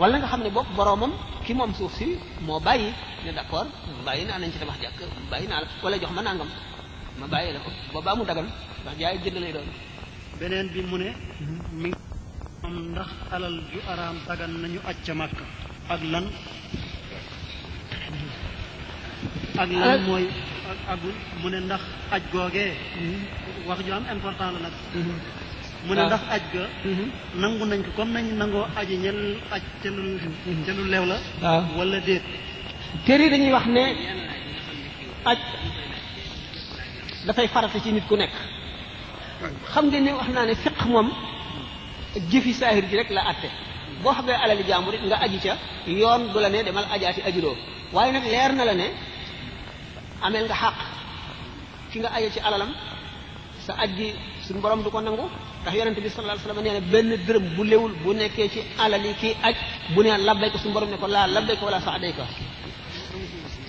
wala nga xam ne boog boroomam ki moom suuf si moo bàyyi ne d'accord bàyyi naa nañ ci tabax jàkk bàyyi naa la wala jox ma nangam ma bàyyi la ko boobaa mu dagal ndax jaay jënd lay doon beneen bi mu ne mhm. mi moom ndax alal ju araam dagan nañu aj ca Makka ag mhm. lan ak lan mooy ak agul mu ne ndax aj googee mhm. wax ju am important la nag mu ne ah. ndax aj ga mhm. nangu nañ ko comme nañ nangoo aji ñel aj ca lu mhm. leew la ah. wala déet téere yi dañuy wax ne aj dafay farata ci nit ku nekk xam ngeen ne wax naa ne fiq moom jëfi saahir ji rek la àtte boo xamee alali jàmbur it nga aji ca yoon du la ne demal ajaati ajuroo waaye nag leer na la ne ameel nga xàq ki nga aje ci alalam sa aj gi suñu borom du ko nangu ndax yonente bi sallallahu alayhi wasallam neena ben deureum bu lewul bu nekké ci alali ki aj bu ne labbayka sun borom ne ko la labbayka wala saadayka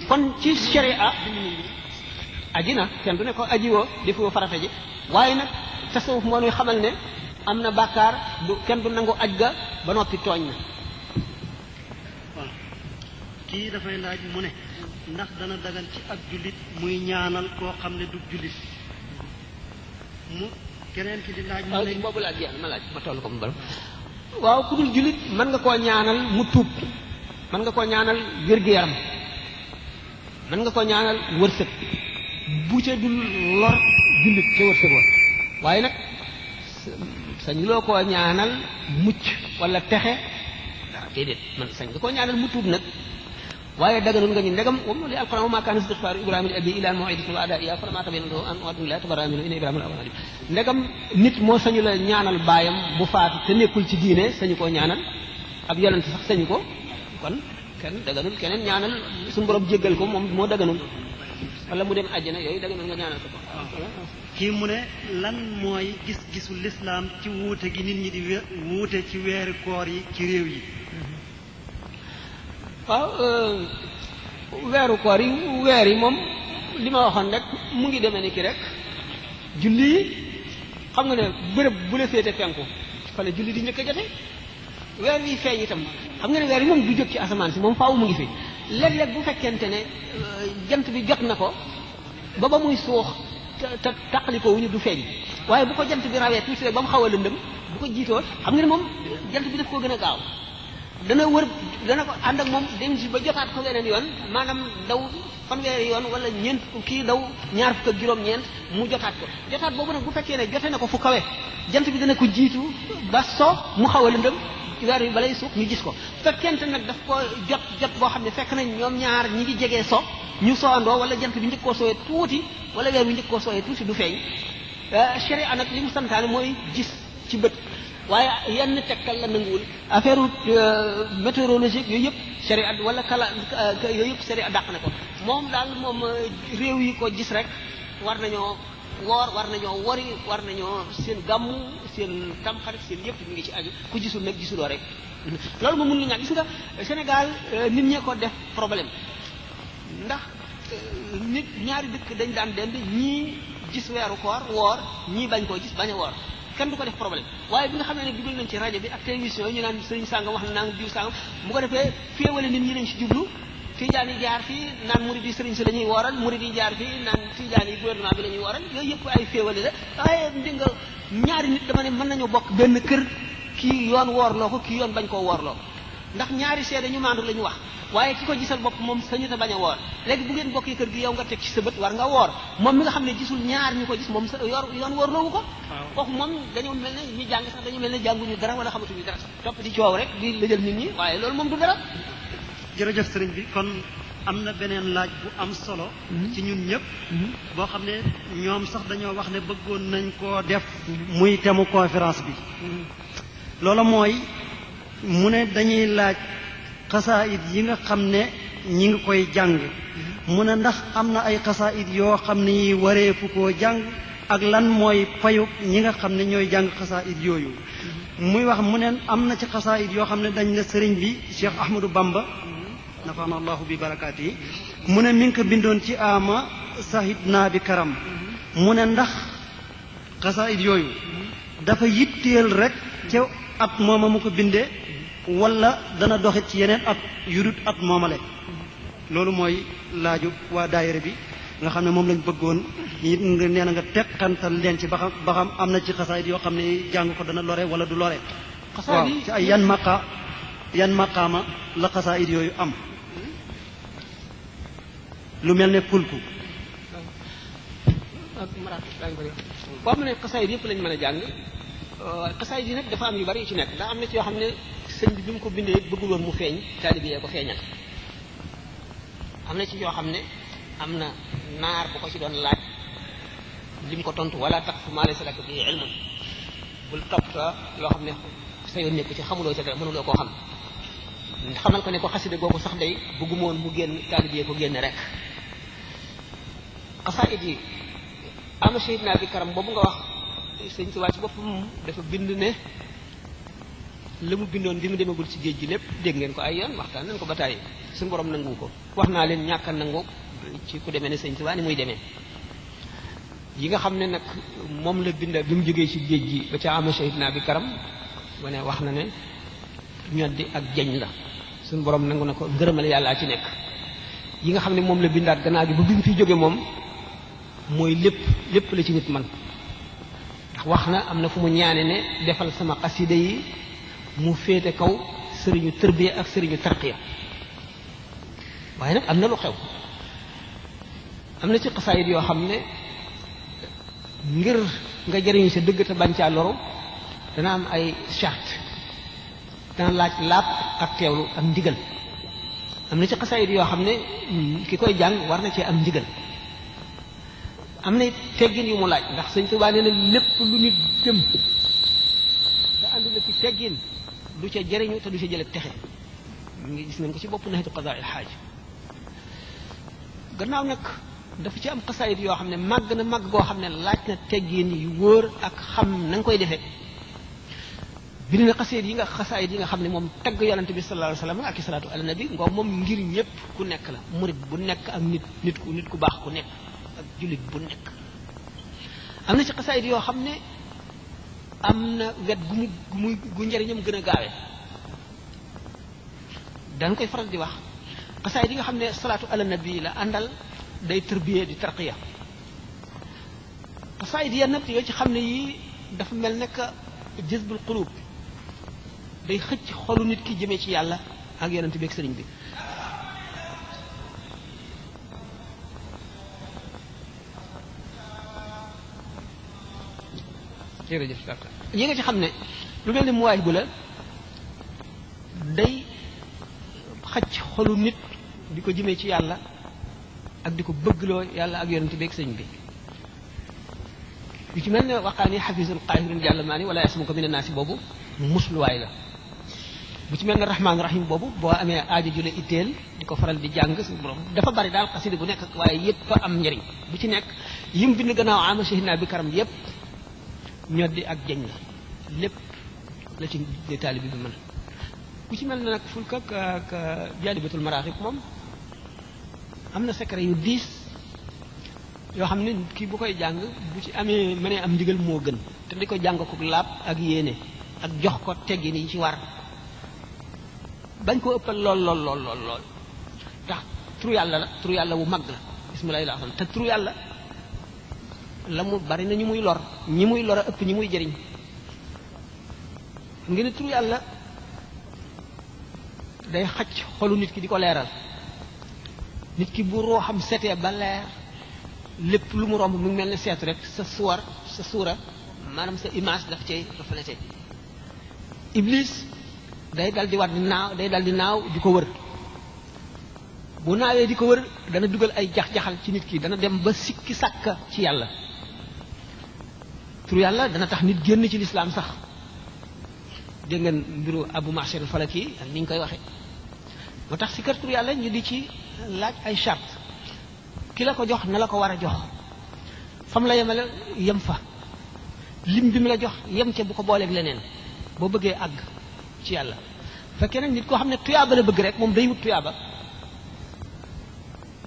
kon ci sharia aji ken du ne ko aji woo defoo farata ji waye nak tasawuf mo ñuy xamal ne amna bakar du ken du nangu aj ga ba nopi togn na da fay laaj mu ne ndax dana dagal ci ak julit muy ñaanal ko xamne du julit mu keneen ki boobu laaj jeex na ko mu borom waaw ku dul jullit mën nga koo ñaanal mu tuub mën nga koo ñaanal wér-gu-yaram mën nga koo ñaanal wërsëg bu ca dul lor jullit ca wërsëg waaye nag sañ loo koo ñaanal mucc wala texe waaw déedéet man sañ nga koo ñaanal mu tuub nag waaye daganul nga ñu ndegam wa mu li alquran wa ma kaana istigfaaru ibrahima li abi ilaa maw'idatin wa'adahaa falamaa tabayyana lahu annahu aduwwun lillaahi tabarra'a minhu inna ibrahima ndegam nit moo sañu la ñaanal baayam bu faatu te nekkul ci diine sañu koo ñaanal ab yonent sax sañu ko kon kenn daganul keneen ñaanal suñu borom jéggal ko moom moo daganul wala mu dem àjjana yooyu daganul nga ñaanal ko ko mu ne lan mooy gis-gisu lislaam ci wuute gi nit ñi di wuute ci weeri koor yi ci réew yi waaw euh, weeru koor yi weer yi moom li ma waxoon rek mu ngi demee ni ki rek julli xam nga ne bërëb bu la féete fenku fa la julli di njëkk a jote weer wi feeñ yi tam xam nga ne weer yi moom du jóg ci asamaan si moom faw mu ngi fi léeg-léeg bu fekkente ne euh, jant bi jot na ko ba ba muy suux te te taqaliko wuñu du feeñ waaye bu ko jant bi rawee tuuti rek ba mu xaw a lëndëm bu ko jiitoo xam nga ne moom jant bi daf koo gën a gaaw dana wër dana ko ànd ak moom dem si ba jotaat ko weneen yoon maanaam daw fanweeri yoon wala ñeent kii daw ñaar fukk ak juróom-ñeent mu jotaat ko jotaat boobu nag bu fekkee ne jote na ko fu kawe jant bi dana ko jiitu ba so mu xaw a lëndëm weer wi balay suuf ñu gis ko fekkente nag daf ko jot jot boo xam ne fekk nañ ñoom ñaar ñi ngi jegee so ñu soandoo wala jant bi njëkk koo sooyee tuuti wala weer bi njëkk koo sooyee tuuti du feeñ chéri euh, anak li mu santaane mooy gis ci bët waaye yenn tegtal la nanguwul affaire euh, météorologique yooyu yëpp sharia wala kala yooyu yëpp sharia dàq na ko moom daal moom euh, réew yi ko gis rek war nañoo woor war nañoo wori war nañoo seen gàmmu seen tamxarit seen yëpp ñu ngi ci aju ku gisul nag gisuloo rek loolu moom mënul ñàkk gis euh, nit ñee ko def problème ndax nit ñaari dëkk dañ daan dend ñii gis weeru koor woor ñii bañ koo gis bañ a woor kenn du ko def problème waaye bi nga xam ne nag dugal nañ ci rajo bi ak télévision yi ñu naan sëriñ sàngam wax na naan diw sàngam bu ko defee féewale nit ñi lañ ci jublu tijaan yi jaar fii naan murid yi sëriñ si la ñuy wooral murid yi jaar fii naan tijaan yi gouvernement bi la ñuy wooral yooyu yëpp ay féewale la waaye di nga ñaari nit dama ne mën nañu bokk benn kër kii yoon woorloo ko kii yoon bañ koo woorloo ndax ñaari seede ñu maandu la ñu wax waaye ki ko gisal bopp moom sañu a bañ a woor léegi bu ngeen bokkee kër gi yow nga teg ci sa bët war nga woor moom mi nga xam ne gisul ñaar ñu ko gis moom sa yor yoon woor loowu ko kooku moom dañoo mel ne ñi jàng sax dañu mel ne jànguñu dara wala xamatuñu dara sax topp di coow rek di lëjal nit ñi waaye loolu moom du dara jërëjëf sëriñ bi kon am na beneen laaj bu am solo mhm. ci ñun ñëpp mhm. boo xam ne ñoom sax dañoo wax ne bëggoon nañ koo def muy temu conférence bi mhm. loolu mooy mu ne dañuy laaj xasaayid yi nga xam ne ñi ngi koy jàng mu ne ndax am na ay xasaayid yoo xam ne yi wareefu koo jàng ak lan mooy payub ñi nga xam ne ñooy jàng xasaayid yooyu muy wax mu ne am na ci xasaayid yoo xam ne dañ ne sëriñ bi Cheikh Ahmadou Bamba nafaana allahu bi barakaati yi mu ne mi ngi ko bindoon ci ama sahib naa bi karam mu ne ndax xasaayid yooyu dafa yitteel rek ca at mooma mu ko bindee wala dana doxit ci yeneen at yu dut at moomale loolu mooy laaju waa daayira bi nga xam ne moom lañ bëggoon it nga nee na nga teqantal leen ci ba xam ba xam am na ci xasaayit yoo xam ne jàng ko dana lore wala du lore waaw ci ay yan maqa yan maqaama la xasaayit yooyu am lu mel ne kulku Euh, xasaay di nag dafa am yu bari ci nekk ndax am na ci yoo xam ne sëñ bi bi mu ko bindee bëgguloon mu feeñ taalibe yee ko feeñal am na ci yoo xam ne am na naar bu ci doon laaj lim ko tontu wala taqfu maa laysa laka bihi xam ne yoon nekku ci xamuloo ca dara koo xam xamal ko ne ko xaside googu sax day bëgguma mu génn taalibe yee ko rek xasaayid yi ama naa bi karam boobu nga wax sëñ Tuubaa ci boppam dafa bind ne la mu bindoon bi mu demagul ci géej gi lépp dégg ngeen ko ay yoon waxtaan nañ ko ba tàyyi suñu borom nangu ko wax naa leen ñàkk a nangu ci ku demee ne sëñ Tuubaa ni muy demee yi nga xam ne nag moom la bind bi mu jógee ci géej gi ba ca ama shahid wax na ne ñoddi ak jañ la suñu borom nangu na ko ngërëmal yàllaa ci nekk yi nga xam ne moom la bindaat gannaaw gi ba bi fi jóge moom mooy lépp lépp la ci nit man wax na am na fu mu ñaane ne defal sama xasida yi mu féete kaw sëriñu tërbiya ak sëriñu tarqiya waaye nag am na lu xew am na ci xasaayit yoo xam ne ngir nga jëriñu sa dëgg te bañ caa dana am ay chart dana laaj laab ak teewlu ak ndigal am na ci xasaayit yoo xam ne ki koy jàng war na cee am njigal am na teggin yu mu laaj ndax sëñ Tuubaa ne na lépp lu nit dem te ànd na ci teggin du ca jëriñu te du ca jële texe ñu ngi gis nañ ko ci bopp naxetu qadaa il haaj gannaaw nag dafa ci am xasaayit yoo xam ne màgg na màgg goo xam ne laaj na teggin yu wóor ak xam na nga koy defee bind na xasaayit yi nga xasaayit yi nga xam ne moom tagg yonante bi sallallahu alayhi wa sallam ak i salaatu ala nabi ngoo moom ngir ñëpp ku nekk la murit bu nekk ak nit nit ku nit ku baax ku nekk jullit bu nekk am na ci xasaayit yoo xam ne am na wet gu mu gu muy gu njëriñam gën a gaawe dañ koy faral di wax xasaayit yi nga xam ne salaatu ala nabi la àndal day tërbiyee di tarqiya xasaayit ya nag yoo ci xam ne yii dafa mel nekk jëzbul qulub day xëcc xolu nit ki jëmee ci yàlla ak yonent bi ak bi jërëjëf d'accord ñi nga ci xam ne lu mel ni mu waay bu la day xacc xolu nit di ko jëmee ci yàlla ak di ko bëggloo yàlla ak yonente beeg sëñ bi yu ci mel ne waxaani xafisun qaahirun boobu musluwaay la bu ci mel ne rahman rahim boobu boo amee aajo ju itteel di ko faral di jàng suñu borom dafa bari daal xasida bu nekk waaye yépp am njëriñ bu ci nekk yim bind gannaaw bi karam yépp ñoddi ak jeñ lépp la ci di talib bi man ku ci mel nak fulk ak ak jalibatul maraqib mom amna secret yu diis yoo xam ne kii bu koy jàng bu ci amee mënee am ndigal moo gën te di ko jàng ko laab ak yéene ak jox ko teggin yi ci war bañ ko ëppal lool lool lool lool lool tax tru yàlla la turu yàlla wu mag la bismillahi rahman te turu yàlla lamu bari na ñu muy lor ñi muy lor ëpp ñi muy jëriñ xam ngeen tur yàlla day xacc xolu nit ki di leral nit ki bu rooxam sété ba leer lepp lu mu romb mu melni ne rek sa suwar sa sura manam sa image daf reflété iblis day dal di wat naaw day dal di naaw di wër bu naawé di wër dana duggal ay jax-jaxal ci nit ki dana dem ba sikki sakka ci yalla tur yàlla dana tax nit génn ci lislaam sax dégg ngeen mbiru abu mahsir falaki ak ni ñu koy waxe moo tax si kër tur yàlla ñu di ci laaj ay chart ki la ko jox na la ko war a jox fam la yemale yem fa lim bi mu la jox yem ca bu ko booleeg leneen boo bëggee àgg ci yàlla fekkee nag nit koo xam ne tuyaaba la bëgg rek moom day wut tuyaaba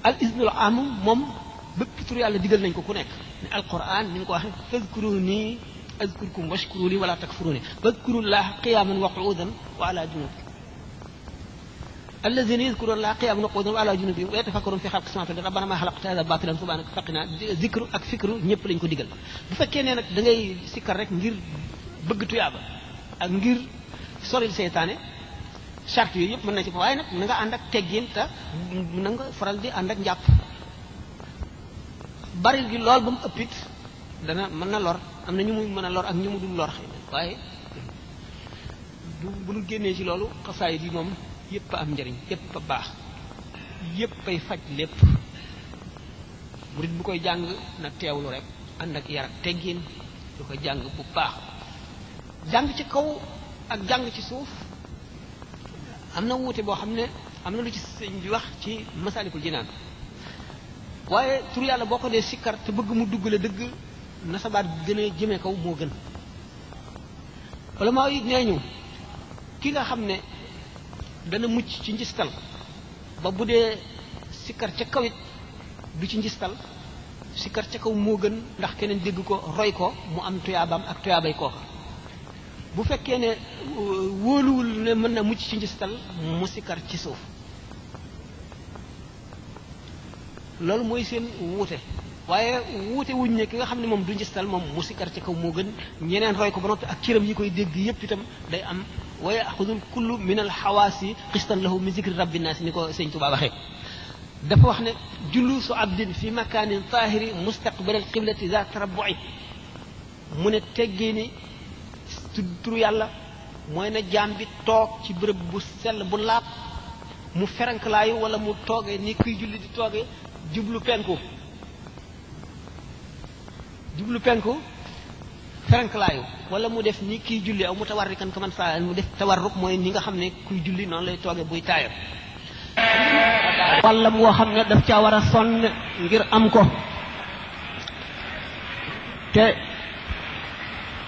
al isnul am moom bëpp tur yàlla digal nañ ko ku nekk القرآن من قوة فاذكروني أذكركم واشكروا لي ولا تكفروني فاذكروا الله قياما وقعودا وعلى جنوبك الذين يذكرون الله قياما وقعودا وعلى جنوبي ويتفكرون في خلق السماوات ربنا ما خلقت هذا باطلا سبحانك فقنا ذكر اك فكر نيب لا نكو ديغال بو فكيني نك دا ngay سيكر رك ngir بغ تويابا اك ngir سوري الشيطان شارت يي ييب من نسي فواي نك نغا اندك تيغين تا نغا فرال دي اندك نياب bari gi lool ba mu ëppit dana mën na lor am na ñu muy mën a lor ak ñu mu dul lor xëy waaye bu bu nu génnee ci loolu xasaayit yi moom yépp a am njariñ yépp a baax yépp ay faj lépp murit bu koy jàng na teewlu rek ànd ak yar ak teggin du ko jàng bu baax jàng ci kaw ak jàng ci suuf am na wuute boo xam ne am na lu ci sëñ bi wax ci masaalikul jinaan waaye tur yàlla boo ko dee sikkar te bëgg mu dugg la dëgg nasabaat gën a jëmee kaw moo gën wala maa yi nee ñu ki nga xam ne dana mucc ci njistal ba bu dee sikkar ca kaw du ci njistal sikkar ca kaw moo gën ndax keneen dégg ko roy ko mu am tuyaabaam ak tuyaabay kooka bu fekkee ne wóoluwul ne mën na mucc ci njistal mu sikkar ci suuf loolu mooy seen wuute waaye wuute wuñ ne ki nga xam ne moom du njistal moom mu sikar ci kaw moo gën ñeneen roy ko ba noppi ak cëram yi koy dégg yépp itam day am wa yaxudul kullu min al xawaasi xistan lahu min zikri rabbi naas ni ko sëñ Tuubaa waxee dafa wax ne julusu abdin fi makaanin taahiri mustaqbal al qiblati za tarabbu'i mu ne teggee ni turu yàlla mooy na jaam bi toog ci bërëb bu sell bu laab mu ferankalaayu wala mu toogee ni kuy julli di toogee jublu penku jublu penku feranklaayu wala mu def ni kiy julli aw mu tawarrikan kaman faa mu def tawarruk mooy ni nga xam ne kuy julli noonu lay tooge buy taayam wàllam woo xam ne daf caa war a sonn ngir am ko te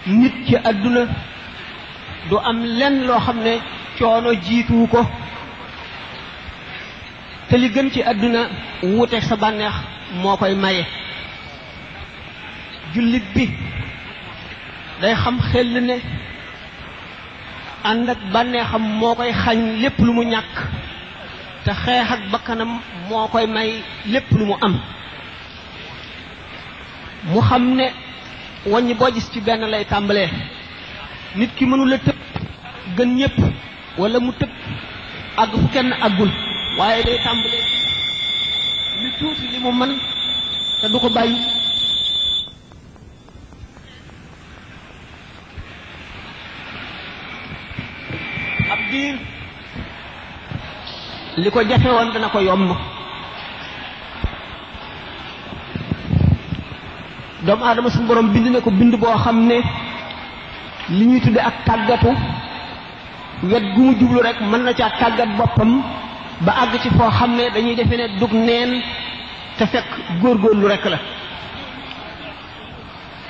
nit ci àdduna du am lenn loo xam ne coono jiituwu ko te li gën ci àdduna wuute sa bànneex moo koy maye jullit bi day xam xel ne ànd ak bànneexam moo koy xañ lépp lu mu ñàkk te xeex ak bakkanam moo koy may lépp lu mu am mu xam ne wàññi boo gis ci benn lay tàmbalee nit ki mënula tëb gën ñëpp wala mu tëb àgg fu kenn àggul waaye day tàmbalee ci lu tuuti li mu mën te du ko bàyyi ab diir li ko jafe woon dana ko yomb doomu aadama suñu borom bind na ko bind boo xam ne li ñuy tudde ak tàggatu wet gu mu jublu rek mën na caa tàggat boppam ba àgg ci foo xam ne dañuy defe ne dug neen te fekk góorgóorlu rekk la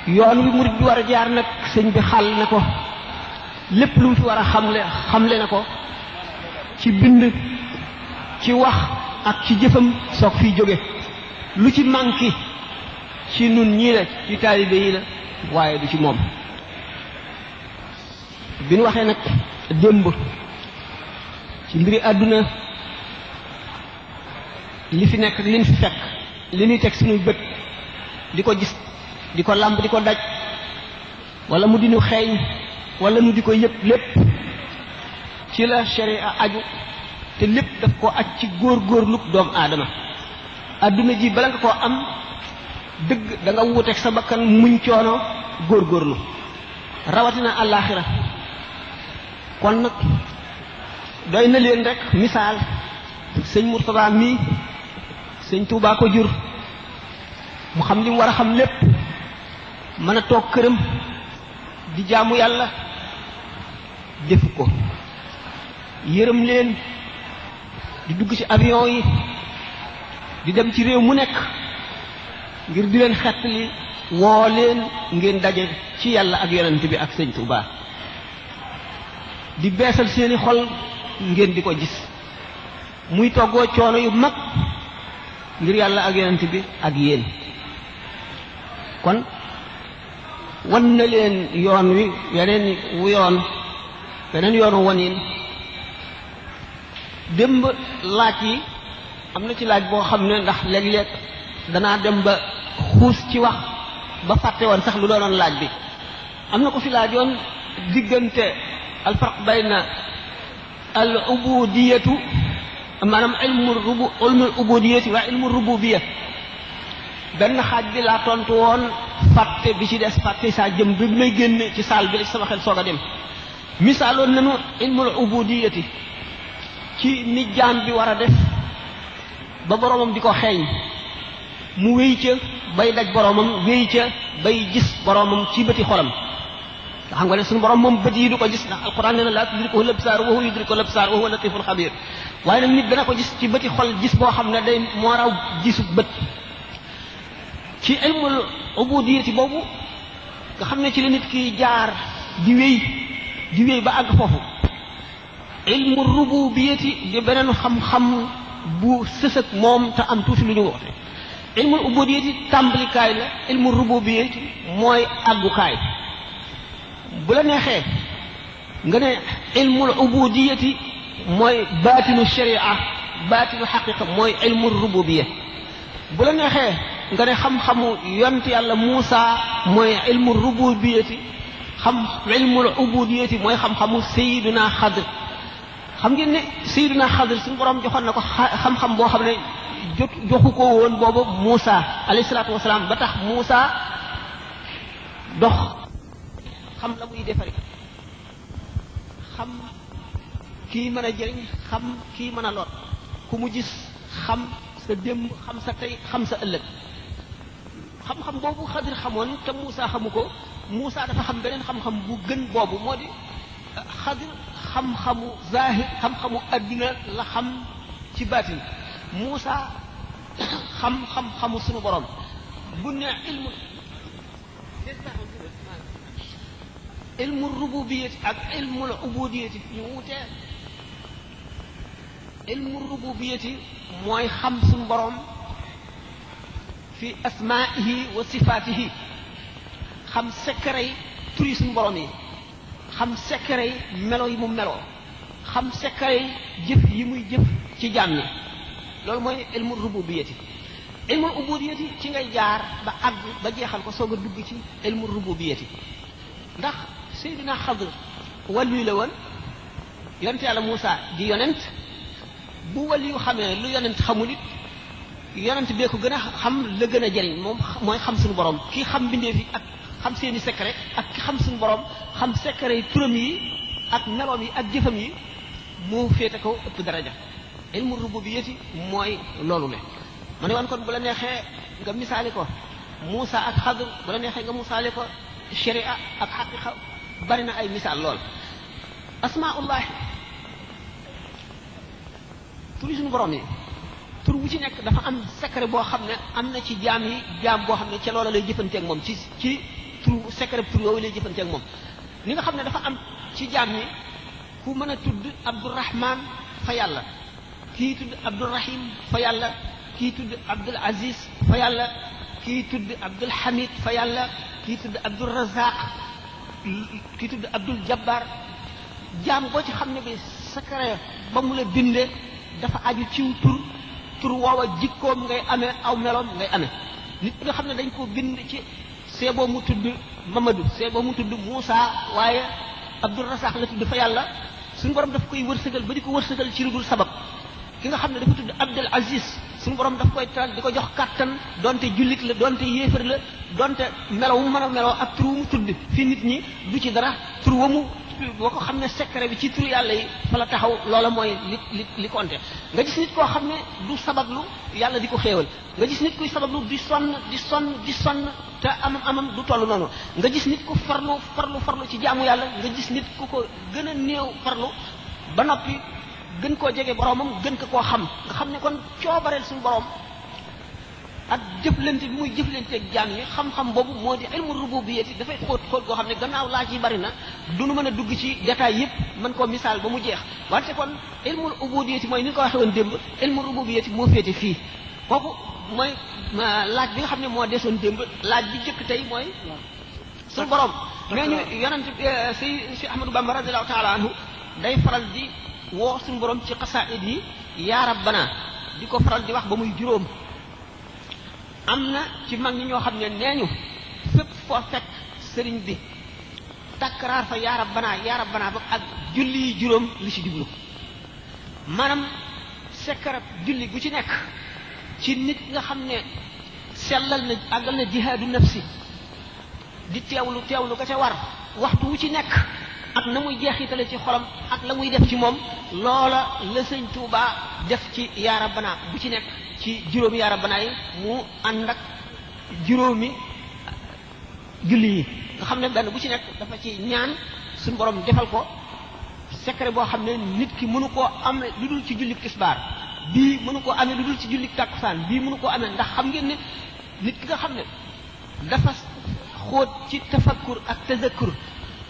yoon wi murid bi war a jaar nag sëñ bi xàll ne ko lépp lu mu fi war a xamle xamle na ko ci bind ci wax ak ci jëfam soog fiy jóge lu ci manqué ci nun ñii la ci taalibe yi la waaye du ci moom bi nu waxee nag démb ci mbiri àdduna li fi nekk liñ fi fekk li nuy teg suñuy bët di ko gis di ko làmb di ko daj wala mu di ñu xeeñ wala mu di ko yëpp lépp ci la sharia aju te lépp daf ko aj ci góor góorlu doomu aadama àdduna ji bala nga koo am dëgg danga nga wuuteeg sa bakkan muñ coono góor góorlu rawatina àllaaxira kon nag doy na leen rekk misaal sëñ Mourtada mii sëñ Tuubaa ko jur mu xam li war a xam lépp mën a toog këram di jaamu yàlla defu ko yërëm leen di dugg ci avion yi di dem ci réew mu nekk ngir di leen xettali woo leen ngeen daje ci yàlla ak yonent bi ak sëñ Tuubaa di beesal seeni xol ngeen di ko gis muy toggoo coono yu mag ngir yàlla ak yonent bi ak yéen kon wan na leen yoon wi yeneen wu yoon yeneen yoonu waniin démb laaj yi am na ci laaj boo xam ne ndax léeg-léeg danaa dem ba xuus ci wax ba fàtte woon sax lu doonoon laaj bi am na ko fi laajoon diggante alfarq bayna al ubudiyatu maanaam ilmu rubu ilmul ubudiyati waa ilmu rububiya benn xaaj bi laa tontu woon fàtte bi ci des fàtte saa jëm bi may génn ci saal bi la ci sama xel soog a dem misaaloon nañu ilmul ubudiyati ci ni bi war a def ba boromam di ko xeeñ mu wéy ca bay daj boromam wéy ca bay gis boromam ci bëti xolam xam nga ne suñu borom moom bët yi du ko gis ndax alquran nee na laa tudriku labsaar wa huwa yudriku labsaar wa huwa latiful xabir waaye nag nit dana ko gis ci bëti xol gis boo xam ne day moo raw gisu bët ci ilmul ubudiyati boobu nga xam ne ci la nit ki jaar di wéy di wéy ba àgg foofu ilmu rububiyati di beneen xam-xam bu sës ak moom te am tuuti lu ñu woote ilmul ubudiyati tàmbalikaay la ilmu rububiyati mooy àggukaay bu la neexee nga ne ilmul ubudiyati mooy baatinu sharia baatinu xaqiqa mooy ilmul rububiya bu la neexee nga ne xam-xamu yont yàlla Muusa mooy ilmul rububiyati xam ilmul ubudiyati mooy xam-xamu sayiduna xadr xam ngeen ne sayiduna xadr suñu borom joxoon na ko xam-xam boo xam ne jot joxu ko woon boobu Muusa alayhi salaatu wasalaam ba tax Muusa dox xam la muy defari xam kii mën a jëriñ xam kii mën a lor ku mu gis xam sa démb xam sa tey xam sa ëllëg xam-xam boobu xadir xamoon te Moussa xamu ko Moussa dafa xam beneen xam-xam bu gën boobu moo di xadir xam-xamu zahir xam-xamu addina la xam ci baatin Moussa xam-xam-xamu sunu borom bu ilmu ilmu rububiyati ak ilmul ubudiyati ñu wutee ilmu rububiyati mooy xam suñu boroom fi asmaihi wa sifaatihi xam secret yi turi suñu boroom yi xam secret melo yi mu meloo xam secret yi jëf yi muy jëf ci jaam ñi loolu mooy ilmu rububiyati ilmu ubudiyati ci ngay jaar ba àgg ba jeexal ko soog a dugg ci ilmu rububiyati ndax سيدنا خضر ولي لون يونت على موسى دي يونت بو ولي خامي لو يونت خمولي يونت بيكو غنا خم لا غنا جاري موم موي خم بروم كي خم بيندي في اك خم سيني سيكري اك خم سونو بروم خم سيكري تروم اك نالوم اك جيفام مو فيتاكو اوب درجه علم الربوبيه موي لولو نه ماني وان كون بولا نيهي غا ميساليكو موسى اك خضر بولا نيهي غا موسى ليكو الشريعه اك حقيقه bari na ay misaal lool asmaullah turi suñu borom yi tur wu ci nekk dafa am secret boo xam ne am na ci jaam yi jaam boo xam ne ci loola lay jëfanteeg ci ci tur secret tur yooyu lay jëfanteeg moom li nga xam ne dafa am ci jaam yi ku mën a tudd abdourahman fa yàlla kii tudd abdourahim fa yàlla kii tudd abdul aziz fa yàlla kii tudd abdul hamid fa yàlla kii tudd abdoul razaq ki tudd Abdul Jabbar jaam boo ci xam ne bi sakare ba mu la binde dafa aju ciw tur tur woowa jikkoom ngay amee aw meloom ngay amee nit ki nga xam ne dañ koo bind ci seeboo mu tudd Mamadou seeboo mu tudd Moussa waaye Abdul Rasax la tudd dafa yàlla suñu borom daf koy wërsëgal ba di ko wërsëgal ci lu dul sabab ki nga xam ne dafa tudd Abdul Aziz suñu borom daf koy taal di ko jox kàttan donte jullit la donte yéefar la donte melaw mu man a meloo ak turu mu tudd fi nit ñi du ci dara tur wa mu boo ko xam ne secret bi ci tur yàlla yi fa la taxaw loola mooy li li li nga gis nit koo xam ne du sabablu yàlla di ko xéewal nga gis nit kuy sabablu di sonn di sonn di sonn te amam amam du toll noonu nga gis nit ku farlu farlu farlu ci jaamu yàlla nga gis nit ku ko gën a néew farlu ba noppi gën koo jege boromam gën ko koo xam nga xam ne kon coobareel suñu borom ak jëflante bi muy jëflanteeg jaam yi xam-xam boobu moo di ilmu rububiyati dafay xóot xóot goo xam ne gannaaw laaj yi bari na duñu mën a dugg ci détail yëpp mën koo misaal ba mu jeex wante kon ilmul ubudiyati mooy ni nga ko waxee woon démb ilmu rububiyati moo féete fii kooku mooy laaj bi nga xam ne moo desoon démb laaj bi jëkk tey mooy suñu borom mais ñu yonent euh, si si Ahmadou Bamba radiallahu taala anhu day faral di woo suñu borom ci xasaid yi yaa rabbana di ko faral di wax ba muy juróom amna ci mag ñi ñoo xamne neñu sepp fo fek serigne bi takrar fa ya rabana ya rabana ba ak julli yi juróom li ci jublu manam sekkarab julli gu ci nek ci nit nga xamne selal na agal na jihadu nafsi di tewlu tewlu ka ca war waxtu wu ci nek ak na muy jeexitale ci xolam ak la muy def ci mom loola le sëñ touba def ci ya rabana bu ci nek ci juróom yaa rabbana yi mu ànd ak juróomi julli yi nga xam ne benn bu ci nekk dafa ci ñaan suñu borom defal ko secret boo xam ne nit ki mënu koo am lu ci julli tisbaar bii mënu koo amee lu dul ci julli takkusaan bii mënu koo amee ndax xam ngeen ne nit ki nga xam ne dafa xóot ci tafakkur ak tazakkur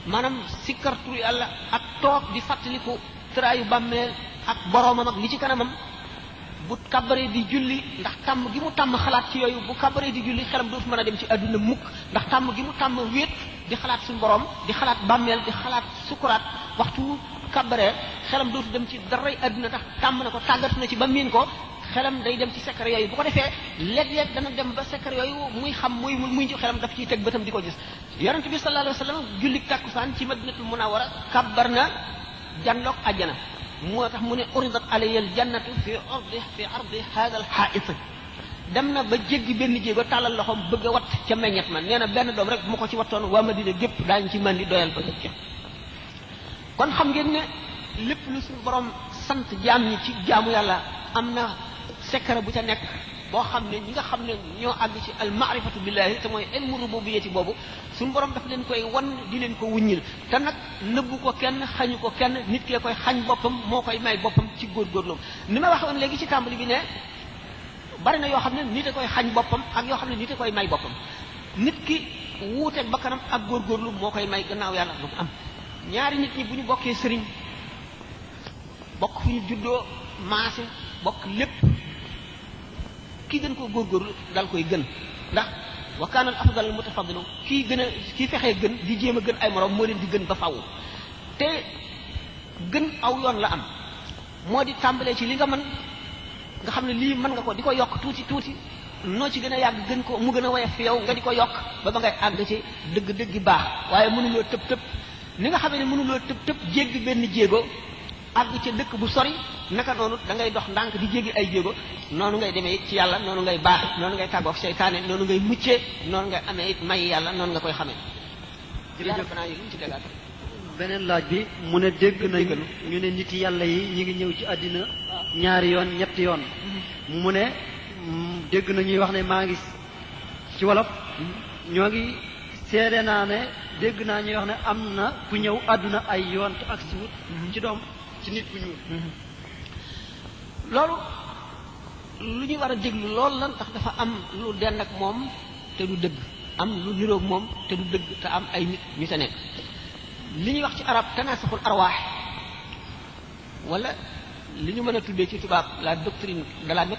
maanaam sikkartu yàlla ak toog di fàttaliku tëraayu bàmmeel ak boroomam ak li ci kanamam bu kabare di julli ndax tam gi mu tam xalaat ci yoyu bu kabare di julli xelam do fu a dem ci aduna mukk ndax tam gi mu tam wéet di xalaat sun borom di xalaat bammel di xalaat sukurat. waxtu kabare do fu dem ci daray aduna tax tam na ko tagat na ci bammin ko xelam day dem ci secret yoyu bu ko defé léeg-léeg dana dem ba secret yoyu muy xam muy muy xelam daf ci tek bëtam diko gis yonente bi sallallahu alayhi wasallam julli takusan ci madinatul munawwara kabarna jannok aljana moo tax mu ne uridat alayya al jannatu fi ardi fi ardi haadal xaait dem na ba jéggi benn jéego tàllal loxoom bëgg a watt ca meññet ma nee na benn doom rek bu ma ko ci wattoon waa Madina gépp daañu ci man di doyal ba jot kon xam ngeen ne lépp lu suñu borom sant jaam ñi ci jaamu yàlla am na sekara bu ca nekk boo xam ne ñi nga xam ne ñoo àgg ci al maarifatu billahi te mooy ilmu rububiyati boobu suñu borom dafa leen koy wan di leen ko wuññil te nag nëbbu ko kenn xañu ko kenn nit kee koy xañ boppam moo koy may boppam ci góorgóorloom ni ma waxoon léegi ci tàmbali bi ne bari na yoo xam ne nit a koy xañ boppam ak yoo xam ne nit a koy may boppam nit ki wuuteeg bakkanam ak góorgóorlu moo koy may gannaaw yàlla lu am ñaari nit ñi bu ñu bokkee sëriñ bokk fu ñu juddoo maase bokk lépp kii gën koo góor daal koy gën ndax wa kaana al afdal mutafadilu kii gën a kii fexee gën di jéem a gën ay moroom moo leen di gën ba fàww te gën aw yoon la am moo di tàmbalee ci li nga mën nga xam ne lii mën nga ko di ko yokk tuuti tuuti noo ci gën a yàgg gën ko mu gën a woyof fi yow nga di ko yokk ba ba ngay àgg ci dëgg dëgg baax waaye mënuloo tëb tëb ni nga xamee ne mënuloo tëb tëb jéggi benn jéego àgg ca dëkk bu sori naka noonu da ngay dox ndànk di jéggi ay jéego noonu ngay deme ci yàlla noonu ngay baax noonu ngay tàggoog seytaane noonu ngay muccee noonu ngay amee it may yàlla noonu nga koy xamee. jërëjëf naa ci dagaat beneen laaj bi mu ne dégg nañu ñu ne nit yàlla yi ñu ngi ñëw ci àddina ñaari yoon ñetti yoon. Mm-hmm. mu ne dégg na ñuy wax ne maa ngi ci wolof mm-hmm. ñoo ngi seede naa ne dégg naa ñuy wax ne am na ku ñëw àdduna ay yoon ak si wut mm-hmm. ci doom. ci nit mhm. loolu lu ñuy war a déglu lool la ndax dafa am lu dend ak moom te du dëgg am lu niroog moom te du dëgg te am ay nit ñu sa li ñuy wax ci arab tanaasukul arwaax wala li ñu mën a tuddee ci tubaab la doctrine de la nga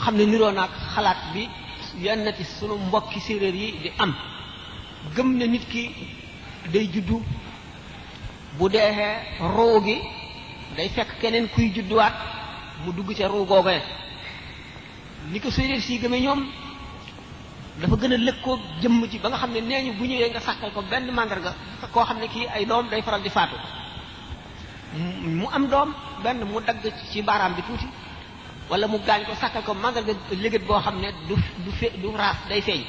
xam ne niroo naag xalaat bi yennati sunu mbokki séeréer yi di am gëm ne nit ki day juddu bu dee ruu gi day fekk keneen kuy judduwaat mu dugg ca ruu googee ni ko séeréer si gëmee ñoom dafa gën a lëkkoo jëmm ji ba nga xam ne nee ñu bu ñëwee nga sàkkal ko benn màndarga koo xam ne kii ay doom day faral di faatu mu am doom benn mu dagg ci baaraam bi tuuti wala mu gaañ ko sàkkal ko màndarga légat boo xam ne du du fe du raaf day feeñ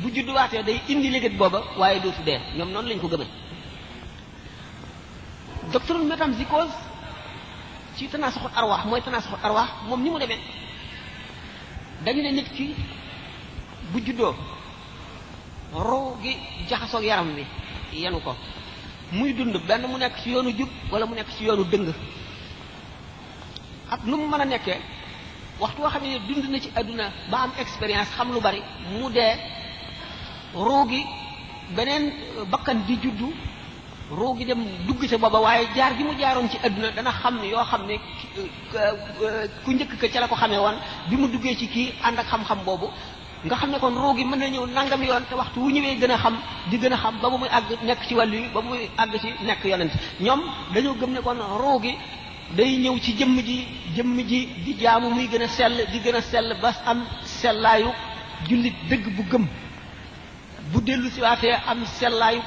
bu judduwaatee day indi légat booba waaye dootu dee ñoom noonu lañ ko gëmee docteur métempsycose ci tanaasuxut arwaax mooy tanaasuxut arwaax moom ni mu demee dañu ne nit ki bu juddoo roo gi jaxasoog yaram wi yenu ko muy dund benn mu nekk ci yoonu jub wala mu nekk ci yoonu dëng ak nu mu mën a nekkee waxtu woo xam ne dund na ci àdduna ba am expérience xam lu bari mu dee roo gi beneen bakkan di juddu ruu gi dem dugg ca booba waaye jaar gi mu jaaroon ci àdduna dana xam ne yoo xam ne euh, ku njëkk ka ca la ko xamee woon bi mu duggee ci kii ànd ak xam-xam boobu nga xam ne kon ruu gi mën na ñëw nangam yoon te waxtu wu ñëwee gën a xam di gën a xam ba mu muy àgg nekk ci wàllu yi ba mu muy àgg ci nekk yonent ñoom dañoo gëm ne kon ruu gi day ñëw ci jëmm ji jëmm ji di jaamu muy gën a sell di gën a sell ba am sellaayu jullit dëgg bu gëm bu dellu siwaatee am sellaayu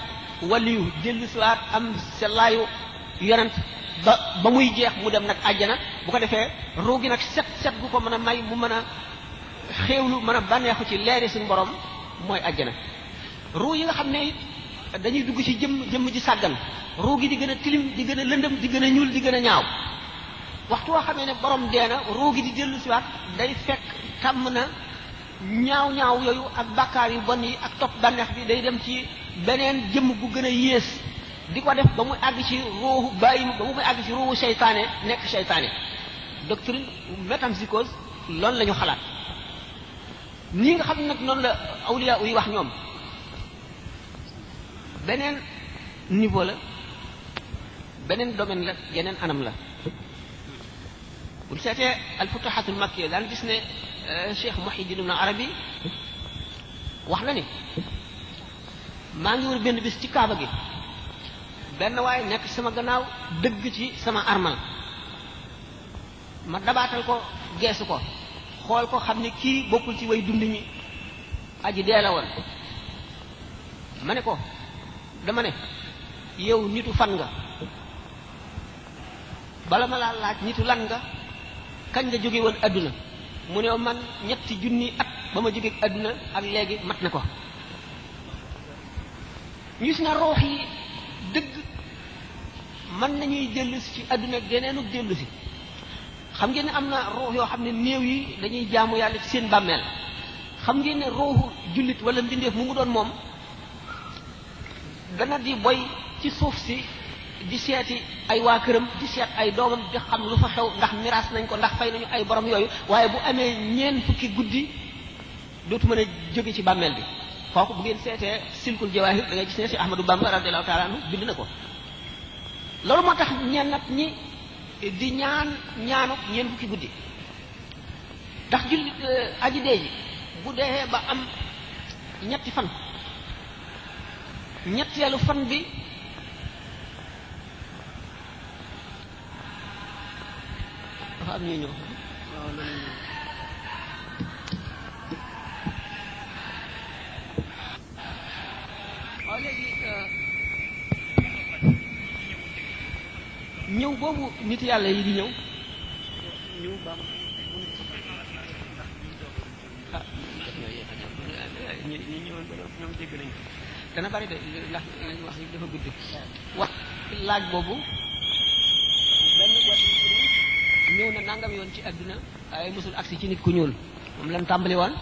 waliyu dellu siwaat am sellaayu yonent ba ba muy jeex mu dem nag ajjana bu ko defee ruu gi nag set set gu ko mën a may mu mën a xéewlu mën a bànneexu ci leere suñu borom mooy àjjana ruu yi nga xam ne dañuy dugg ci jëm jëmm ji sàggan ruu gi di gën a tilim di gën a lëndëm di gën a ñuul di gën a ñaaw waxtu woo xamee ne borom dee na ruu gi di dellu siwaat day fekk tàmm na ñaaw ñaaw yooyu ak bàkkaar yu bon yi ak topp bànneex bi day dem ci benen jëmm bu gën a yées di ko def ba mu àgg ci ruuxu bàyyi ba mu koy àgg ci ruuxu seytaane nekk seytaane doctrine métempsychose loolu la ñu xalaat nii nga xam ne nag noonu la awliya uy wax ñoom beneen niveau la beneen domaine la yeneen anam la bu seetee al futuhatul daan gis ne cheikh muhiddin ibn arabi wax na ni maa ngi wër benn bis ci kaaba gi benn waaye nekk sama gannaaw dëgg ci sama armal ma dabaatal ko geesu ko xool ko xam ne kii bokkul ci way dund ñi aji dee la woon ma ne ko dama ne yow nitu fan nga bala ma laa laaj nitu lan nga kañ nga jóge woon adduna mu ne man ñetti junni at ba ma jóge àdduna ak léegi mat ne ko ñu gis na roox yi dëgg mën nañuy dellusi ci àdduna geneenuk si xam ngeen ne am na roox yoo xam ne néew yi dañuy jaamu yàlla ci seen bàmmeel xam ngeen ne rooxu jullit wala mbindeef mu mu doon moom dana di boy ci suuf si di seeti ay waa këram di seet ay doomam di xam lu fa xew ndax miraas nañ ko ndax fay nañu ay borom yooyu waaye bu amee ñeen fukki guddi dootu mën a jóge ci bàmmeel bi kooku bu ngeen seetee silkul jawaahir da ngay gis ne si Ahmadou Bamba radiyallahu taala anhu bind na ko loolu moo tax ñenn nag ñi di ñaan ñaanu ñeent fukki guddi ndax jullit eh, aji dee ji bu dee ba am ñetti fan ñetteelu fan bi dafa am ñuy xoolee ñëw nit yàlla yi di ñëw ñëw ba ñi ñëwoon ba ñoom dégg nañ dana bari de ndax wax yi dafa gudd wax laaj boobu benn wat ñëw na nangam yoon ci àdduna waaye mosul agsi ci nit ku ñuul moom lan tàmbali woon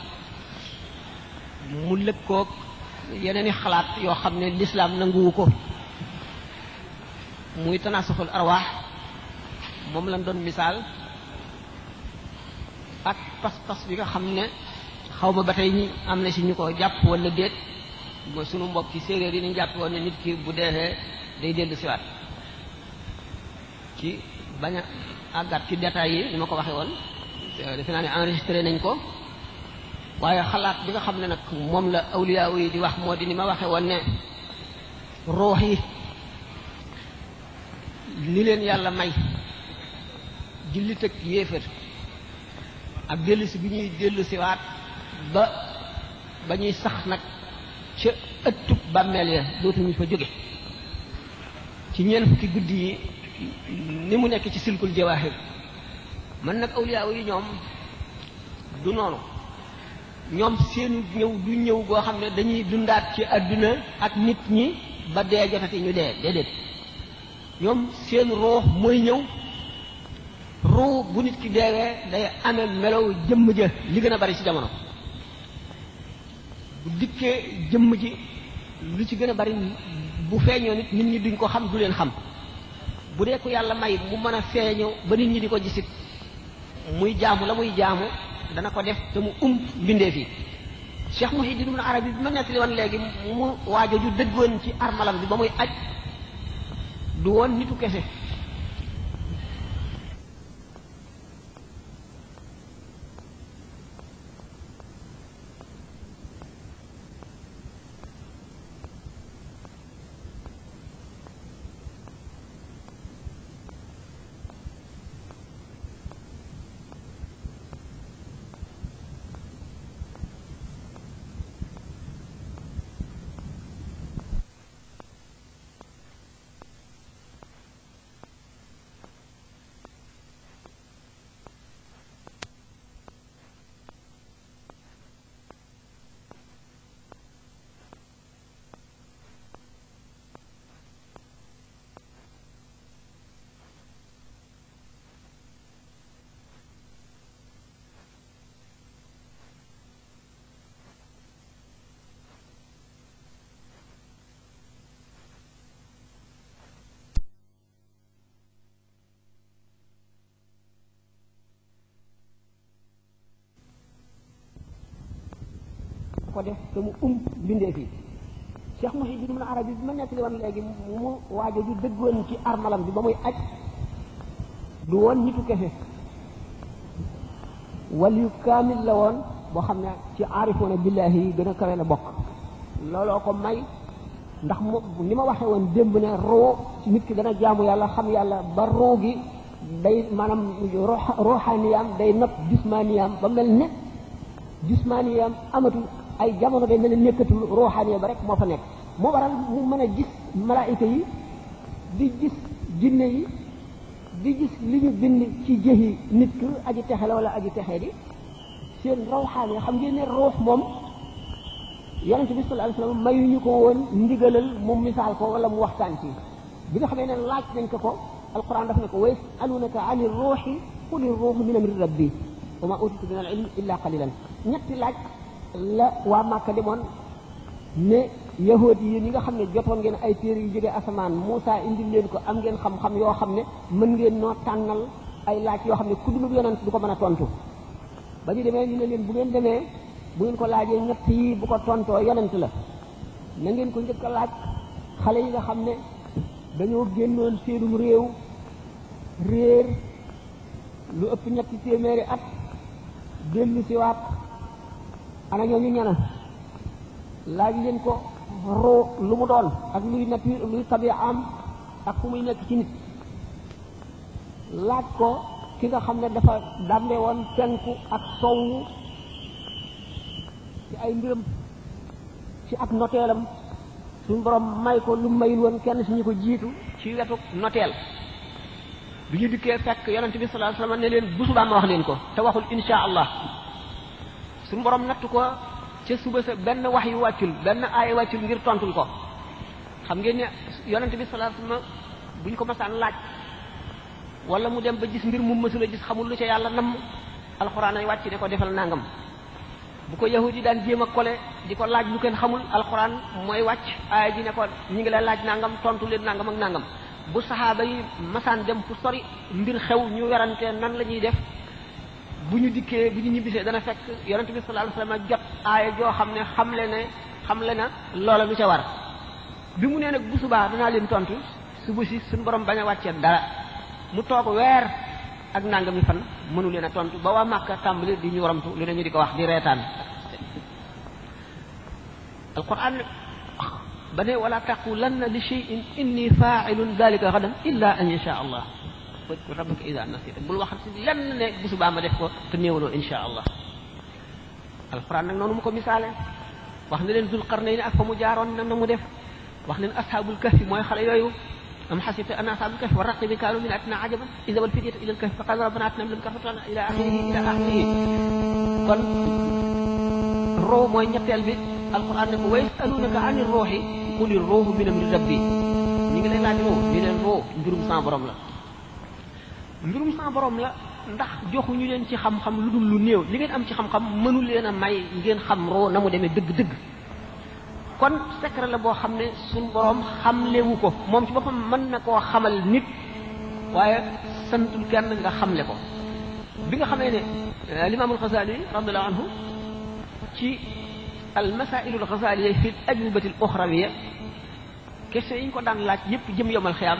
mu lëkkoog yeneen i xalaat yoo xam ne lislaam nanguwu ko muy tanaasuxul arwaax moom lañ doon misaal ak pas-pas bi nga xam ne xaw ma ba tey am na si ñu ko jàpp wala déet mooy sunu mbokki séeréer yi ñu jàpp woon ne nit ki bu deexee day dellu siwaat ci bañ a àggat ci détails yi ni ma ko waxee woon defe naa ne enregistré nañ ko waaye xalaat bi nga xam ne nag moom la awliyaa yi di wax moo di ni ma waxe woon ne ruux yi li leen yàlla may jullit ak yéefar ak dellusi bi ñuy dellusiwaat ba ba ñuy sax nag ca ëttub bàmmeel ya dootuñu fa jóge ci ñeent fukki guddi yi ni mu nekk ci silkul jawaahir man nag awliyaa yi ñoom du noonu ñoom seenu ñëw du ñëw goo xam ne dañuy dundaat ci àdduna ak nit ñi ba dee jotati ñu dee déedéet ñoom seen ruux mooy ñëw ruux bu nit ki deewee day amee melow jëmm ja li gën a bari ci jamono bu dikkee jëmm ji lu ci gën a bari bu feeñoo nit nit ñi duñ ko xam du leen xam bu dee ku yàlla may mu mën a feeñoo ba nit ñi di ko gisit muy jaamu la muy jaamu dana ko def te mu um mbindeef yi cheikh muhiddin ibn arabi bi ma nettali woon léegi mu waajo ju dëggoon ci armalam bi ba muy aj du woon nitu kese ko def te mu um bindee fii Cheikh Mouhidine Ibn Arabi bi ma nekk li woon léegi mu waajo ju dëggoon ci armalam bi ba muy aj du woon nitu kese waliyu kaamil la woon boo xam ne ci aarifoona billaahi yi gën a kawe la bokk looloo ko may ndax mu ni ma waxee woon démb ne roo ci nit ki dana jaamu yàlla xam yàlla ba roo gi day maanaam roxaaniyaam day nopp jismaaniyaam ba mel ne jismaaniyaam amatul ay jamono day mel ne nekkatul ruuxaani ba rek mo fa nek mo waral mu meuna gis malaika yi di gis jinne yi di gis liñu bind ci jëhi nit ki aji texe la wala aji texe di seen ruhani xam ngeen ne ruh mom yonente ci bisul alayhi salam mayu ñu ko won ndigalal mu misal ko wala mu waxtan ci bi nga xamee ne laaj nañ ko ko alquran daf ne ko wa yasalunaka ani ruhi qul ruhu min amri rabbi wa ma utitu min al ilm illa qalilan ñetti laaj la waa Màkka demoon ne yahudi yi ñi nga xam ne jotoon ngeen ay téere yu jógee asamaan Moussa indi leen ko am ngeen xam-xam yoo xam ne mën ngeen noo tànnal ay laaj yoo xam ne ku dul yonent du ko mën a tontu ba ñu demee ñu leen bu ngeen demee bu ngeen ko laajee ñett yi bu ko tontoo yonent la na ngeen ko njëkk a laaj xale yi nga xam ne dañoo génnoon seenum réew réer lu ëpp ñetti téeméeri at dellu siwaat ana ñooñu a laaj leen ko roo lu mu doon ak luy nature luy tabi am ak fu muy nekk ci nit laaj ko ki nga xam ne dafa dàmbe woon penku ak sowwu ci ay mbiram ci ak noteelam suñu borom may ko lu mayul woon kenn suñu ko jiitu ci wetu noteel bi ñu dikkee fekk yonent bi sallallahu alayhi ma wax leen ko te waxul insha allah suñu mboroom natt ko ca suba sa benn wax yu wàccul benn aay wàccul ngir tontul ko xam ngeen ne yonent bi sallallahu alayhi wasallam buñ ko masaan laaj wala mu dem ba gis mbir mu mësula gis xamul lu ca yàlla namm alxuraan ay wàcc ne ko defal nangam bu ko yahud yi daan jéem a kole di ko laaj lu kenn xamul alxuraan mooy wàcc aaya ji ne ko ñi ngi la laaj nangam tontu leen nangam ak nangam bu saxaaba yi masaan dem fu sori mbir xew ñu werante nan la ñuy def buñu dike buñu ñibisé bisa dana fekk yaronte bi sallallahu alayhi wasallam jot aaya jo xamné xamlé né xamlé na loolu lu ci war bi mu né nak bu suba dana leen tontu suba si sun borom baña a dara mu tok weer ak nangami fan mënu leena tontu ba wa makka di ñu waramtu ñu di wax di rétan alquran bane wala taqulanna li shay'in inni fa'ilun dhalika ghadan illa an yasha allah fadkur rabbaka ida nasita bul waxat si lenn ne bu subaa ko te néewaloo insha allah alquran nag noonu mu ko misaale wax na leen dul qarnayni ak fa mu jaaroon na mu def wax leen ashabul kahfi mooy xale yooyu am xasibta an ashabul kahfi wa raqi bi kaanu min atina ajaban ida wal fitiyat ila al kahfi fa qala rabbana atina min ladunka rahmatan ila axirihi ila axirihi kon roo mooy ñetteel bi alquran ne ko wa yasalunaka ani ruuxi quli ruuxu min amri rabbi ñu ngi lay laaj roo ñu leen roo mbirum sa la mbirum sama borom la ndax joxuñu leen ci xam-xam lu dul lu néew li ngeen am ci xam-xam mënu leen a may ngeen xam roo na mu demee dëgg-dëgg kon secret la boo xam ne suñ borom xamlewu ko moom ci boppam mën na koo xamal nit waaye santul kenn nga xamle ko bi nga xamee ne alimaamul euh, xasaali radiallahu anhu ci al masailul xasaaliya fi l ajubati l oxrawiya question yi ñu ko daan laaj yépp jëm yomal xiyaam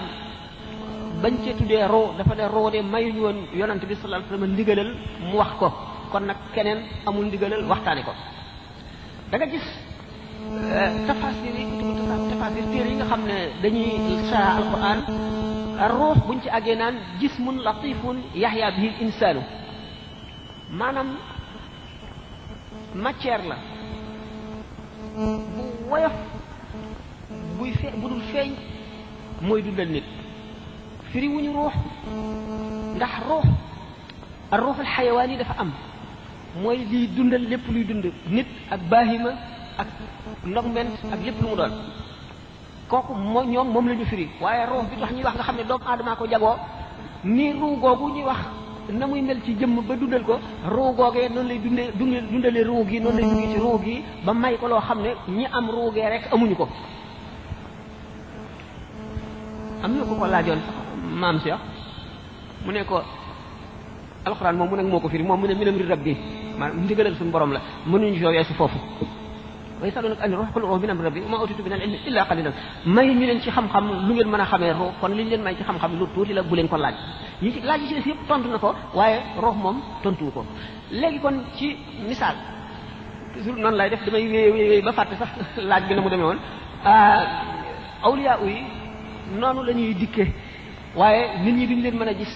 bañ cee tuddee roo dafa ne roo de mayuñu woon yonante bi sallallahu alayhi wasallam ndigalal mu wax ko kon nag keneen amul ndigalal waxtaane ko da nga gis euh, tafasir yi téere yi nga xam ne dañuy saa alquran ruux buñ ci àggee naan jismun latifun yaxya bihi insaanu maanaam matière la bu woyof buy fe bu dul feeñ mooy dundal nit firiwuñu ruux ndax ruux ar ruuxul xayawaan yi dafa am mooy liy dundal lépp luy dund nit ak baahima ak ndogment ak lépp lu mu doon kooku moo ñoom moom la ñu firi waaye ruux bi tax ñuy wax nga xam ne doomu aadama ko jagoo ni ruu googu ñuy wax na muy mel ci jëmm ba dundal ko ruu googee noonu lay dundee dundee dundalee ruu gi noonu lay dundee ci ruu gi ba may ko loo xam ne ñi am ruu gee rek amuñu ko am na ko ko laajoon maam Cheikh mu ne ko alquran moom mu ne moo ko firi moom mu ne minam ri rabbi maanaam ndigalal suñu borom la mënuñu ko weesu foofu way salu nag ani ruux qul ruux min rabbi ma utitu min al ilmi illa qalilan may ñu leen ci xam-xam lu ngeen mën a xamee ruux kon li ñu leen may ci xam-xam lu tuuti la bu leen ko laaj yi ci laaj yi ci des yëpp tontu na ko waaye ruux moom tontu ko léegi kon ci misaal toujours noonu lay def damay wéy wéy wéy ba fàtte sax laaj bi na mu demee woon ah, awliyaa yi noonu la ñuy dikkee waaye nit ñi duñ leen mën a gis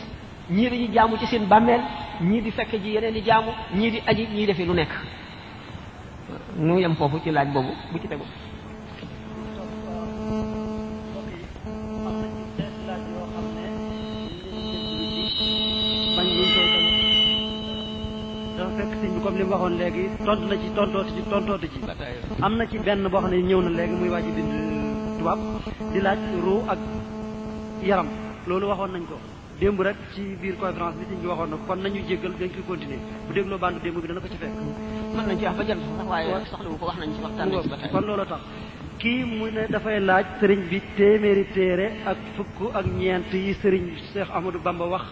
ñii dañuy jaamu ci seen bàmmeel ñii di fekk ji yeneen di jaamu ñii di aji ñii defi lu nekk nu yem foofu ci laaj boobu bu ci tegu comme li mu waxoon léegi tont na ci tontooti ci tontooti ci am na ci benn boo xam ne ñëw na léegi muy waa ji bind tubaab di laaj ruu ak yaram loolu waxoon nañ ko démb rek ci biir conférence bi ñu waxoon na ko kon nañu jéggal dañ koy continuer bu dégloo bandu démb bi dana ko ci fekk. mën nañ ci wax ba jant sax waaye soxla wu ko wax nañ ci waxtaan nañ kon loolu tax kii mu ne dafay laaj sëriñ bi téeméeri téere ak fukk ak ñeent yi sëriñ Cheikh Ahmadou Bamba wax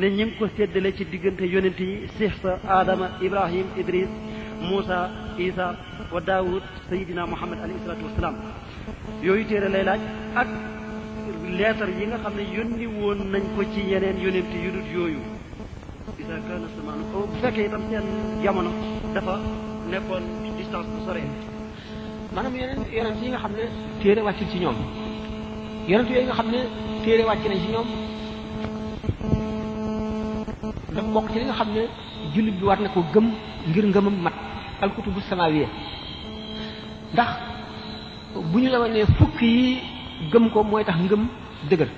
ne ñi ngi ko séddale ci diggante yonent yi Cheikh sa aadama Ibrahim Idris Moussa Isa wa Daoud Seydina Mouhamed alayhi salaatu wasalaam yooyu téere lay laaj ak. leetar yi nga xam ne yónni woon nañ ko ci yeneen yónent yu dut yooyu isa kana samaanu aw bu fekkee itam seen jamono dafa nekkoon distance bu sore maanaam yeneen yonent yi nga xam ne téere wàccul ci ñoom yonent yooyu nga xam ne téere wàcc nañ ci ñoom dafa bokk ci li nga xam ne jullit bi war na ko gëm ngir ngëmam mat alkutubu samawiya ndax bu ñu la wanee fukk yi gëm ko mooy tax ngëm dëgër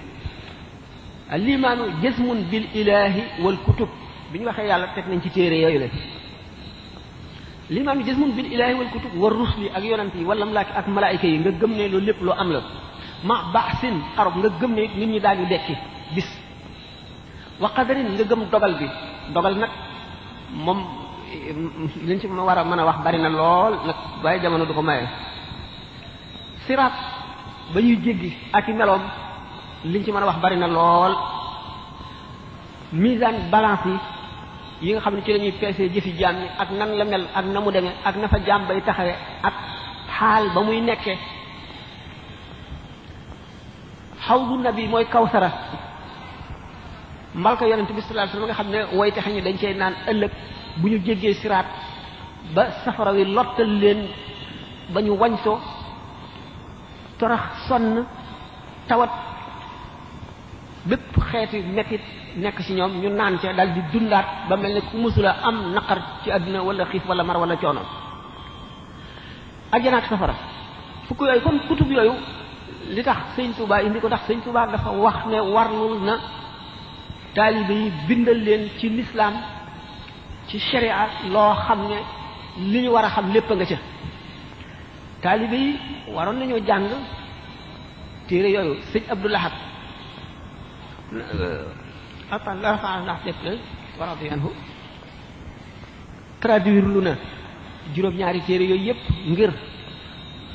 alimaanu jësmun bil ilahi wal kutub bi ñu waxee yàlla teg nañ ci téere yooyu la limaanu jësmun bil ilahi wal kutub war rusli ak yonant yi wala mlaaki ak malaayika yi nga gëm ne loolu lépp loo am la ma baasin arab nga gëm ne nit ñi daañu dekki bis wa qadarin nga gëm dogal bi dogal nag moom liñ ci ma war a mën a wax bari na lool nag waaye jamono du ko maye sirat ba ñuy jéggi ak i meloom liñ ci mën a wax bari na lool misaan balance yi yi nga xam ne ci lañuy peese jëfi jaam yi ak nan la mel ak na mu demee ak na fa jaam bay taxawe ak xaal ba muy nekke xawdu nabi mooy kawsara mbalka yonent bi sallallahu alayhi wasallam nga xam ne woy texe ñi dañ cey naan ëllëg bu ñu jéggee siraat ba safara wi lottal leen ba ñu wañso torax sonn tawat bépp xeeti mettit nekk ci ñoom ñu naan ca daal dundaat ba mel ni ku mësula am naqar ci àddina wala xiif wala mar walla coono ajjanaak safara fukk yooyu kon kutub yooyu li tax sëñ Tuubaa indi ko ndax sëñ Tuubaa dafa wax ne warlul na taalibe yi bindal leen ci lislaam ci sharia loo xam ne li ñu war a xam lépp a nga ca taalibe yi waroon nañoo jàng téere yooyu sëñ Abdou Lahad atan larafaa la def waradi anhu traduire lu na juróom-ñaari téere yooyu yëpp ngir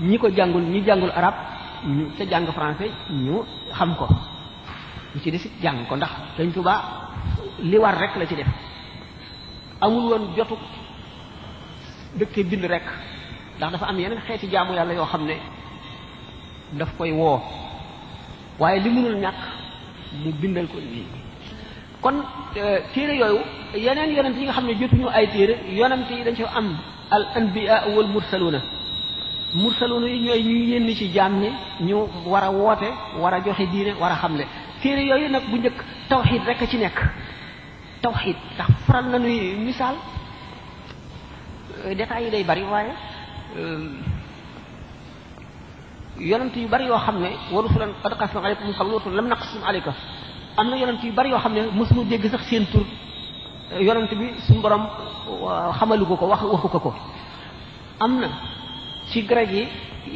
ñi ko jàngul ñi jàngul arab ñu ca jàng français ñu xam ko ñu ci desit jàng ko ndax dañ Tuubaa li war rek la ci def amul woon jotu dëkk bind rekk ndax dafa am yeneen xeeti jaamu yàlla yoo xam ne daf koy woo waaye li mënul ñàkk mu bindal ko nii kon euh, téere yooyu yeneen yonent yi nga xam ne jotuñu ay téere yonent yi dañ ci am al anbiya wal mursaluuna mursaluuna yi ñooy ñu yenn ci jaam ñi ñu war a woote war a joxe diine war a xamle téere yooyu nag bu njëkk tawxiid rek a ci nekk tawxiid ndax faral nañuy misaal euh, détails yi day bari waaye Euh, yonent yu bari yoo xam ne wa rusulan qad qasasnaa alaykum xam ne lam naqsusum alayka am na yonent yu bari yoo xam ne mësuñu dégg sax seen tur yonent bi suñu boroom euh, xamalu ko ko wax waxu ko ko am na ci grec yi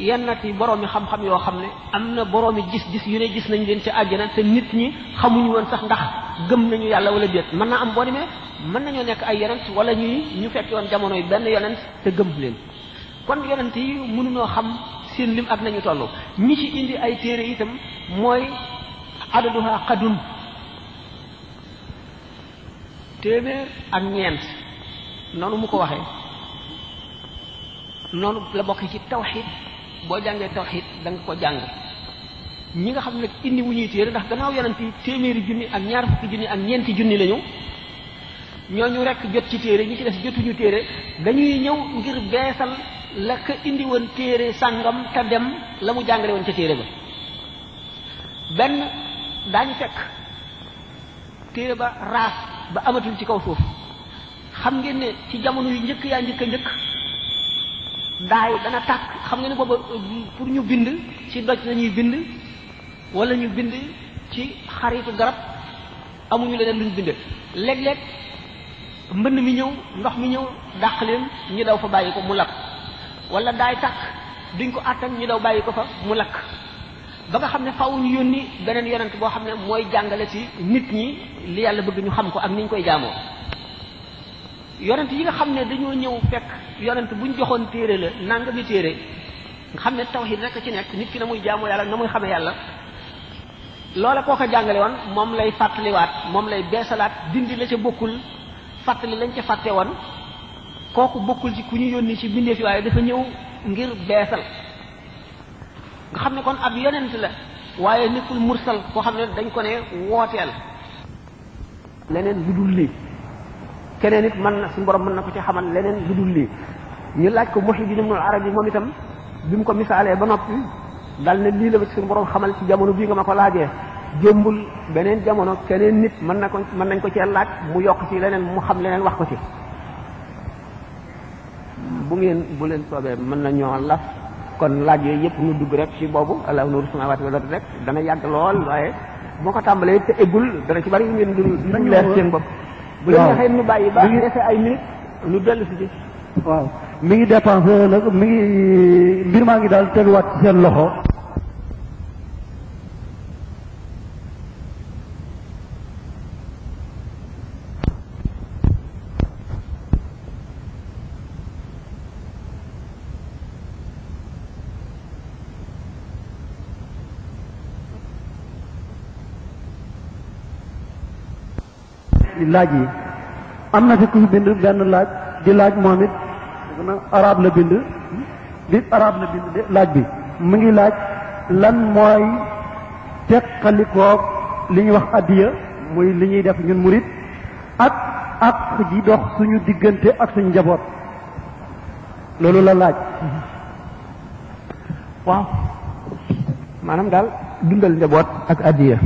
yennat yi borom yi xam-xam yoo xam ne am na borom yi gis-gis yu ne gis nañ leen ci àjjana te nit ñi xamuñu woon sax ndax gëm nañu yàlla wala déet mën naa am boo demee mën nañoo nekk ay yonent wala ñuy ñu fekk woon jamono yi benn yonent te leen kon yonent yi mënunoo xam seen lim ak nañu toll ñi ci indi ay téere tam mooy adaduha xadun téeméer ak ñeent noonu mu ko waxee noonu la bokk ci tawxid boo jàngee tawxid da nga ko jàng ñi nga xam ne indi wu ñuy téere ndax gannaaw yonent yi téeméeri junni ak ñaar fukki junni ak ñeenti junni lañu ñooñu rekk jot ci téere ñi ci des jotuñu téere dañuy ñëw ngir beesal la ko indi woon téere sàngam te dem la mu jàngalewoon woon ca téere ba benn daañu fekk téere ba raaf ba amatul ci kaw foofu xam ngeen ne ci jamono yu njëkk yaa njëkk a njëkk daay dana tàkk xam ngeen ne booba pour ñu bind ci doj lañuy bind walla ñu bind ci xaritu garab amuñu leneen luñ bind léeg-léeg mbënn mi ñëw ndox mi ñëw dàq leen ñu daw fa bàyyi ko mu lakk wala daay tàkk duñ ko àttan ñu daw bàyyi ko fa mu lakk ba nga xam ne faaw yónni beneen yonant boo xam ne mooy jàngale ci nit ñi li yàlla bëgg ñu xam ko ak ni ñu koy jaamoo yonent yi nga xam ne dañoo ñëw fekk bu ñu joxoon téere la nangami téere nga xam ne tawhid rek ci nekk nit ki na muy jaamoo yàlla na muy xamee yàlla loola koo ko jàngale woon moom lay fàttaliwaat moom lay beesalaat dindi la ca bokkul fàttali lañ ca fàtte woon kooku bokkul ci ku ñu yónni ci bindeef yi waaye dafa ñëw ngir beesal nga xam ne kon ab yonent la waaye nekkul mursal koo xam ne dañ ko ne wooteel leneen lu dul lii keneen nit mën na suñu borom mën na ko ci xamal leneen lu dul lii ñu laaj ko Muhyiddin Ibn Arabi moom itam bi mu ko misaalee ba noppi dal ne lii la ba ci suñu borom xamal ci jamono bii nga ma ko laajee jëmbul beneen jamono keneen nit mën na ko mën nañ ko cee laaj mu yokk ci leneen mu xam leneen wax ko ci bu ngeen bu leen soobee mën na ñoo laf kon laaj yooyu yëpp ñu dugg rek ci boobu allah nuuru samaawaati wal ardi rek dana yàgg lool waaye boo ko tàmbalee te eggul dana ci bari ngeen du du leer seen bopp bu leen waxee ñu bàyyi baax dese ay minute ñu dellu si ci waaw mi ngi dépensé nag mi ngi mbir maa ngi daal teguwaat ci seen loxo laaj yi am na fi ku bind benn laaj di laaj moom it arab la bind laaj bi mu ngi laaj lan mooy teqalikoog li ñuy wax addiya muy li ñuy def ñun murit ak ak ji dox suñu diggante ak suñu njaboot loolu la laaj waaw maanaam daal dundal njaboot ak addiya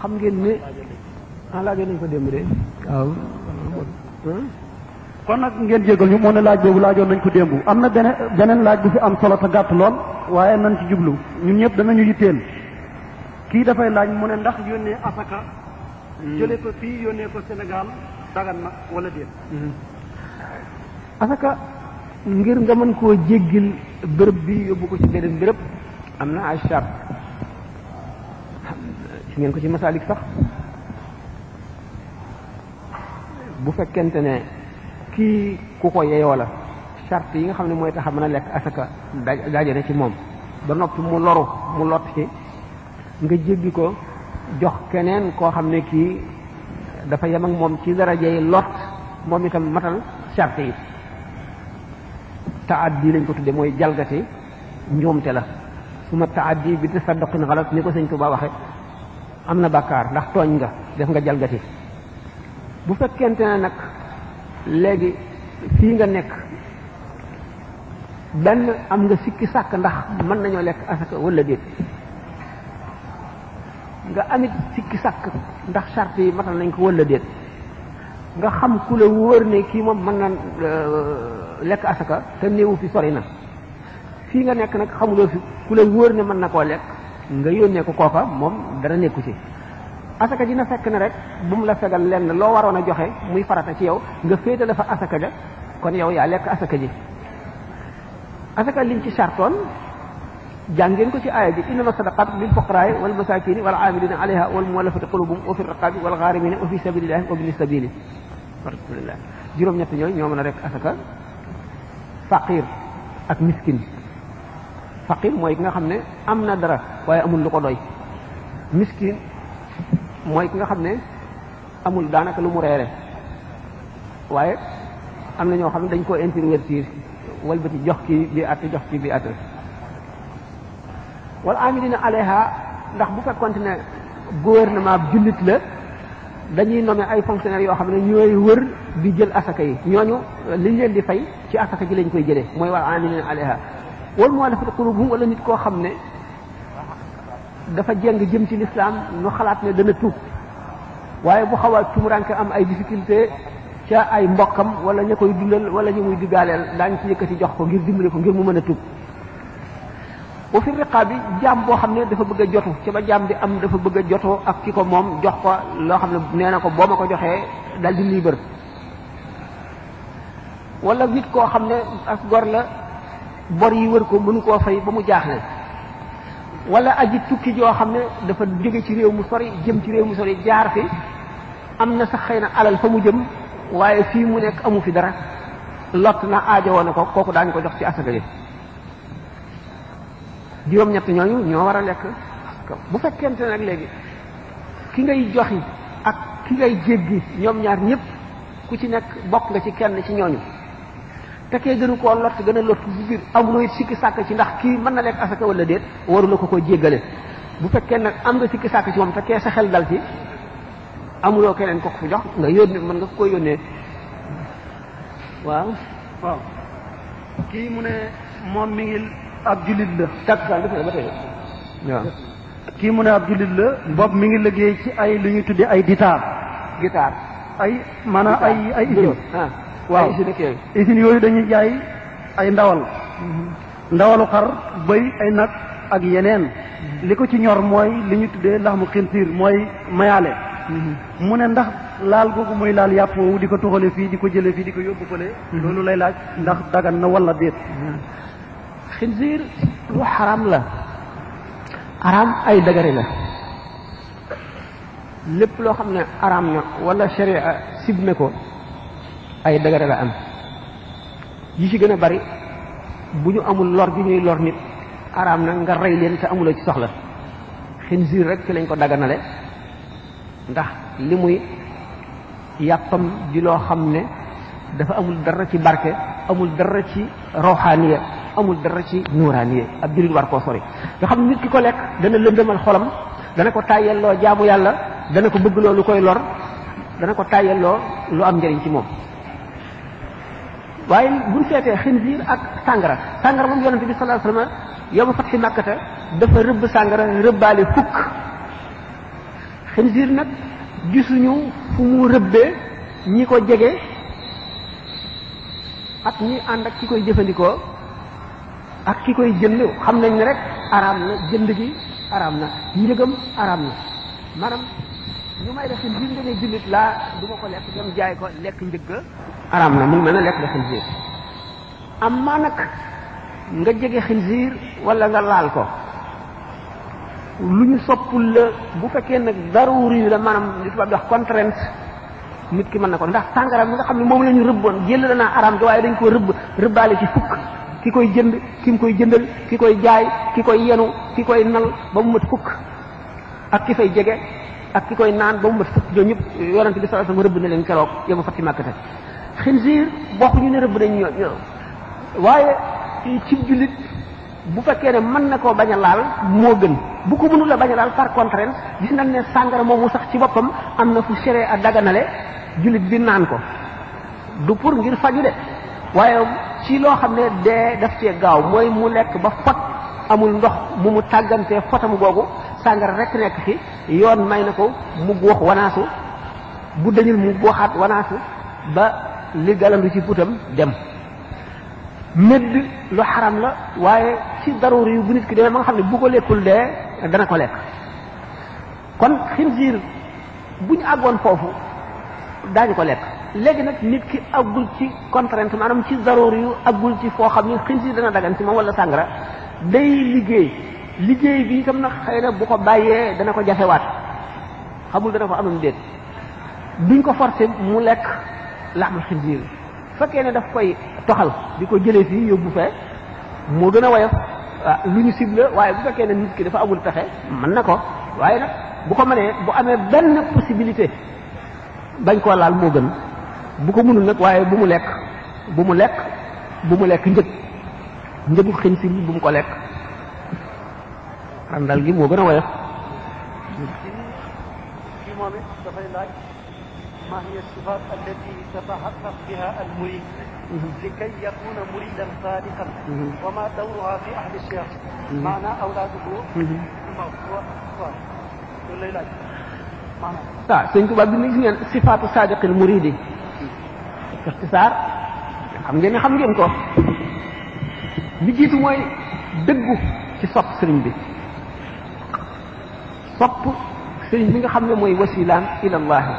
xam ngeen ne ah laajee nañ ko démb de waaw kon nag ngeen jégal ñu moo ne laaj boobu laajoon nañ ko démb am na beneen laaj bu fi am solo te gàtt lool waaye nañ ci jublu ñun ñëpp danañu yitteel kii dafay laaj mu ne ndax yónnee asaka jëlee ko fii yónnee ko sénégal dagan na wala déet hmm. asaka ngir nga mën koo jéggil bërëb bi yóbbu ko ci beneen bërëb am na ay charte ngeen ko ci sax bu fekkente ne kii ku ko yeyoo la charte yi nga xam ne mooy tax a mën a lekk asaka daje na ci moom ba noppi mu loru mu lot ci nga jéggi ko jox keneen koo xam ne kii dafa yem moom ci daraja yi lot moom itam matal charte yi taaddi lañ ko tudde mooy jalgati njuumte la su ma taaddi bi tasadduqin xalat ni ko sëñ Tuubaa waxe am na bakkaar ndax tooñ nga def nga jalgati bu fekkente ne nag léegi fii nga nekk benn am nga sikki sàkk ndax mën nañoo lekk asaka wala déet nga amit sikki sàkk ndax charte yi matal nañ ko wala déet nga xam ku la wóor ne kii moom mën na euh, lekk asaka te néewu fi sori na fii nga nekk nag xamuloo fi ku la wóor ne mën na koo lekk nga yónnee ko kooka moom dara nekku ci asaka dina fekk ne rek bu mu la fegal lenn loo waroon a joxe muy farata ci yow nga féete la fa asaka ja kon yow yaa lekk asaka ji asaka liñ ci sartoon jàngeen ko ci aaya ji innama sadaqat lil fuqaraay wal masakini wal amilina alayha wal muwallafati qulubuhum wa fi raqabi wal gharimina wa fi sabilillahi wa bini sabili alhamdulillah juróom-ñett ñooyu ñoo mën a rek asaka faqir ak miskin faqir mooy ki nga xam ne am na dara waaye amul lu ko doy miskin mooy ki nga xam ne amul daanaka lu mu reere waaye am na ñoo xam ne dañ koo intervertir walbati jox ki bi at jox kii bi at wala amilina aleha ndax bu fekkoonte ne gouvernement bi jullit la dañuy nommé ay fonctionnaires yoo xam ne ñooy wër bi jël asaka yi ñooñu liñ leen di fay ci asaka ji lañ koy jëlee mooy wala amilina aleha wal muallafati qulubuhum wala nit koo xam ne dafa jeng jëm ci lislaam nu xalaat ne dana tuub waaye bu xawaat a tumuranke am ay difficulté ca ay mbokkam wala ña koy dundal wala ñu muy digaaleel daañ ci yëkkati jox ko ngir dimbali ko ngir mu mën a tuub bu fi riqaa bi jaam boo xam ne dafa bëgg a jotu ci ba jaam bi am dafa bëgg a jotoo ak ki ko moom jox ko loo xam ne nee na ko boo ma ko joxee dal di libre wala nit koo xam ne ak gor la bor yi wër ko mënu koo fay ba mu jaax jaaxle wala aji tukki joo xam ne dafa jóge ci réew mu sori jëm ci réew mu sori jaar fi am na sax xëy na alal fa mu jëm waaye fii mu nekk amu fi dara lot na aajowoo na ko kooku daañu ko jox ci asaka yi juróom-ñett ñooñu ñoo war a lekk bu fekkente ne nag léegi ki ngay joxi ak ki ngay jéggi ñoom ñaar ñëpp ku ci nekk bokk nga ci kenn ci ñooñu te kee gënu koo lott gën a lott bu biir amuloo it sikki sàkk ci ndax kii mën na lekk asaka wala déet waru la ko ko jéggale bu fekkee nag am nga sikki sàkk ci moom te kee sa xel dal ci amuloo keneen ko ko jox nga yónne mën nga ko yónnee waaw waaw kii mu ne moom mi ngi ab jullit la takkusaan def na ba tey waaw kii mu ne ab jullit la boobu mi ngi liggéey ci ay lu ñuy tuddee ay guitare guitare ay maanaam ay ay waaw usines yooyu dañuy jaay ay ndawal mm-hmm. ndawalu xar bëy ay nag ak yeneen mm-hmm. li ko ci ñor mooy li ñu tuddee mu xinsiir mooy mayaale mm-hmm. mu ne ndax laal googu muy laal yàpp di ko tuxale fii di ko jële fii di ko yóbbu fële loolu lay laaj ndax dagan na walla déet xinsiir lu xaram la araam ay dagari la lépp loo xam ne araam na wala sharia sib na ko ay degré la am yi ci gën a bari bu ñu amul lor bi ñuy lor nit araam na nga rey leen te amuloo ci soxla xen xinziir rek ci lañ ko dagganale ndax li muy yàppam di loo xam ne dafa amul dara ci barke amul dara ci roxaaniya amul dara ci nuuraaniya ab jullit war koo sori nga xam nit ki ko lekk dana lëndëmal xolam dana ko tàyyelloo jaamu yàlla dana ko bëgguloo lu koy lor dana ko tàyyelloo lu am njëriñ ci moom waaye buñ seetee xinziir ak sàngara sàngara moom yonente bi sallallahu alayhi wasallam yow fatxi màkkata dafa rëbb sàngara rëbbaale fukk xinziir nag gisuñu fu mu rëbbee ñi ko jege ak ñi ànd ak ki koy jëfandikoo ak ki koy jënd xam nañ ni rek araam na jënd gi araam na njëgam araam na maanaam ñu may def xinziir nga ne jullit laa duma ko lekk dem jaay ko lekk njëgga araam na mu ngi mel ne lekk nga xinziir am maa jege xinziir wala nga laal ko lu ñu soppul la bu fekkee nag daruri la maanaam li tubaab di wax contrainte nit ki mën na ko ndax sàngara mi nga xam ne moom la ñu rëbboon jël la naa araam gi waaye dañ koo rëbb rëbbaale ci fukk ki koy jënd ki mu koy jëndal ki koy jaay ki koy yenu ki koy nal ba mu mat fukk ak ki fay jege ak ki koy naan ba mu mat fukk ñoom ñëpp yonente bi sallallahu alayhi wasallam rëbb na keroog yow ma fatti màkkate xinziir waxuñu ne rëbb dañ ñoo ñoo waaye ci jullit bu fekkee ne mën na koo bañ a laal moo gën bu ko mënul a bañ laal par contrainte gis nañ ne sàngara moomu sax ci boppam am na fu séré a daganale jullit bi naan ko du pour ngir faju de waaye ci loo xam ne dee daf cee gaaw mooy mu lekk ba fot amul ndox mu mu tàggantee fotam googu sàngara rek nekk fi yoon may na ko mu góox wanaasu bu dañul mu góoxaat wanaasu ba li galandu ci putam dem médd lu xaram la waaye ci daruur yu bu nit ki demee ma nga xam ne bu ko lekkul dee dana ko lekk kon xinziir bu ñu àggoon foofu daañu ko lekk léegi nag nit ki àggul ci contrainte maanaam ci daruur yu àggul ci foo xam ne xinziir dana dagan ci moom wala sàngara day liggéey liggéey bi tam nag xëy na bu ko bàyyee dana ko jafewaat xamul dana ko amam déet duñ ko forcé mu lekk laxmul xinziir fekkee ne daf koy toxal di ko jëlee fii yóbbu fee moo gën a woyof lu ñu sib la waaye bu fekkee ne nit ki dafa amul pexe mën na ko waaye nag bu ko mënee bu amee benn possibilité bañ koo laal moo gën bu ko mënul nag waaye bu mu lekk bu mu lekk bu mu lekk njëg njëgu xinsiir bi bu mu ko lekk randal gi moo gën a woyof moom it dafay laaj ma hiya sifaat allati يتحقق بها المريد لكي يكون مريدا صادقا وما دورها في أهل الشيخ معنى أولاده صح سنك بابني صفات صادق المريد اختصار xam ngeen xam ngeen ko li jiitu mooy dëgg ci sopp sëriñ bi sopp sëriñ bi nga xam ne mooy wasilaam ila allahi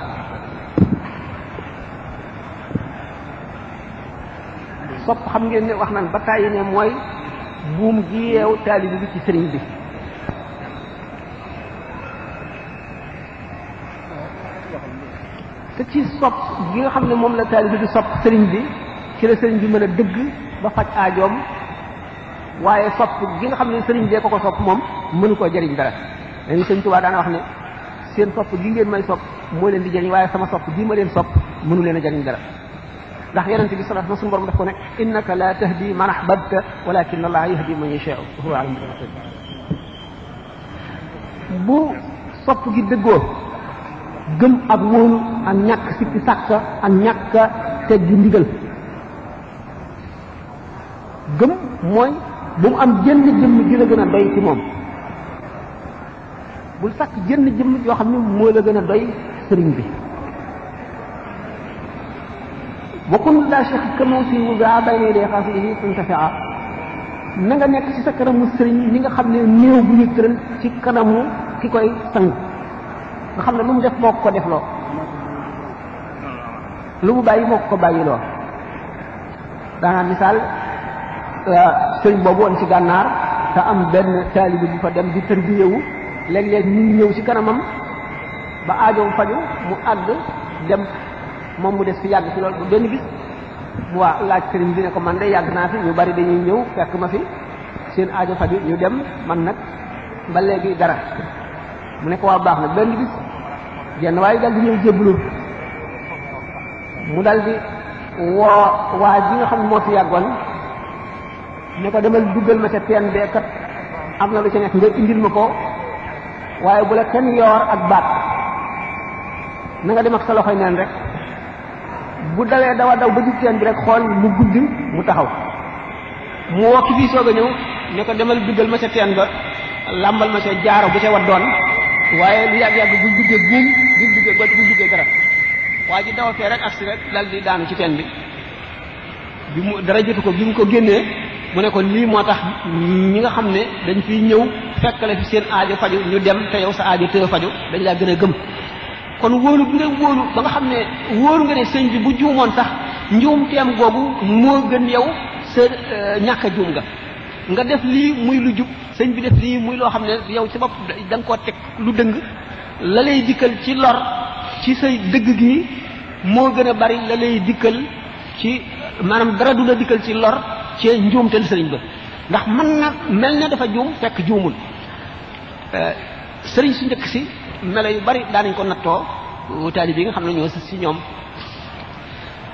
sopp xam ngeen ne wax naan ba tàyyi ne mooy buum gi yeew taalibi bi ci sëriñ bi te ci sopp gi nga xam ne moom la taalibi di sopp sëriñ bi ci la sëriñ bi mën a dëgg ba faj aajoom waaye sopp gi nga xam ne sëriñ bee ko ko sopp moom mënu koo jëriñ dara dañu sëriñ Tuubaa daana wax ne seen sopp gi ngeen may sopp moo leen di jëriñ waaye sama sopp gi ma leen sopp mënu leen a jëriñ dara ndax yonente bi sallallahu alayhi wasallam borom daf ko ne la tahdi man ahbabta walakin allah yahdi man yasha'u bu sopp gi dëggoo gëm ak wóolu ak ñàkk sikki sàkka ak ñàkk teggi ndigal gëm mooy bu am jënn jëmm ji la gën a doy ci moom bul sàkk jënn jëmm yoo xam ne moo la gën a doy bi وكن لا شك كموسي وذا بين يدي خافيه تنتفع na nga nekk ci sa kanamu sëriñ li nga xam ne néew bu ñu tëral ci kanamu ki koy sang nga xam ne lu mu def moo ko defloo lu mu bàyyi moo ko bàyyiloo daanaa misaal euh, sëriñ boobu woon ci gànnaar te am benn taalibi bu fa dem di tër bi yëwu léeg-léeg ñu ngi ñëw ci kanamam ba aajoom faju mu àgg dem moom mu def fi yàgg fi loolu bu benn bis waaw laaj sëriñ bi ne ko man de yàgg naa fi ñu bari dañuy ñëw fekk ma fi seen aajo faju ñu dem man nag ba léegi dara mu ne ko waa baax na benn bis jenn waaye dal di ñëw jébbalu mu dal di woo waa ji nga xam moo fi yàggoon ne ko demal duggal ma ca teen bee am na lu ca nekk nga indil ma ko waaye bu la kenn yoor ak baat na nga dem ak sa loxoy neen rek bu dawee dawa daw ba gis seen bi rek xool mu gudd mu taxaw mu wokk fii soog a ñëw ne ko demal duggal ma sa teen ba làmbal ma sa jaaro bu sa wat doon waaye lu yàgg yàgg bu duggee guum bu duggee ba bu duggee dara waa ji dawa fee rek agsi rek dal di daanu ci teen bi bi mu dara jotu ko bi mu ko génnee mu ne ko lii moo tax ñi nga xam ne dañ fiy ñëw fekk la fi seen aajo faju ñu dem te yow sa aajo tëye faju dañ laa gën a gëm kon wóolu bi nga wóolu ba nga xam ne wóolu nga ne sëñ bi bu juumoon sax njuumteem googu moo gën yow sa euh, ñàkk a juum nga nga def lii muy lu jub sëñ bi def lii muy loo xam ne yow ci bopp da nga koo teg lu dëng la lay dikkal ci lor ci sa dëgg gi moo gën a bari la lay dikkal ci maanaam dara du la dikkal ci lor ci njuumteel sëriñ ba ndax mën na mel ne dafa juum fekk juumul euh, sëriñ su njëkk si melo yu bari daanañ ko nattoo taalibe yi nga xam ne ñoo sës si ñoom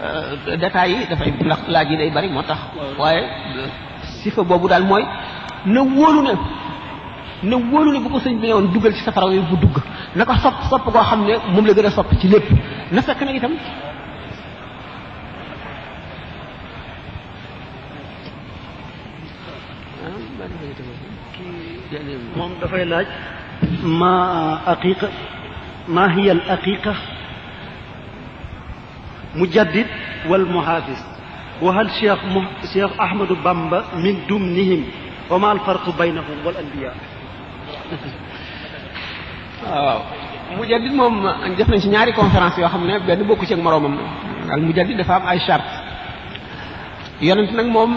euh, détails yi dafay ndax laaj yi day bari moo tax waaye sifa boobu daal mooy na wóolu ne na wóolu ne bu ko sëñ bi ne woon duggal ci safara wi bu dugg na ko sopp sopp koo xam ne moom la gën a sopp ci lépp na fekk na itam moom laaj ما أقيقة ما هي الأقيقة مجدد والمحافظ وهل شيخ مح... شيخ أحمد بامبا من دمنهم وما الفرق بينهم والأنبياء آه. مجدد مم جفنا نشنياري كونفرانس يا خمنا بيدي بوكو شيخ مروم المجدد دفع أي شرط يلنتنا مم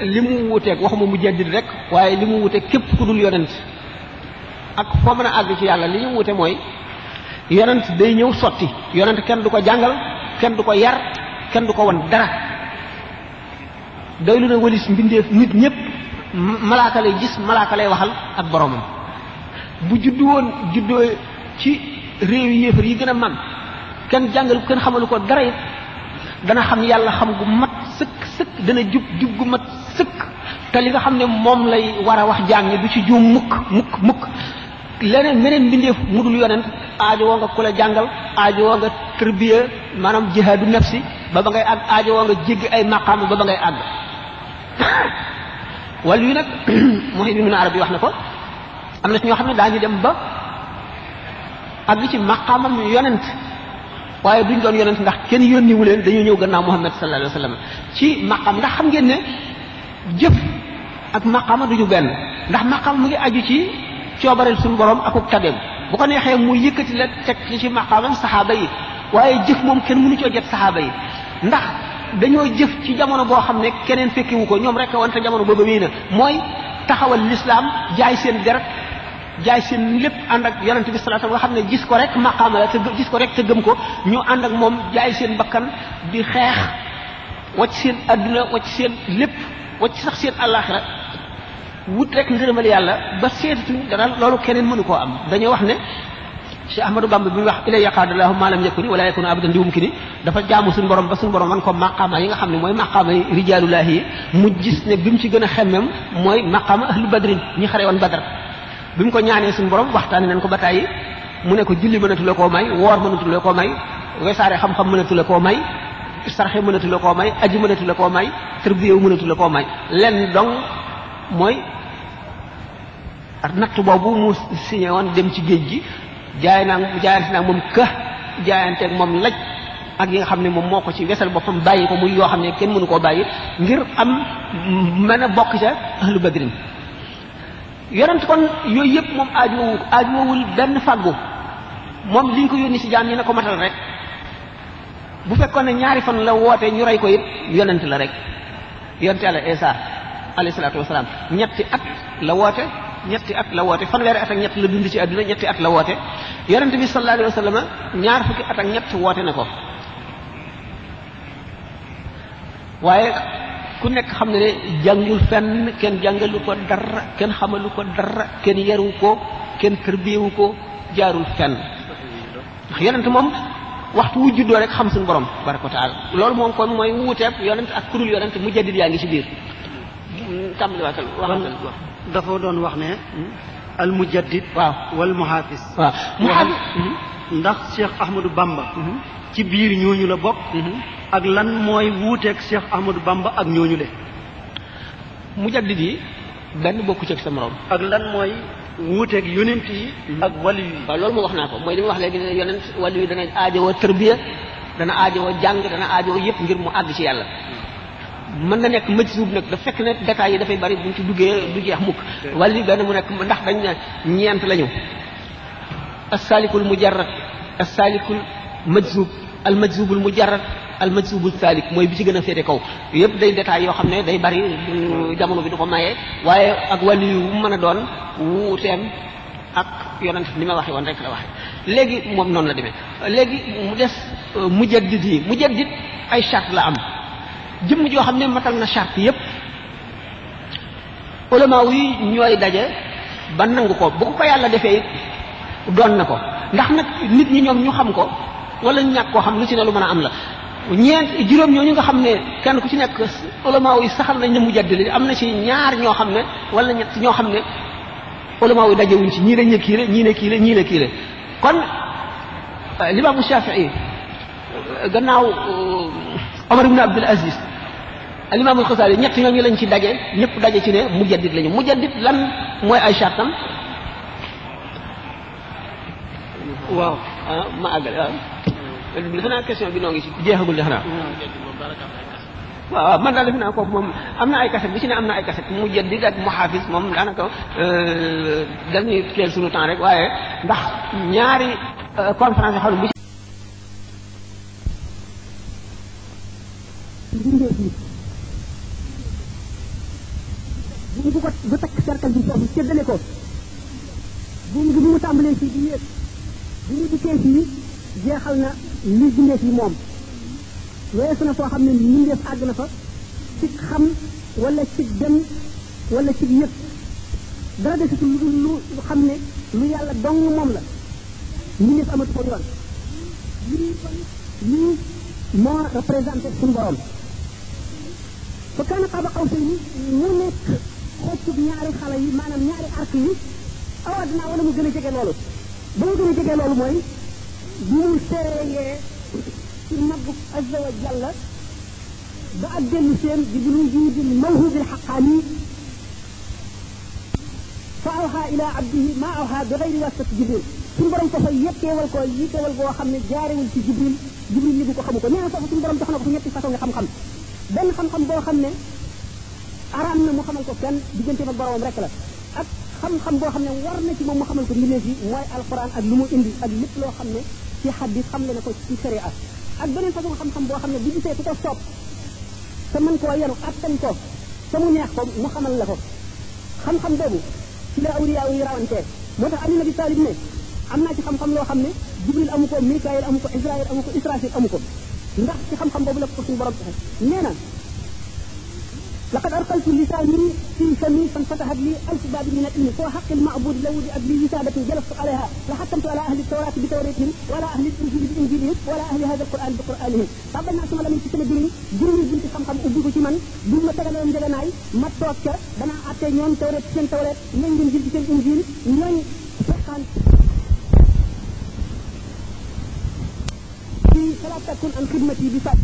لم ووتك مجدد رك وعي لم كيف كدول يلنتنا ak foo mën a àgg ci yàlla li ñu wute mooy yonent day ñëw sotti yonent kenn du ko jàngal kenn du ko yar kenn du ko won dara doy lu na walis mbindeef nit ñëpp malaaka lay gis malaaka lay waxal ak boromam bu juddu woon juddoo ci réew yéefar yi gën a mag kenn jàngal kenn xamalu ko dara it dana xam yàlla xam gu mat sëkk sëkk dana jub jub gu mat sëkk te li nga xam ne moom lay war a wax jaam ñi du ci juum mukk mukk mukk leneen meneen mbindeef mu dul yonent aajowoo nga ku la jàngal aajowoo nga tërbiya maanaam jihaadu nafsi ba ba ngay àgg aajowoo nga jéggi ay maqaam ba ba ngay àgg wala yu nag mooy bi mun arab yi wax na ko am na ñoo xam ne daañu dem ba àgg ci maqaamam yonent waaye duñ doon yonent ndax kenn yónniwu leen dañu ñëw gannaaw muhammad sallallahu alayhi wa sallam ci maqaam ndax xam ngeen ne jëf ak maqaama duñu benn ndax maqaam mu ngi aju ci coobareel suñu borom ak ak tabeem bu ko neexee mu yëkkati la teg ci maqaamam saxaaba yi waaye jëf moom kenn mënu coo jot saxaaba yi ndax dañoo jëf ci jamono boo xam ne keneen fekkiwu ko ñoom rek a wante jamono booba wéy na mooy taxawal lislaam jaay seen deret jaay seen lépp ànd ak yonente bi salaatu nga xam ne gis ko rek maqaama la te gis ko rek te gëm ko ñu ànd ak moom jaay seen bakkan di xeex wacc seen àdduna wacc seen lépp wacc sax seen àllaaxira wut rek ngërëmal yàlla ba seetatuñu dana loolu keneen mënu koo am dañoo wax ne Cheikh Ahmadou Bamba bi wax ilay yaqaadullahu maalam yakuni wala yakunu abadan di wum ki ni dafa jaamu suñu borom ba suñu borom man ko maqaama yi nga xam ne mooy maqaama yi rijaalullahi yi mu gis ne bi mu ci gën a xemmem mooy maqaama ahlu badrin ñi xare woon badar bi mu ko ñaanee suñu borom waxtaane nañ ko ba tàyyi mu ne ko julli mënatu la koo may woor mënatu la koo may wesaare xam-xam mënatu la koo may sarxe mënatu la koo may aji mënatu koo may tërbiyewu mënatu la koo may lenn dong mooy ak natt boobu mu signé woon dem ci géej gi jaay naa jaayante naa moom ka jaayanteeg moom laj ak yi nga xam ne moom moo ko ci wesal boppam bàyyi ko muy yoo xam ne kenn mënu koo bàyyi ngir am mën a bokk ca ahlu badrin yonent kon yooyu yëpp moom aajowul aajowul benn fàggu moom liñ ko yónni si jaam ñi na ko matal rek bu fekkoon ne ñaari fan la woote ñu rey ko it yonent la rek yonent yàlla Isa alayhi salaatu wasalaam ñetti at la woote ñetti at la woote fanweeri at ak ñett la dund ci aduna ñetti at la wote yaronte bi sallallahu alayhi wasallam ñaar fukki at ak ñett wote nako waye ku nek xam ne ne jàngul fenn kenn jàngalu ko dara kenn xamalu ko dara ken yeru ko ken tërbiyewu ko jaarul fenn ndax yonent moom waxtu wu juddoo rek xam sun borom baraka taala lol mom kon moy wutep yaronte ak kurul yaronte mu jaddit yaangi ngi ci biir tàmbali waatal waxal dafa doon wax ne al mujaddid waaw wal muhaafis waaw muhaafis ndax Cheikh Ahmadou Bamba mhm. ci biir ñooñu la bokk mhm. ak lan mooy wuuteeg Cheikh Ahmadou Bamba ak ñooñu le mujaddid yi benn bokku ci ak sa morom ak lan mooy wuuteeg yonent yi mhm. ak wàllu yi waaw loolu moo wax naa ko mooy li ma wax léegi ne yonent wàllu yi dana aajowoo tërbiya dana aajowoo jàng dana aajowoo yëpp ngir mu àgg ci yàlla mën na nekk majzuub nag da fekk ne détails yi dafay bari buñ ci duggee du jeex mukk wàllu benn mu nekk ndax dañ ne ñeent lañu asaalikul mujarrad asaalikul majzuub al majzuubul mujarrad al majzuubul saalik mooy bi ci gën a féete kaw yëpp day détails yoo xam ne day bari jamono bi du ko mayee waaye ak wàllu yu mën a doon wuuteem ak yonent ni ma waxe woon rek la waxe léegi moom noonu la demee léegi mu des euh, mujaddid yi mujaddid ay charte la am jëmm joo xam ne matal na charte yépp ulama yi ñooy daje ba nangu ko bu ko yàlla defee doon na ko ndax nag nit ñi ñoom ñu xam ko wala ñàkk koo xam lu ci ne lu mën a am la ñeent juróom ñooñu nga xam ne kenn ku ci nekk ulama yi saxal nañ ne mu jaddali am na ci ñaar ñoo xam ne wala ñett ñoo xam ne ulama yi dajewuñ ci ñii la ñu kii ñii la kii la ñii la kii kon limaamu Shafii gannaaw Omar ibn Abdul Aziz alimaamul Xasaali ñett ñooñu lañ ci daje ñëpp daje ci ne mujaddid lañu mujaddid lan mooy ay shartam waaw ah ma àggale waaw ah. defe naa question bi noo ngi ci jeexagul defe naa waaw man daal defe naa kooku moom am na ay kaset bi ci ne am na ay kaset mujaddid ak muhaafis moom daanaka euh, dañuy teel suñu temps rek waaye ndax ñaari euh, conférence yoo xam ne bindee fii bu ko bu takk cercle bi foofu séddale ko buum gi bu fii jeexal na li bindee fii moom weesu na foo xam ne mbindeef àgg na fa ci xam wala ci dem wala ci yëg dara desitu lu lu xam ne lu yàlla dong moom la mbindeef amatu ko yoon lii lii moo représenté suñu borom فكان قاب قوسين مو نيك خوتو نياري خالاي مانام نياري ارك ني اوادنا ولا مو جيني جيجي لولو بو جيني جيجي لولو موي بو مو سيري نغ عز وجل با ادلي سين دي بنو الموهوب الحقاني فاوها الى عبده ما اوها بغير واسطه جبريل سن بروم كو فاي ييتيوال كو ييتيوال بو خامني جاري ول سي جبريل جبريل ني بوكو خامو كو نيا نعم، سوفو سن بروم تخنا كو نيتي فاتو خام خام benn xam-xam boo xam ne araam na mu xamal ko kenn diggante ak boromam rek la ak xam-xam boo xam ne war na ci moom mu xamal ko mbindeef yi mooy alquran ak lu mu indi ak lépp loo xam ne ci xadis xam le na ko ci sharia ak beneen façon xam boo xam ne bu gisee ku ko soob te mën koo yenu attan ko te mu neex ko mu xamal la ko xam-xam boobu ci la awliya yi rawantee moo tax Ali Nabi Talib ne am naa ci xam-xam loo xam ne Jibril amu ko Mikaayil amu ko Israil amu ko Israfil amu ko ndax ci xam-xam boobu la ko suñu borom taxe nee لقد أرسلت لساني في فمي فانفتحت لي ألف باب من العلم فهو حق المعبود لو وجئت لي وسادة جلست عليها لحكمت على أهل التوراة بتوريتهم ولا أهل الإنجيل بإنجيلهم ولا أهل هذا القرآن بقرآنهم طب الناس ما لم تسمع ديني ديني بنت خم خم أبوك تمن دون ما تقال من جلناي ما توكل بنا أعطي يوم توريت سين توريت من إنجيل سين إنجيل من فرقان ثلاث تكن عن خدمتي بفضل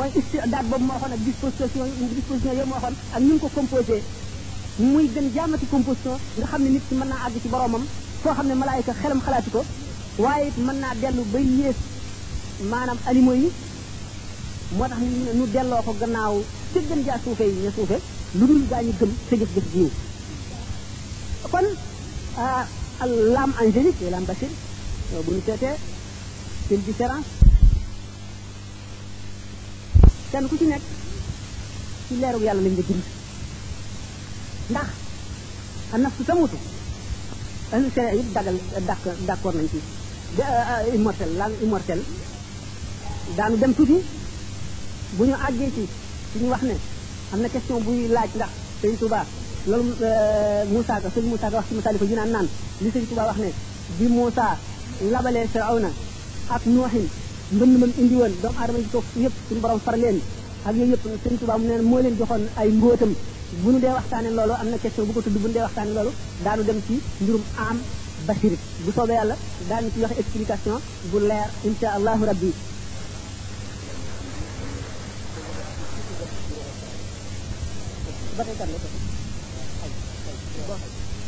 mooy istidaad boobu moo xoon ak disposition disposition yooyu moo xoon ak ñu ngi ko composé muy gën jaamati composition nga xam ne nit ki mën naa àgg ci boromam foo xam ne ka xelam xalaati ko waaye mën naa dellu ba yées maanaam animaux yi moo tax ñu delloo ko gannaaw ca gën jaa suufe yi ña suufe lu dul gaa ñu gëm sa jëf-jëf jiw kon ah, l'âme angélique et l'âme bachir bu ñu seetee c'est différence kenn ku ci nekk ci leeru yàlla lañ la bind ndax a nafsu tamutu ahlu sharia yëpp dagal d'accord nañ ci euh, immortel laal immortel daanu dem tuuti bu ñu àggee ci suñu wax ne xam na question buy laaj ndax sëñ Touba loolu euh, Moussa ka sëñ Moussa ka wax ci misaali ko ji naan naan li sëñ Touba wax ne bi Moussa labalee Firawna ak Noohin mbënd mën indi woon doomu aadama yi toog yëpp suñu borom far leen mu ne moo leen joxoon ay mbóotam bu nu dee waxtaane loolu am na question bu ko tudd bu nu dee waxtaane loolu daanu dem ci mbirum am basiri bu soobee yàlla daanu ci wax explication bu leer insha allahu rabbi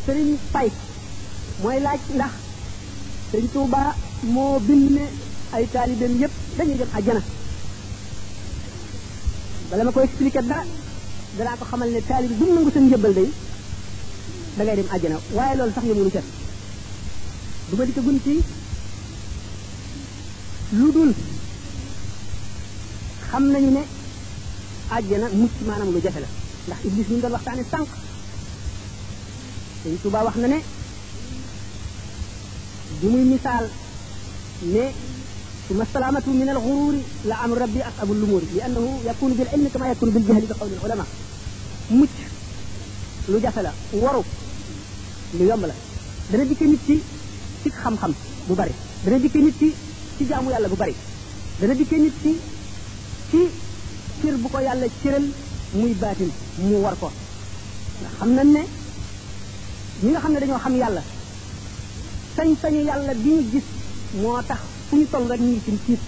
sëriñ Fay mooy laaj ndax sëriñ Tuubaa moo bind ne ay taalibeem yépp dañuy dem àjjana bala ma koy expliquer dara danaa ko xamal ne taalibe bu mu nangu seen njëbbal day da ngay dem àjjana waaye lool sax nga mënu ca du ma di ko gun ci lu dul xam nañu ne àjjana mucc maanaam lu jafe la ndax iblis ñu doon waxtaane sànq Sëñ Tuubaa wax na ne bi muy misaal ne ثم السلامة من الغرور لأمر ربي أصعب الأمور لأنه يكون بالعلم كما يكون بالجهل بقول العلماء mucc lu jafe la waru lu yomb la dana dikke nit ci ci xam-xam bu bari dana dikke nit ci ci jaamu yàlla bu bari dana dikke nit ci ci cër bu ko yàlla cëral muy baatin mu war ko nga xam na ne ñi nga xam ne dañoo xam yàlla sañ-sañu yàlla bi ñu gis moo tax fu ñu toll rek ñu ci tiit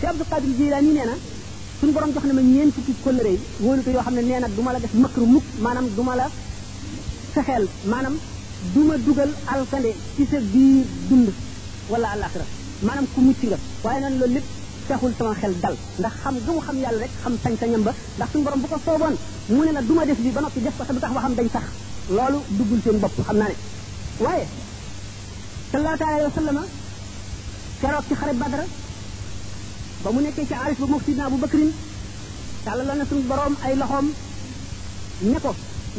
ci abdou qadir jilani nee na suñu borom jox na ma ñeen fukki kóllëre yi wóolu ko yoo xam ne nee na du ma la def makru mukk maanaam du ma la fexeel maanaam du ma dugal alkande ci sa biir dund wala alaxira maanaam ku mucc nga waaye nag loolu lépp taxul sama xel dal ndax xam gëmu xam yàlla rek xam sañ-sañam ba ndax suñu borom bu ko sooboon mu ne la du ma def li ba noppi def ko te du tax waxam dañ sax loolu duggul seen bopp xam naa ne waaye sallallahu alayhi wa sallama keroog ci xare badara ba mu nekkee ci aris ba mook sidna abu bakrin tàlla na suñu boroom ay loxoom ne ko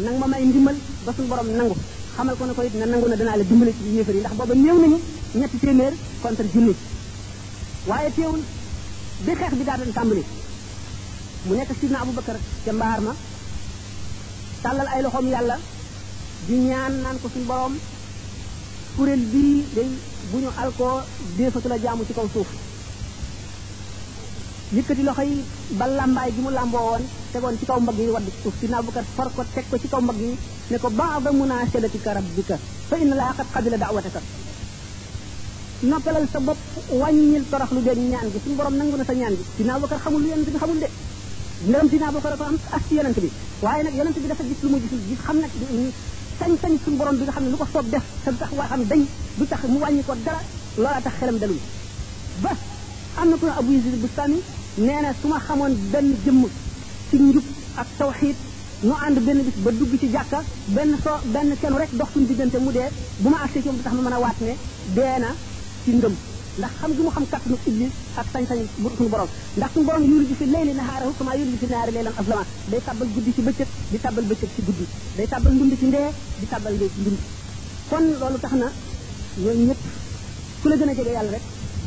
nang ma may ndimbal ba suñu boroom nangu xamal ko ne ko it na nangu na danaa la dimbale ci yéefar yi ndax booba néew ñu ñetti téeméer contre junni waaye teewul bi xeex bi daa doon tàmbali mu nekk sidna abu bakar ca mbaar ma tàllal ay loxoom yàlla di ñaan naan ko suñu boroom kuréel bii day bu ñu alkoo déefatu la jaamu ci kaw suuf yëkkati loxo yi ba làmbaay gi mu làmboo woon tegoon ci kaw mbagg yi wadd ci suuf si Abubakar for ko teg ko ci kaw mbagg yi ne ko baada munaashadatika rabbika fa inna laa qad qabila da'wataka noppalal sa bopp wàññil torox lu dee ñaan gi suñu borom nangu ne sa ñaan gi Sidna Abubakar xamul lu yonent bi xamul de ndëram Sidna Abubakar ko am as ci yonent bi waaye nag yonent bi dafa gis lu mu gisul gis xam sañ-sañ suñu borom bi nga xam ne lu ko soob def te tax waa xam dañ du tax mu wàññi ko dara loola tax xelam dalul ba am na ku ne abu yazid bustani nee na su ma xamoon benn jëmm ci njub ak tawxid mu ànd benn bis ba dugg ci jàkka benn so benn kenn rek dox suñu diggante mu dee bu ma agsee ci moom du tax ma mën a waat ne dee na ci ngëm ndax xam gi mu xam kattanu iblis ak sañ-sañ suñu borom ndax suñu borom yuuru ji fi layli nahaarahu kama yuuru ji fi naari laylan aslama day tàbbal guddi ci bëccëg di tàbbal bëccëg ci guddi day tàbbal ndund ci ndee di tàbbal ndee ci ndund kon loolu tax na ñooñu ñëpp la gën a jege yàlla rek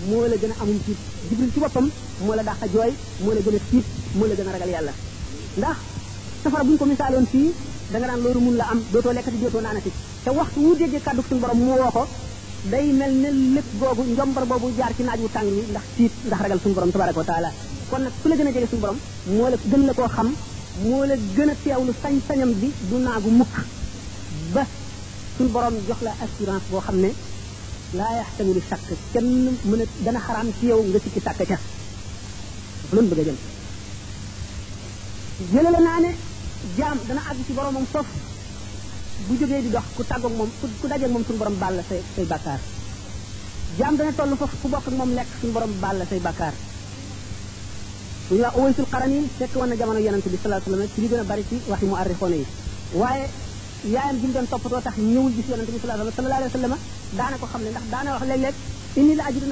moo la gën a amum tiit jibril ci boppam moo la dàq a jooy gën a tiit gën a ragal yàlla ndax safara bu ko misaaloon fii da nga naan loolu mun la am dootoo lekkati dootoo naanati te waxtu wu déggee kàddu suñu borom mu woo ko day mel ne lépp googu njombar boobu jaar ci naaj wu tàng yi ndax tiit ndax ragal suñu borom tabaraka wa taala kon na ku la gën a jege suñu borom moo la gën la koo xam moo la gën a teewlu sañ-sañam bi du naagu mukk ba suñu borom jox la assurance boo xam ne laa yaxtamilu sàkk kenn mën a dana xaraam ci yow nga sikki sàkk ca loolu bëgg a jëm jëlale naa ne jaam dana àgg ci boromam foofu bu jógee di dox ku tàggoog moom ku dajeeg moom suñu borom baal la say say bàkkaar jaam dana toll foofu ku bokk moom lekk suñu borom baal la say bàkkaar ñu wax Uwaysul Qarani fekk woon na jamono yonente bi sallallahu alayhi a bari ci waxi mu arrixoona yi waaye yaayam ji mu doon toppatoo tax ñëwul gis yonente bi sallallahu ko xam ne la ajidu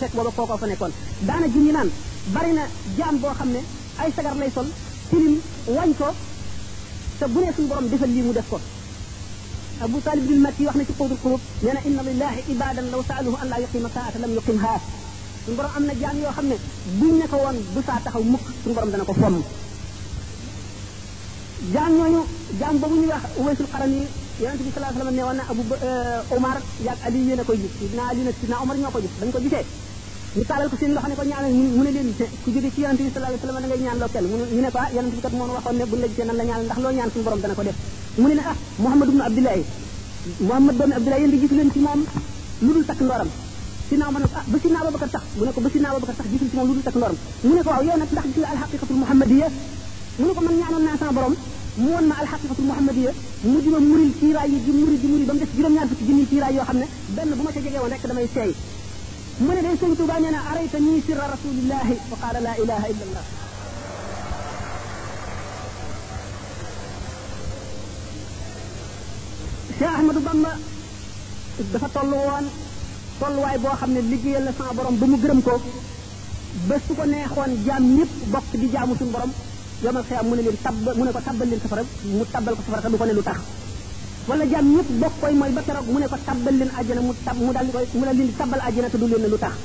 fekk booba kookoo fa nekkoon naan bari na jaam boo xam ne ay sagar lay sol tilim wañ ko te bu ne suñu borom defal lii mu def ko abu talib bin makki wax na ci qawdul qulub nee na inna lillahi ibadan law saaluhu an laa yuqima saata lam yuqimha suñu borom am na jaam yoo xam ne buñ ne ko woon du saa taxaw mukk suñu borom dana ko fomm jaam ñooñu jaam boobu ñuy wax waysul xaram yi yonent bi salaa sallam ne woon na abu omar yaag ali yéen a koy gis sidna ali na sidna omar ñoo ko gis dañ ko gisee ñu taalal ko seen loxo ne ko ñaan loo kenn ko ah Muhammad ibn Abdullahi Muhammad doomi Abdullahi yéen di gis leen ci moom lu dul takk ndoram Sidna Omar ne ba ah Sidna Abubakar sax mu ne ko ba Sidna Abubakar sax gisul ci moom lu dul takk ko waaw yow nag ndax gis nga alxaqiqatul muhammadiya muhammadiya mu di ma muril kiiraay yoo xam ne benn bu ma ca jege woon rek damay seey من لي أن بانينا أريتني سر رسول الله فقال لا إله إلا الله يا أحمد بن دفا طلوان طلواي بو خامن ليغي لا سان بروم بومو گرم كو بس كو نيهون جام نيب بوك دي جامو سون بروم يوم الخيام من لي تاب من كو تابل لي سفر مو تابل كو سفر كو دوكو لي لوتاخ wala jaam ñëpp bokk koy mooy ba keroog mu ne ko tabbal leen àjjana mu tab mu daal di koy mu daal leen di tabbal àjjana te du leen lu tax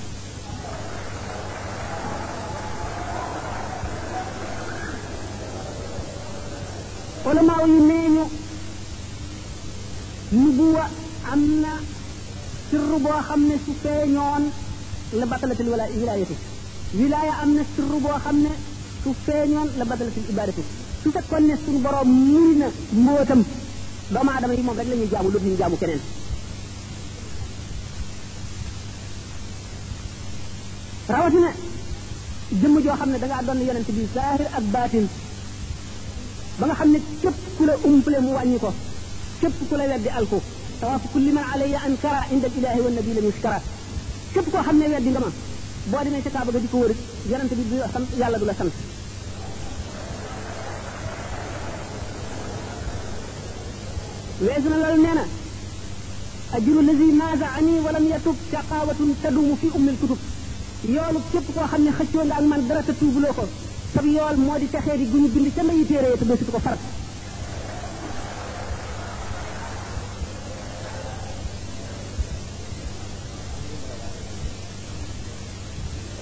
olamaa yi nee ñu nubuwa am na sirru boo xam ne su feeñoon la batalatil wala wilaayati wilaaya am na su feeñoon la ne suñu doomu aadama yi moom rek la ñuy jaamu lu ñu jaamu keneen rawatina jëmm joo xam ne da ngaa doon yonent bi zaahir ak baatin ba nga xam ne képp ku la umpale mu wàññi ko képp ku la weddi alku tawaafu kulli man alayya ankara inda al ilahi wa nabi la muskara képp koo xam ne weddi nga ma boo demee ca kaaba ga di ko wër yonent bi du sant yàlla du la sant ويسنا للنينة أجل الذي ماذا عني ولم يتوب شقاوة تدوم في أم الكتب يوم كيف كو خا ني خاتيو لا مان درا تتوب لوكو تاب يوال مودي تخيري غني بند تا ماي تيري تا دوسي كو فرق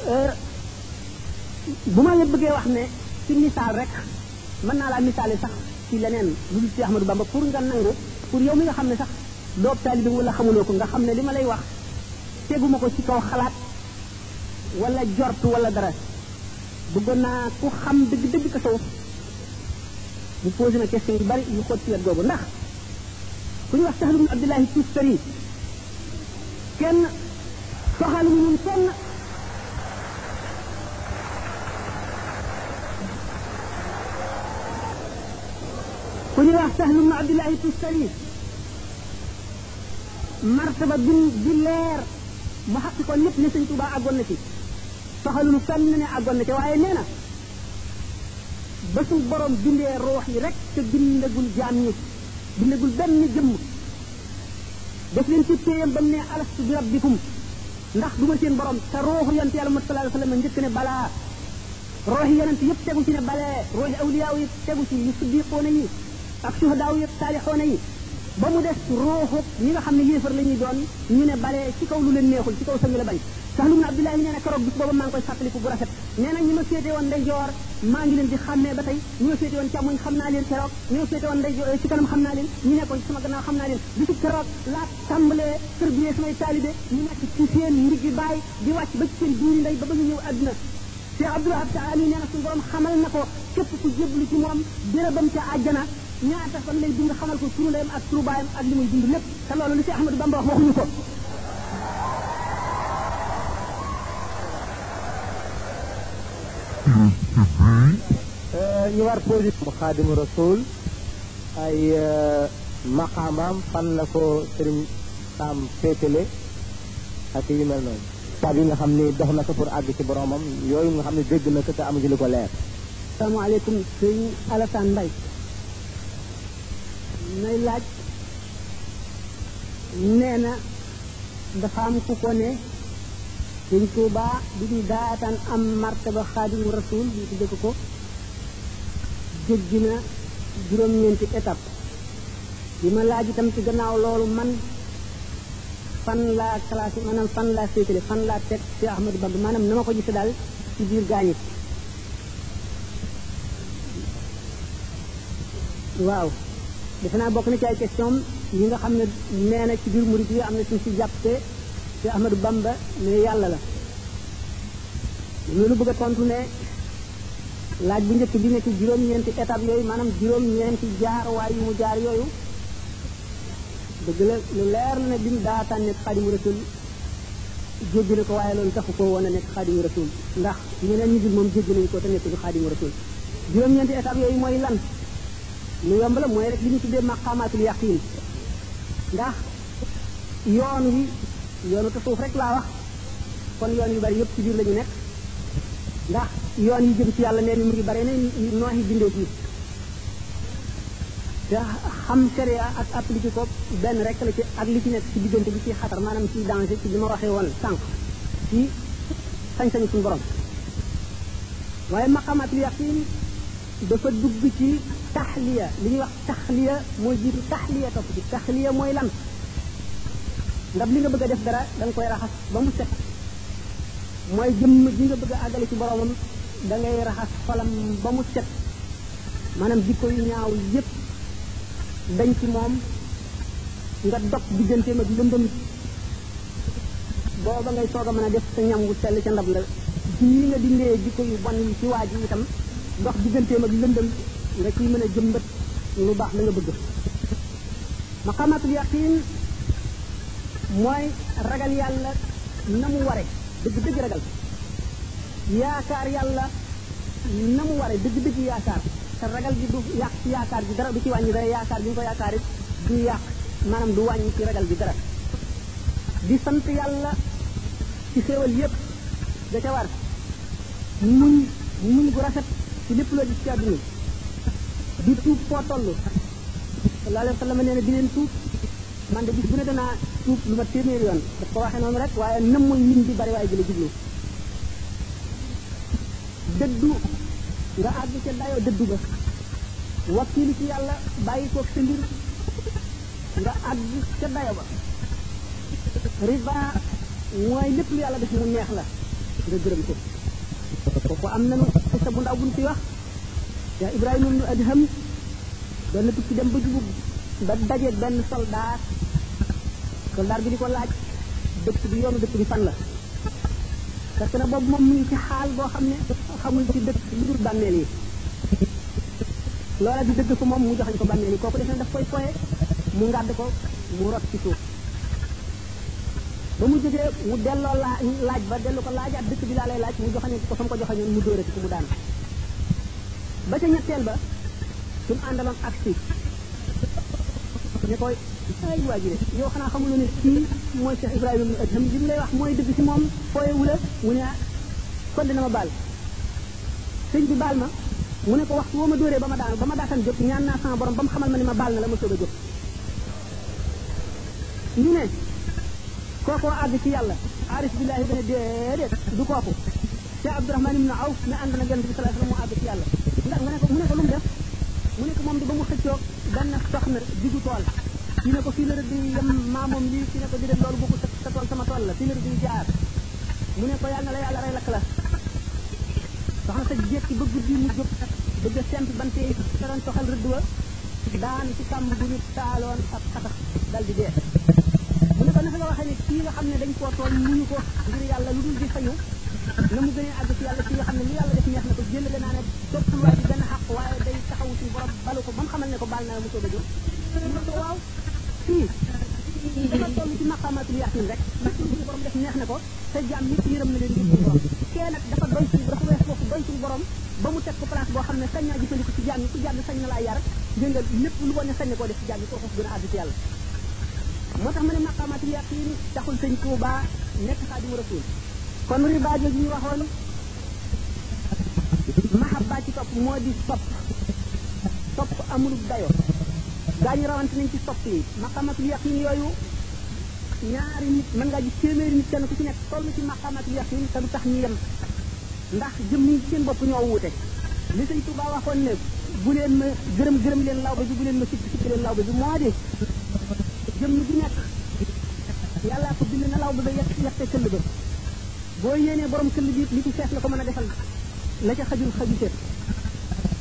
أه، بما يبغي واخني في مثال ci leneen lu dul ci Ahmadou Bamba pour nga nangu pour yow mi nga xam ne sax doob taalibi wala xamuloo ko nga xam ne li ma lay wax teguma ko ci kaw xalaat wala jort wala dara bëggoon naa ku xam dëgg-dëgg tasawuf bu posé na question yu bari yu xool ci wet googu ndax ku ñu wax Sahl ibn Abdullahi Tustari kenn soxalu mu mun وهذا سهل بن عبد الله السليم مرتبة بن بلير محقق نيب ني سيدي توبا اغونتي سهل بن كان ني اغونتي واي نينا بسو بروم بيندي روحي رك تا بيندغول جامي بيندغول بن جيم داف لين تي تيام بام ني الست ربكم ndax duma seen borom ta roohu yent yalla mu sallallahu alayhi wasallam ñëk ne bala roohi yent yépp tegu ci ne balé roohi awliya yi tegu ci yu siddiqoon ni ak suhadaaw yëpp saalixoona yi ba mu des ruuxu ñi nga xam ne yéefar la ñuy doon ñu ne balee ci kaw lu leen neexul ci kaw sëngi la bañ sax lu mu ne abdullahi nee na keroog bis booba maa xam naa leen keroog ñi ma féete woon ndeyjoor eh, ci kanam xam naa leen ñi nekkoon ci sama gannaaw xam naa leen bisu keroog laa tàmbalee kër na ko képp ku jéblu ci moom bérébam ca àjjana ñaata fan lay bind xamal ko turu ndeyam ak turu baayam ak li muy bind lépp te loolu li si ahmadou bamba wax waxuñu ko ñu war posé mu xaadimu rasul ay maqaamaam fan la ko sëriñ saam féetale ak yu mel noonu tab yi nga xam ni dox na ko pour àgg ci boromam yooyu nga xam ne dégg na ko te amu ci lu ko leer salaamaaleykum sëñ alasaan mbay may laaj nee na dafa am ku ko ne sëñ Tuuba bi ñu daatan am martaba xaadimu rasul ñu tuddee ko jéggi na juróom-ñeenti étape bi ma laaj itam ci gannaaw loolu man fan laa classé maanaam fan laa féetale fan laa teg ci Ahmadou Bamba maanaam na ma ko gise daal ci biir gaañit waaw defe naa bokk na ci ay question yi nga xam ne nee na ci biir murid am na suñ si jàppte te Ahmadou Bamba ne yàlla la loolu bëgg a tontu ne laaj bi njëkk bi ne ci juróom-ñeenti étape yooyu maanaam juróom-ñeenti jaarwaay yu mu jaar yooyu dëgg la lu leer la ne bi mu daataan nekk xaadimu rasul jéggi na ko waaye loolu taxu ko woon a nekk xaadimu ndax ñeneen ñu dul moom jéggi nañu ko te nekk du xaadimu rasul juróom-ñeenti étape yooyu mooy lan lu yomb la mooy rek li ñu tuddee maqaamaatul yaqin ndax yoon yi yoonu tasawuf rek laa wax kon yoon yu bari yëpp ci biir la nekk ndax yoon yi jëm ci yàlla nee ni mu ngi bare ne nooxi bindeef yi te xam sharia ak appliqué ko benn rek la ci ak li ci nekk ci diggante bi ci xatar maanaam ci danger ci li ma waxee woon sànq ci sañ-sañ suñu borom waaye maqaamaatul yaqin dafa dugg ci taxliya li ñuy wax taxliya mooy jiitu taxliya topp ci taxliya mooy lan ndax li nga bëgg a def dara da koy raxas ba mu set mooy jëmm ji nga bëgg a ci boromam da ngay raxas xolam ba set maanaam jikko yu ñaaw yépp dañ ci moom nga dog digganteem ak lëndëm booba ngay soog a mën a def sa ñam wu sell ca ndab la jii nga dindee jikko yu bon yi ci waa ji itam dox digganteem ak lëndëm nga ciy mën a jëmbat lu baax la nga bëgg maqamatul yaqin mooy ragal yàlla na mu ware dëgg dëgg ragal yaakaar yàlla na mu ware dëgg dëgg yaakaar te ragal gi du yàq ci yaakaar gi dara du ci wàññi dara yaakaar gi nga ko yaakaar it du yàq maanaam du wàññi ci ragal gi dara di sant yàlla ci xéewal yépp da ca war muñ muñ gu rafet ci lépp loo gis ci àdduna di tuub foo toll sallallahu alayhi wa sallam nee na di tuub man de bis bu ne danaa tuub lu ma téeméer yoon daf ko waxee noonu rek waaye nam mooy lim bi waaye bi la jublu dëddu nga àgg ca dayoo dëddu ba wakkiilu ci yàlla bàyyi ko sa mbir nga àgg ca dayo ba riba mooy lépp lu yàlla def mu neex la nga gërëm ko kooku am nanu sa bu ndaw buñ fi wax ya ibrahim ibn adham dan tukki dem ba jubub ba soldat soldat bi di ko laaj dëkk bi yoonu dëkk bi fan la parce que boobu kami mu ngi ci xaal boo xam xamul ci di dëgg ko moom mu joxañ ko bàmmeel yi kooku def daf koy foye mu ngàdd ko mu rot ci suuf ba mu mu laaj ba ko bi lay laaj ba ca ñetteel ba suñu àndaloon ak si ñu koy ay waa ji de yow xanaa xamuloo ne kii mooy Cheikh Ibrahima mu lay wax mooy dëgg si moom fooyewu la mu ne kon dina ma baal sëñ bi baal ma mu ne ko ma dóoree ba ma daanu ba ma daataan jóg ñaan naa sama borom ba mu xamal ma ne ma baal na la ma soog a jóg ñu ne kookoo àgg ci yàlla aarif billaahi dana déedéet du kooku Cheikh Abdourahman ibn Awf ne ànd na gant bi sallallahu alayhi wa sallam moo àgg ci yàlla ndax mu ne ko lu mu def mu ne ko moom di ba mu xëccoog benn soxna jugu tool fii ne ko fii la rëdd yi yem maamoom lii fii ne ko di dem loolu bokku sama tool la fii la rëdd yi jaar mu ne ko yàlla na la yàlla rey lakk la soxna sa jékki ba guddi mu jóg bëgg a semp bante yi doon soxal rëdd wa daan ci kàmb bu ñu taaloon ak xatax dal di dee mu ne ko naka nga waxee ne kii nga xam ne dañ koo tooñ muñu ko ngir yàlla lu dul di fayu na mu gënee àgg ci yàlla ci nga xam ne li yàlla def neex na ko jënd naa ne toppul waa ji benn xaq waaye day taxaw suñu borom balu ko ba mu xamal ne ko baal naa mu soog a jóg mu ko waaw fii dafa toll ci maqamatul yaasin rek ndax suñu borom def neex na ko te jaam nit yërëm na leen ngir suñu borom kee nag dafa doy suñu dafa wees foofu doy suñu borom ba mu teg ko place boo xam ne sañ naa jëfandiku ci jaam yi ku jaam sañ na laa yar jëngal lépp lu wane sañ na koo def ci jaam yi koo foofu gën a àgg ci yàlla moo tax ma ne maqamatul yaasin taxul sëñ Tuubaa nekk xaadimu rasul kon riba jooju ñu waxoon mahabba ci topp moo di sopp sopp amul dayo ñu rawante nañ ci sopp yi maqamatul yaqin yooyu ñaari nit mën ngaa gis téeméeri nit kenn ku ci nekk toll ci maqamatul yaqin te du tax ñu yem ndax jëm yi seen bopp ñoo wuute li sëñ Tuubaa waxoon ne bu leen ma gërëm gërëm leen law ba ji bu leen ma sikki sikki leen law ba ji moo di jëm yi bu nekk yàllaa ko bind na law ba ba yett yette këll ba boo yéenee borom këll bi li ci seet la ko mën a defal la ca xajul xaju seet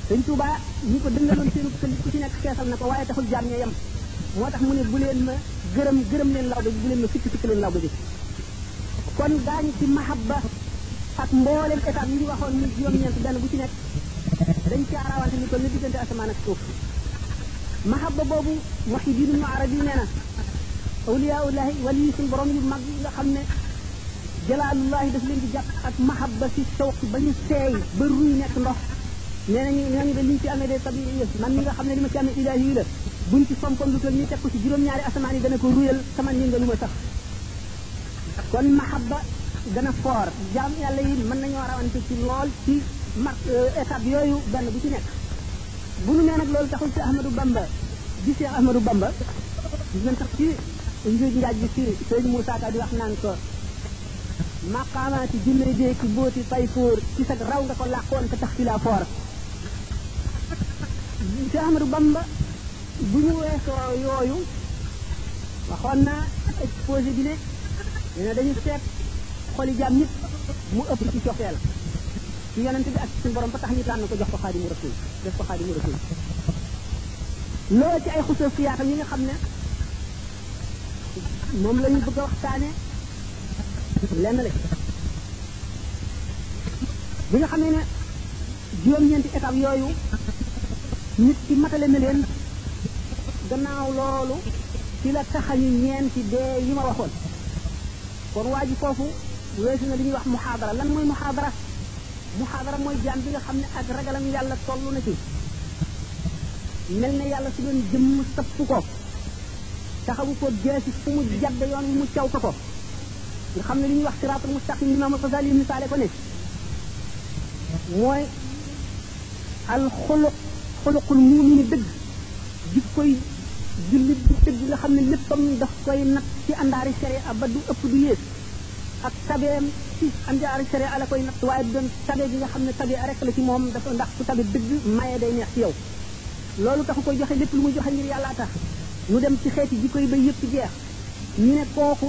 sëñ Tuuba ñi ko dëngaloon seenu këll ku ci nekk seetal na ko waaye taxul jaam ñee yem moo tax mu ne bu leen ma gërëm gërëm leen law bu leen ma fikk fikk leen law ji kon daañu ci mahabba ak mboolem étape yi ñu waxoon ñu juróom-ñeent benn bu ci nekk dañ ci arawante ni ko li diggante asamaan ak suuf mahabba boobu muhiddin mu arabi nee na awliyaullahi wali suñ borom yu mag yi nga xam ne jalaalullaahi daf leen di jàpp ak mahabba si sawqi ba ñu seey ba ruy nekk ndox nee nañu ñooñu de liñ ci amee de tabi man mi nga xam ne li ma ci amee ilaahi la buñ ci fomkom lu toll ñu teg ko ci juróom-ñaari asamaan yi dana ko ruyal sama ni nga lu ma sax kon mahabba gën a foor jaam yàlla yi mën nañoo rawante ci lool ci mar euh, étape yooyu benn bu ci nekk bu nu nee nag loolu taxul ci Ahmadou Bamba di Cheikh Ahmadou Bamba gis nañ sax ci njuuj njaaj bi ci sëñ Moussa Ka di wax naan maqaamaati julle jeeki mbóoti fay fóor ci sag raw nga ko làqoon te tax ci laa foor si Ahmadu Bamba bu ñu weesoo yooyu waxoon na exposé bi léegi dina dañu seet xoli jaam mu ëpp ci cofeel ci yonente bi ak ci suñu borom ba tax ñu tànn ko jox ko xaadimu rasul def ko xaadimu rasul loolu ci ay xusuusiyaat yi nga xam ne moom la ñu bëgg a lenn la bi nga xamee ne juróom-ñeenti étape yooyu nit ki matale na leen gannaaw loolu ci la taxañu ñeenti dee yi ma waxoon kon waa ji foofu weesu na li ñuy wax muxaadara lan mooy muxaadara muxaadara mooy jaam bi nga xam ne ak ragalam yàlla toll na ci mel ne yàlla su doon jëmm sëpp ko taxawu ko jeesi fu mu jadd yoon mu caw ko ko nga xam ne li ñuy wax siraatul mustaqim imam alxasali misaale ko ne mooy alxuluq xuluqul muumini dëgg jikkoy jullit bu dëgg nga xam ne léppam daf koy nag ci àndaari sharia ba du ëpp du yées ak tabeem ci àndaari sharia la koy nag waaye du doon tabe bi nga xam ne tabe rek la ci moom dafa ndax ku tabe dëgg maye day neex ci yow loolu taxu koy joxe lépp lu mu joxe ngir yàlla tax ñu dem ci xeeti jikko yi ba yëpp jeex ñu ne kooku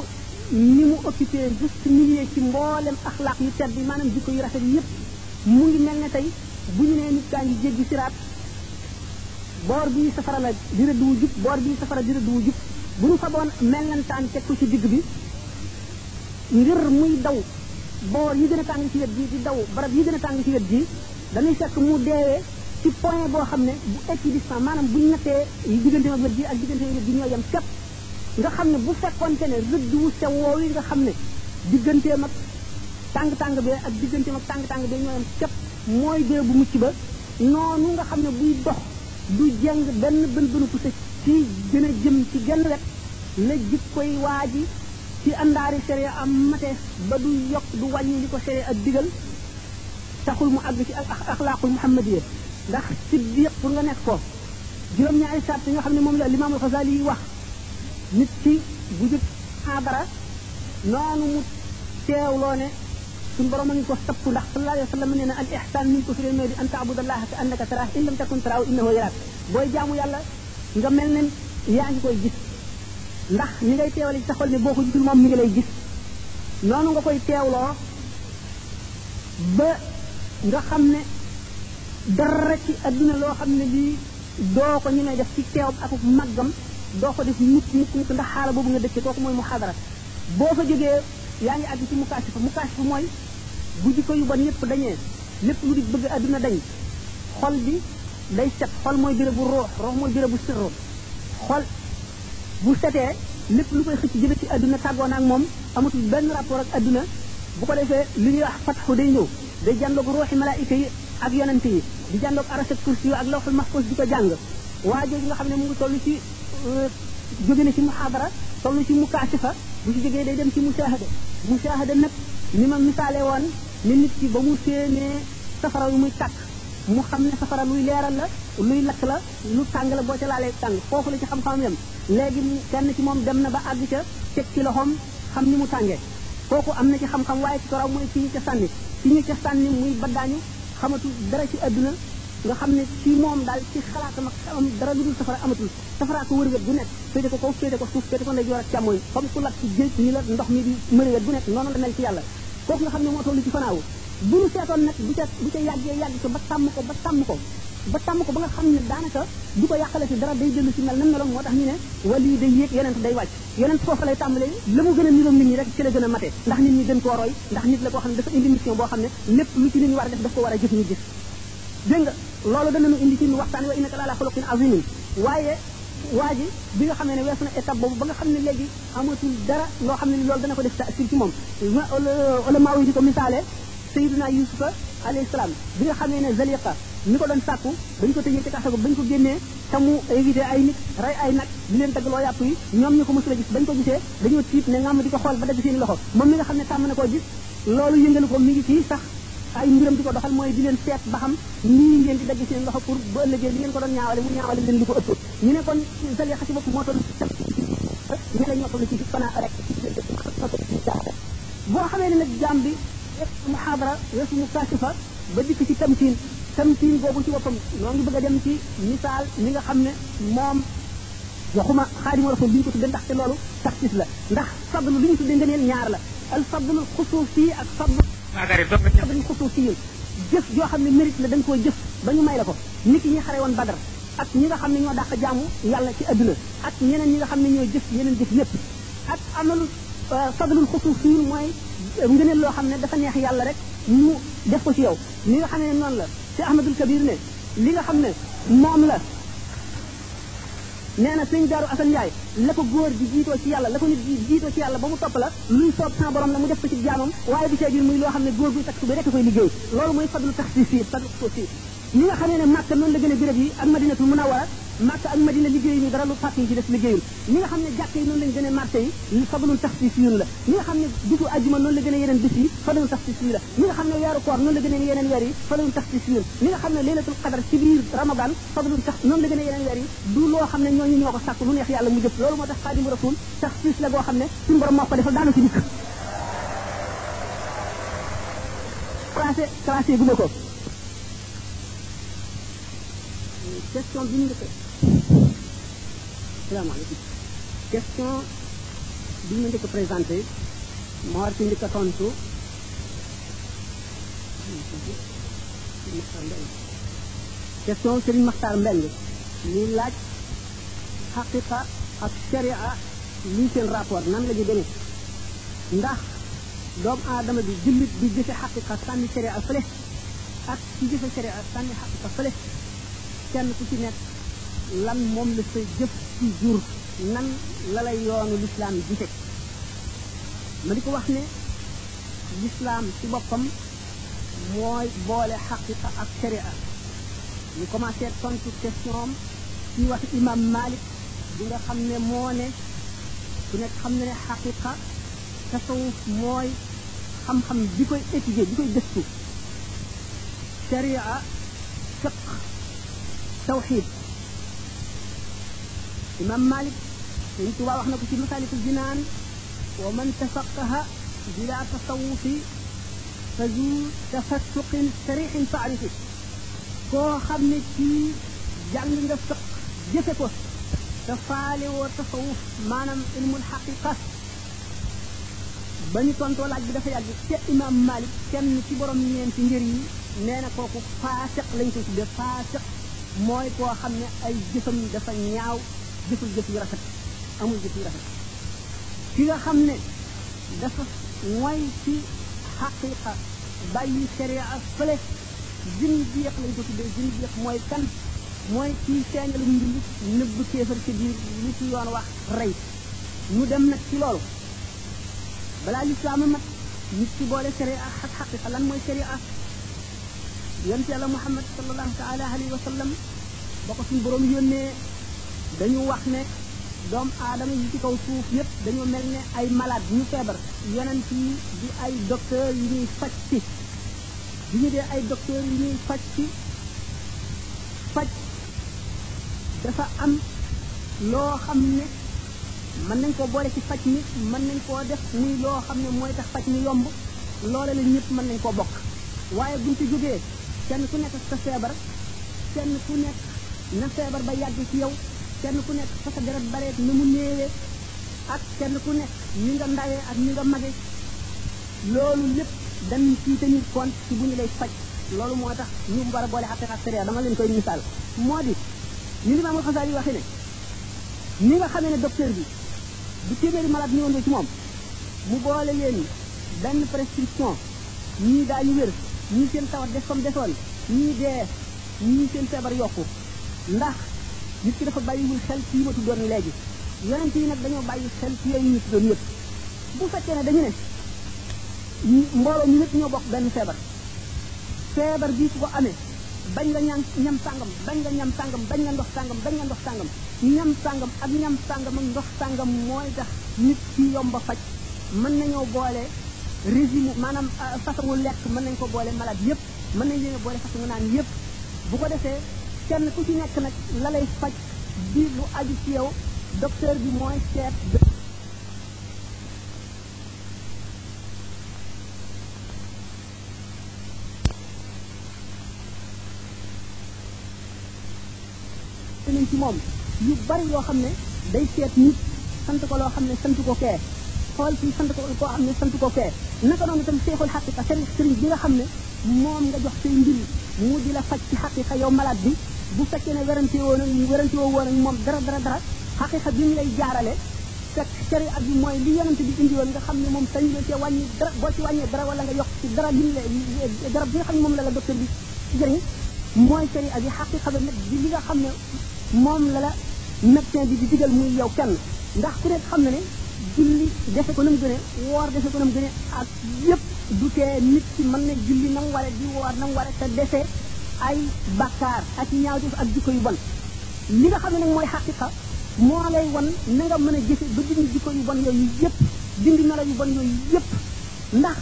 ni mu occupé juste milieu ci mboolem axlaaq yu tedd yi maanaam jikko yu rafet yëpp mu ngi mel na tey bu ñu nee nit kaa ngi jéggi siraat boor bii safara la di rëdd wu jub boor bii safara di rëdd wu jub bu ñu faboon mellantaan teg ko ci digg bi ngir muy daw boor yi gën a tàng ci wet bi di daw barab yi gën a tàng ci wet bi dañuy fekk mu deewee ci point boo xam ne bu équidistant maanaam bu ñu nattee diggante wet bi ak diggante wet bi ñoo yem képp nga xam ne bu fekkonte ne rëdd wu sew woow yi nga xam ne digganteem ak tàng-tàng bee ak digganteem ak tàng-tàng bee ñoo am képp mooy dee bu mucc ba noonu nga xam ne buy dox du jeng benn bën bënu puse ci gën a jëm ci genn wet la jikkoy waa ji ci àndaari séré am mate ba du yokk du wàññi li ko séré ak digal taxul mu àgg ci ak axlaaqul muhammadiya ndax si siddiq pour nga nekk ko juróom-ñaari sart yi nga xam ne moom la limaamul Xasaali yi wax nit ki bu jub xaabara noonu mu teewloo ne suñu borom a ngi ko sapp ndax sallallahu alayhi wa sallam nee na al ihsaan ni ñu ko firee mooy di an taabudallaha ka annaka taraahu in lam takun taraahu innahu yaraak booy jaamu yàlla nga mel ne yaa ngi koy gis ndax ñi ngay teewale ci sa xol ne boo ko gisul moom mi ngi lay gis noonu nga koy teewloo ba nga xam ne dara ci adduna loo xam ne lii doo ko ñu ne def ci teew ak akuk màggam doo ko def mukk mukk mukk ndax xaala boobu nga dëkkee kooku mooy mu xadara boo fa jógee yaa ngi àgg ci mu kaasifa mu kaasifa mooy bu jikko yu bon yépp dañee lépp lu di bëgg àdduna dañ xol bi day set xol mooy bérébu roox roox mooy bu sirru xol bu setee lépp lu koy xëcc jëme ci àdduna tàggoon ak moom amatul benn rapport ak àdduna bu ko defee lu ñuy wax fatxu day ñëw day jàndoog rooxi malaayika yi ak yonante yi di jàndoog arasak kursi ak lawxul mahfuz di ko jàng waa jooju nga xam ne mu ngi ci Euh, jóge na ci mu muhaadara toll ci mukaasifa bu ci jógee day dem ci musaahada musaahada nag ni ma misaale woon ne nit ki ba mu séenee safara yu muy tàkk mu xam ne safara luy leeral la luy lakk la lu tàng la boo ca laalee tàng foofu la ci xam-xam yam léegi kenn ci moom dem na ba àgg ca teg ci loxoom xam ni mu tàngee kooku am na ci xam-xam waaye ci toraw mooy ci ñu ca sànni ci ñu ca sànni muy baddaañu xamatu dara ci àdduna nga xam ne ci moom daal ci xalaatam ak xelam dara lu dul safara amatul safara ko wër wet bu nekk féete ko kaw féete ko suuf féete ko ndeyjoor ak càmmooñ comme ku lab ci géej nii la ndox mi di mëri bu nekk noonu la mel ci yàlla kooku nga xam ne moo toll ci fanaaw bu ñu seetoon nag bu ca bu ca yàggee yàgg ko ba tàmm ko ba tàmm ko ba tàmm ko ba nga xam ne daanaka du ko yàqale si dara day dellu si mel na meloon moo tax ñu ne wali day yéeg yonent day wàcc yonent foofu a niroog nit a mate ndax nit ñi gën koo roy ndax nit la koo boo xam ne lépp lu ci a loolu dana nu indi ci nu waxtaan wa inna laa khuluqin azim waye waji bi nga xamne ne weesu na étape boobu ba nga xamne legi léegi amatul dara lo xamne ne loolu dana ko def ci ci mom wala ma di ko misale sayyidina yusuf alayhi salam bi nga xamne zaliqa ñi ko don sàkku dañ ko tëjee ci kasso bu bañ ko génné tamu mu évité ay nit ray ay nak di leen taggloo yàpp yi ñom ñu ko mosula gis bañ ko gisé dañu tiit ne ngam di ko xol ba dagg seen loxo mom mi nga xamne tam na ko gis loolu yëngal ko mi ngi ci sax ay mbiram di ko doxal mooy di leen seet ba xam nii ngeen di dagg seen loxo pour ba ëllëgee li ngeen ko doon ñaawale mu ñaawale leen li ko ëpp ñu ne kon zalixa si bopp moo toll xam ne ci fanaa rek boo xamee ne nag jaam bi muhaadara wesu mu kaasifa ba dikk ci tamkiin tamkiin boobu ci boppam noo ngi bëgg a dem ci misaal mi nga xam ne moom waxuma xaadimu rasul bi ñu ko tuddee ndaxte loolu taxsis la ndax fadlu li ñu tuddee ngëneel ñaar la al fadlu xusuusi ak fadlu dañ ko suuf ci yéen jëf xam ne mérite la dañ koo jëf ba ñu may la ko nit ñi xare woon badar ak ñi nga xam ne ñoo dàq jaamu yàlla ci adduna ak ñeneen ñi nga xam ne ñoo jëf yeneen jëf yépp ak amalu fadlul euh, xusuusiin mooy ngëneel loo xam ne dafa neex yàlla rek ñu def ko ci yow li nga xam ne noonu la te ahmadul kabir ne li nga xam ne moom la nee na sëñ daaru asan njaay la ko góor di jiitoo ci yàlla la ko nit jiitoo ci yàlla ba mu topp la luy soob sans borom la mu def ko ci jaamam waaye bi see muy loo xam ne góor gu takk bi rek koy liggéey loolu mooy fadlu tax si fii fadlu si ni nga xamee ne màkka noonu la gën a ak madinatul munawara Makka ak Madina liggéey ñu dara lu fàtte ci des liggéeyul ñi nga xam ne jàkk yi noonu lañ gënee marché yi fadlul taxsis yun la ñi nga xam ne bisu ajuma la gënee yeneen bis yi fadlul taxsis yun la ñi nga xam ne koor noonu la gënee yeneen weer yi fadlul taxsis yun ñi nga xam laylatul qadar ci biir ramadan fadlul tax noonu la gënee yeneen weer du loo xam ne ñooñu ñoo ko lu neex yàlla mu jëf loolu moo tax xaadimu rasul taxsis la boo xam ne suñu borom ko defal daanu ci dikk classé classé bu ne ko question bi ñu salaamaaleykum question bi ma njëkk a présenté ma war ci njëkk a tontu question Serigne Makhtar Mbeng ñuy laaj xaqiqa ak sharia lii seen rapport nan lañu ñu demee ndax doomu aadama bi jullit bi jëfe xaqiqa sànni sharia fële ak ci jëfe sharia sànni xaqiqa fële kenn ku ci nekk lan moom la sa jëf ci jur nan la lay yoonu lislaam gise ma di ko wax ne lislaam ci boppam mooy boole xaqiqa ak sharia ñu commencé tontu question ci wax imam malik bi nga xam ne moo ne ku nekk xam ne ne xaqiqa tasawuf mooy xam-xam bi koy étudier bi koy gëstu sharia fiq tawxid imam malik sëñ tuba wax na ko ci masalikul jinaan wa man tafaqaha bila tasawufi fa zu tafassuqin sarihin faarifi koo xam ne ci jàng nga sëq jëfe ko te faale woo tasawuf maanaam ilmul xaqiqa ba ñu tontoo laaj bi dafa yàgg ca imam malik kenn ci borom ñeenti ngir yi nee na kooku faasiq lañ ko tuddee faasiq mooy koo xam ne ay jëfam dafa ñaaw jëful jëf yu rafet amul jëf yu rafet ki nga xam ne dafa mooy ci xaqiqa bàyyi sharia fële jinn bi yëpp lañ ko tuddee jinn bi yëpp mooy kan mooy ci seenal mbir nëbb kéefar ci biir li ci yoon wax rey mu dem nag ci loolu balaa lislaama mat nit ci boole sharia ak xaqiqa lan mooy sharia yonte yàlla muhammad sallallahu taala alayhi wa sallam ba ko suñ borom yónnee dañu wax ne doomu aadama yi ci kaw suuf yépp dañu mel ne ay malade ñu feebar yonent yi di ay docteur yu ñuy faj ci bi ñu dee ay docteur yu ñuy faj ci faj dafa am loo xam ne mën nañ koo boole ci faj mi mën nañ koo def muy loo xam ne mooy tax faj mi yomb loole la ñëpp mën nañ koo bokk waaye buñ ci jógee kenn ku nekk sa feebar kenn ku nekk na feebar ba yàgg ci yow kenn ku nekk fa sa deret bareet ni mu néewee ak kenn ku nekk ñi nga ndawee ak ñi nga mage loolu lépp dañ ci tenir compte ci bu ñu lay faj loolu moo tax ñu war a boole aqiqa ak sariya dama leen koy misaal moo di ñu li Imaamul Xasaali yi waxi ne ni nga xame ne docteur bi bu téeméeri malade ñëwandoo ci moom mu boole leen benn prescription ñii daañu wér ñii seen tawat des comme desoon ñii dee ñii seen feebar yokku ndax nit ki dafa bàyyiwul xel ci yi ma tuddoon léegi yonent yi nag dañoo bàyyi xel ci yooyu ñu tuddoon bu fekkee ne dañu ne mbooloo ñu ñëpp ñoo bokk benn feebar feebar bii su ko amee bañ nga ñaan ñam sàngam bañ nga ñam sàngam bañ nga ndox sàngam bañ nga ndox sàngam ñam sàngam ak ñam sàngam ak ndox sàngam mooy tax nit ki yomba faj mën nañoo boole régime maanaam euh, façon lekk mën nañ ko boole malade yëpp mën nañ leen boole façon naan yëpp bu ko defee kenn ku ci nekk nag la lay faj di lu aju ci yow docteur bi mooy seet ci moom yu bari yoo xam ne day seet nit sant ko loo xam ne sant ko kee xool ci sant ko koo xam ne sant ko kee naka noonu itam seexul xaqiqa sëriñ bi nga xam ne moom nga jox say mbir mu di la faj ci xaqiqa yow malade bi bu fekkee ne werante woon ak werante woo woon ak moom dara dara dara xaqiqa bi ñu lay jaarale fekk cari at bi mooy li yonent bi indi woon nga xam ne moom sañu la cee dara boo ci wàññee dara wala nga yokk ci dara bi ñu lay garab bi nga bi jëriñ mooy cari at bi xaqiqa ba nag bi nga xam ne moom la la médecin bi di digal muy yow kenn ndax ku nekk xam na ne julli defe ko na mu gënee woor defe ko ak yëpp du tee nit ci mën na julli na mu waree di woor na mu waree te defe ay bakkaar ak ñaawteef ak jikko yu bon li nga xam ne nag mooy xaqiqa moo lay wan na nga mën a jëfe ba dindi jikko yu bon yooyu yëpp dindi melo yu ban yooyu yëpp ndax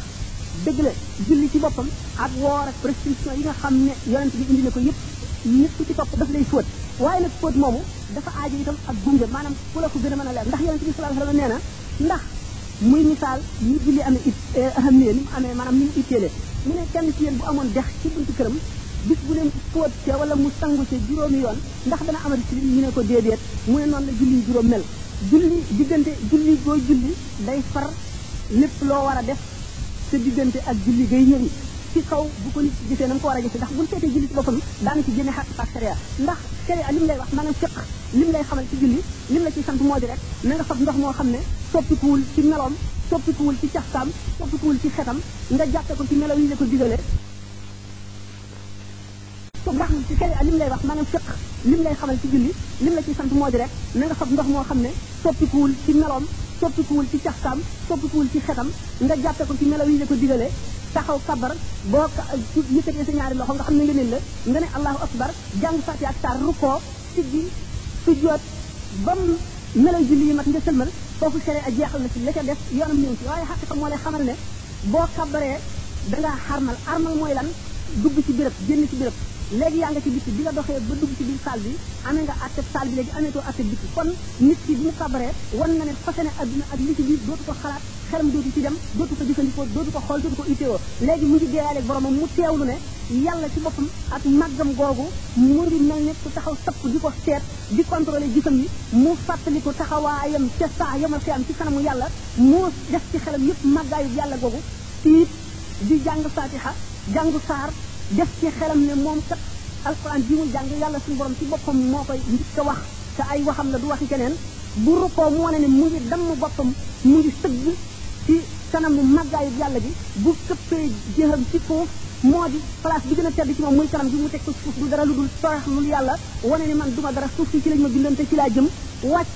dëgg la julli ci boppam ak woor ak restriction yi nga xam ne yonent bi indi na ko yëpp nit ku ci topp daf lay fóot waaye nag fóot moomu dafa aajo itam ak gunge maanaam ku la ko gën a mën a leer ndax yonent bi sallallahu alayhi wasallam nee na ndax muy misaal ni julli amee it eh, ahamiya ni mu amee maanaam ni mu itteele mu ne ci yéen bu amoon dex bis bu leen fóot ca wala mu sangu ca juróomi yoon ndax dana amati ci ñu ne ko déedéet mu ne noonu la julli juróom mel julli diggante julli boo julli day far lépp loo war a def sa diggante ak julli gay ñëwi ci kaw bu ko nit gisee na nga ko war a gisee ndax buñ seetee julli ci ci génne xaq ak sharia ndax sharia li mu lay wax maanaam a li mu lay xamal ci julli li la ciy sant moo di rek na nga fab ndox moo xam ne soppikuwul ci meloom soppikuwul ci caxtaam soppikuwul ci xetam nga jàppe ko ci melaw yi ko digalee toog ba xam ci sariya lim lay wax maanaam fiq lim lay xamal ci julli lim la ci sant moo di rek na nga fab ndox moo xam ne soppikuwul ci meloom soppikuwul ci caxtaam soppikuwul ci xetam nga jàppe ko ci melaw yi la ko digalee taxaw kabar boo yëkkatee sa ñaari loxo nga xam ne ngëneel la nga ne allahu akbar jàng fàtte ak saar rukoo siggi sujjoot ba mu melaw julli yi mat nga sëlmal foofu sariya jeexal na ci la ca def yoonam ñëw ci waaye xaqiqa moo lay xamal ne boo kabaree da nga xarmal armal mooy lan dugg ci béréb génn ci béréb léegi yaa nga ci bitti bi nga doxee ba dugg ci biir salle bi amee nga àtte salle bi léegi ameetoo àtte bitti kon nit ki bu mu kabaree wan na ne fase ne adduna ak li ci biir dootu ko xalaat xelam dootu ci dem dootu ko jëfandikoo dootu ko xool dootu ko itteewoo léegi mu ngi deeyaale boromam mu teewlu ne yàlla ci boppam ak màggam googu mu ngi mel ne ku taxaw sapp di ko seet di contrôler gisam yi mu fàttali ko taxawaayam ca saa yamal fi am ci kanamu yàlla moo def ci saa yëpp màggaayu jàng fatiha def ci xelam ne moom kat alxuraan ji muy jàng yàlla suñu borom ci boppam moo koy njëkk a wax te ay waxam la du waxi keneen bu rukkoo mu wane ne mu ngi damm boppam mu ngi sëgg ci kanamu màggaayu yàlla bi bu këppee jëxam ci suuf moo di place bi gën a ci moom muy kanam bi mu teg ko suuf du dara lu dul sorax lul yàlla wane ne man duma dara suuf si ci lañ ma bindante ci laa jëm wàcc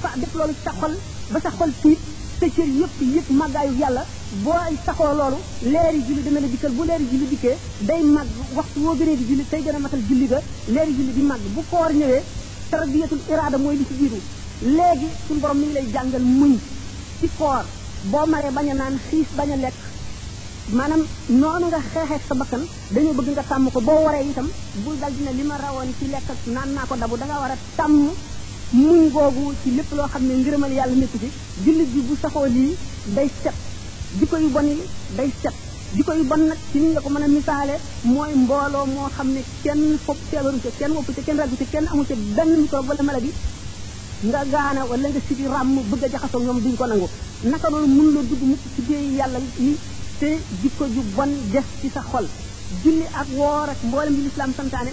fa def loolu ci sa xol ba sa xol tiit sa cër yëpp yëpp màggaayu yàlla boo saxoo loolu leeri julli dana la dikkal bu leeri julli dikkee day màgg waxtu woo gënee di julli tey gën a matal julli ga leeri julli di màgg bu koor ñëwee tarbiyatul iraada mooy li ci jiitu léegi suñu borom mi ngi lay jàngal muñ ci koor boo maree bañ a naan xiis bañ a lekk maanaam noonu nga xeexee sa bakkan dañoo bëgg nga tàmm ko boo waree itam bul dal dina li ma rawoon ci lekk ak naan naa ko dabu da war a tàmm muñ googu ci lépp loo xam ne ngërëmal yàlla nekk ci jullit bi bu saxoo lii day jikko yu bon yi day set jikko yu bon nag ci ni nga ko mën a misaale mooy mbooloo moo xam ne kenn foog feebaru ca kenn woppu ci kenn ragu ca kenn amu ca benn microbe wala maladie nga gaana wala nga siti ràmm bëgg a jaxasoo ñoom duñ ko nangu naka noonu mun la dugg mukk ci déey yàlla yi te jikko ju bon def ci sa xol julli ak woor ak mboolem bi lislaam santaane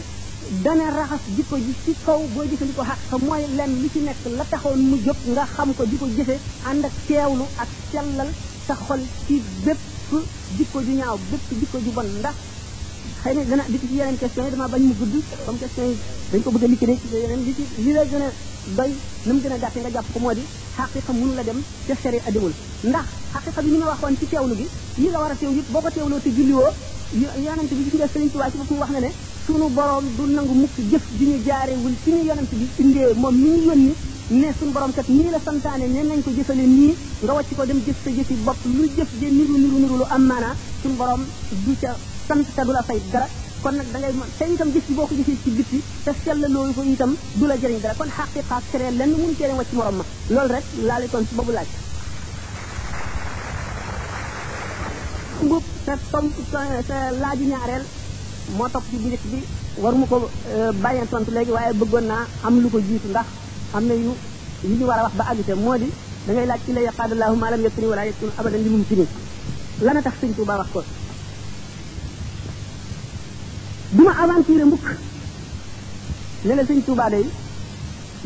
dana raxas jikko ji ci kaw boo ko xaq sa mooy lenn li ci nekk la taxoon mu jóg nga xam ko di ko jëfe ànd ak teewlu ak sellal sa xol ci bépp jikko ju ñaaw bépp jikko ju bon ndax xëy na dana di ci yeneen question yi dama bañ gudd ko bëgg a liquider ci yeneen ci li la gën a na mu gën a gàtte nga jàpp ko moo di xaqiqa mënu la dem te sere adimul ndax xaqiqa bi ni ma waxoon ci teewlu gi yi nga war a teew yëpp boo ko teewloo te julliwoo yonente bi gis nga Sëriñ Tuubaa ci boppam wax na ne sunu boroom du nangu mukk jëf di ñu jaarewul ci ñu yonente bi indee moom mi ñu yónni ne suñ borom set nii la santaane ne nañ ko jëfale nii nga wàcc ko dem jëf sa jëfi bopp lu jëf je niru niru niru lu am maanaa suñu borom du ca sant te du la fay dara kon nag da ngay te itam gis boo ko gisee ci bitti te sellalooyu ko itam du la jëriñ dara kon xaqiqaak seree lenn mun cee wàcc morom ma loolu rek laa lay tontu boobu laaj mbub sa tom sa laaju ñaareel moo topp ci bu njëkk bi war mu ko euh, bàyyee tontu léegi waaye bëggoon naa am lu ko jiitu ndax am na yu yu ñu war a wax ba àgg te moo di dangay ngay laaj illa yaqaadu llaahu maa lam yakun wala yakun abadan li mum si ni lan a tax sëñ Tuubaa wax ko du ma aventure mbukk ne la sëñ Tuubaa day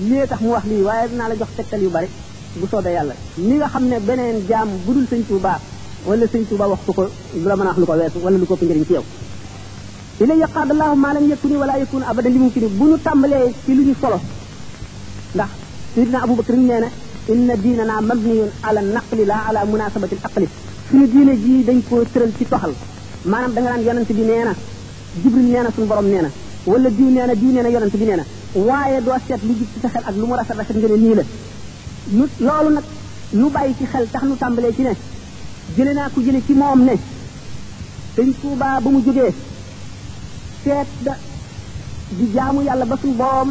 lii tax mu wax lii waaye dinaa la jox tegtal yu bari bu soobee yàlla ni nga xam ne beneen jaam bu dul sëñ Tuubaa wala sëñ Tuubaa wax ko ko la mën a wax lu wala lu ko fi njëriñ ci yow illa yaqaadu llaahu maa lam yakun wala yakun abadan li mum si ni bu ñu tàmbalee ci lu ñu solo ndax sidna abubakar nee na inna dinana mabniyun ala naqli la ala munasabati aqli suñu diine ji dañ ko teural ci toxal manam da nga nan yonent bi neena jibril neena na suñu borom neena wala diw neena na diw nee yonent bi neena waye do set li ci taxal ak lu mu rafet rafet ngeene ni la lu loolu nag nu bàyyi ci xel tax nu tambale ci ne jële na ko jële ci mom ne dañ tuubaa ba mu jógee set da di jaamu yàlla ba suñu borom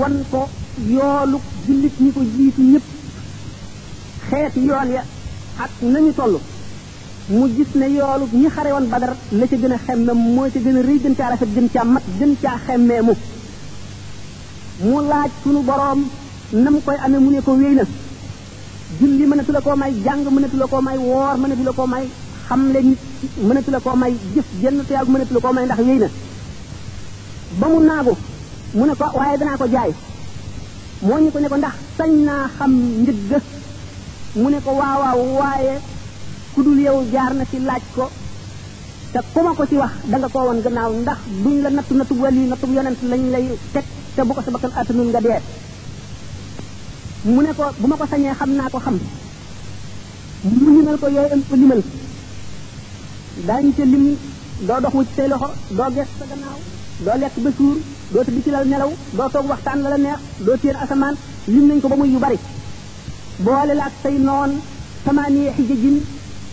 won ko yoolu jullit ñi ko jiitu ñëpp xeeti yool ya ak nañu toll mu gis ne yoolu ñi xare woon badar la ca gën a xemmem mooy ca gën a rëy gën caa rafet gën caa mat gën caa xemmeemu mu laaj sunu boroom na mu koy amee mu ne ko wéy na julli mënatu la koo may jàng mënatu la koo may woor mënatu koo may xam le nit mënatu koo may jëf jenn tuyaab mënatu la koo may ndax wéy na ba mu naagu mu ne ko waaye danaa ko jaay moo ñu ko ne ko ndax sañ naa xam njëgg mu ne ko waawaaw waaye ku dul yow jaar na ci laaj ko te ku ma ko ci wax da nga koo woon gannaaw ndax duñ la nattu nattu wali nattu yonent lañ lay teg te bu ko sa bakkan attanul nga dee mu ne ko bu ma ko sañee xam naa ko xam mu limal ko yooyu am ko limal daañu ca lim doo dox wu ci say loxo doo gees sa gannaaw doo lekk ba suur doo tëdd ci lal nelaw doo toog waxtaan la la neex doo téen asamaan lim nañ ko ba muy yu bari boole la ak say noon samaaniye xijajin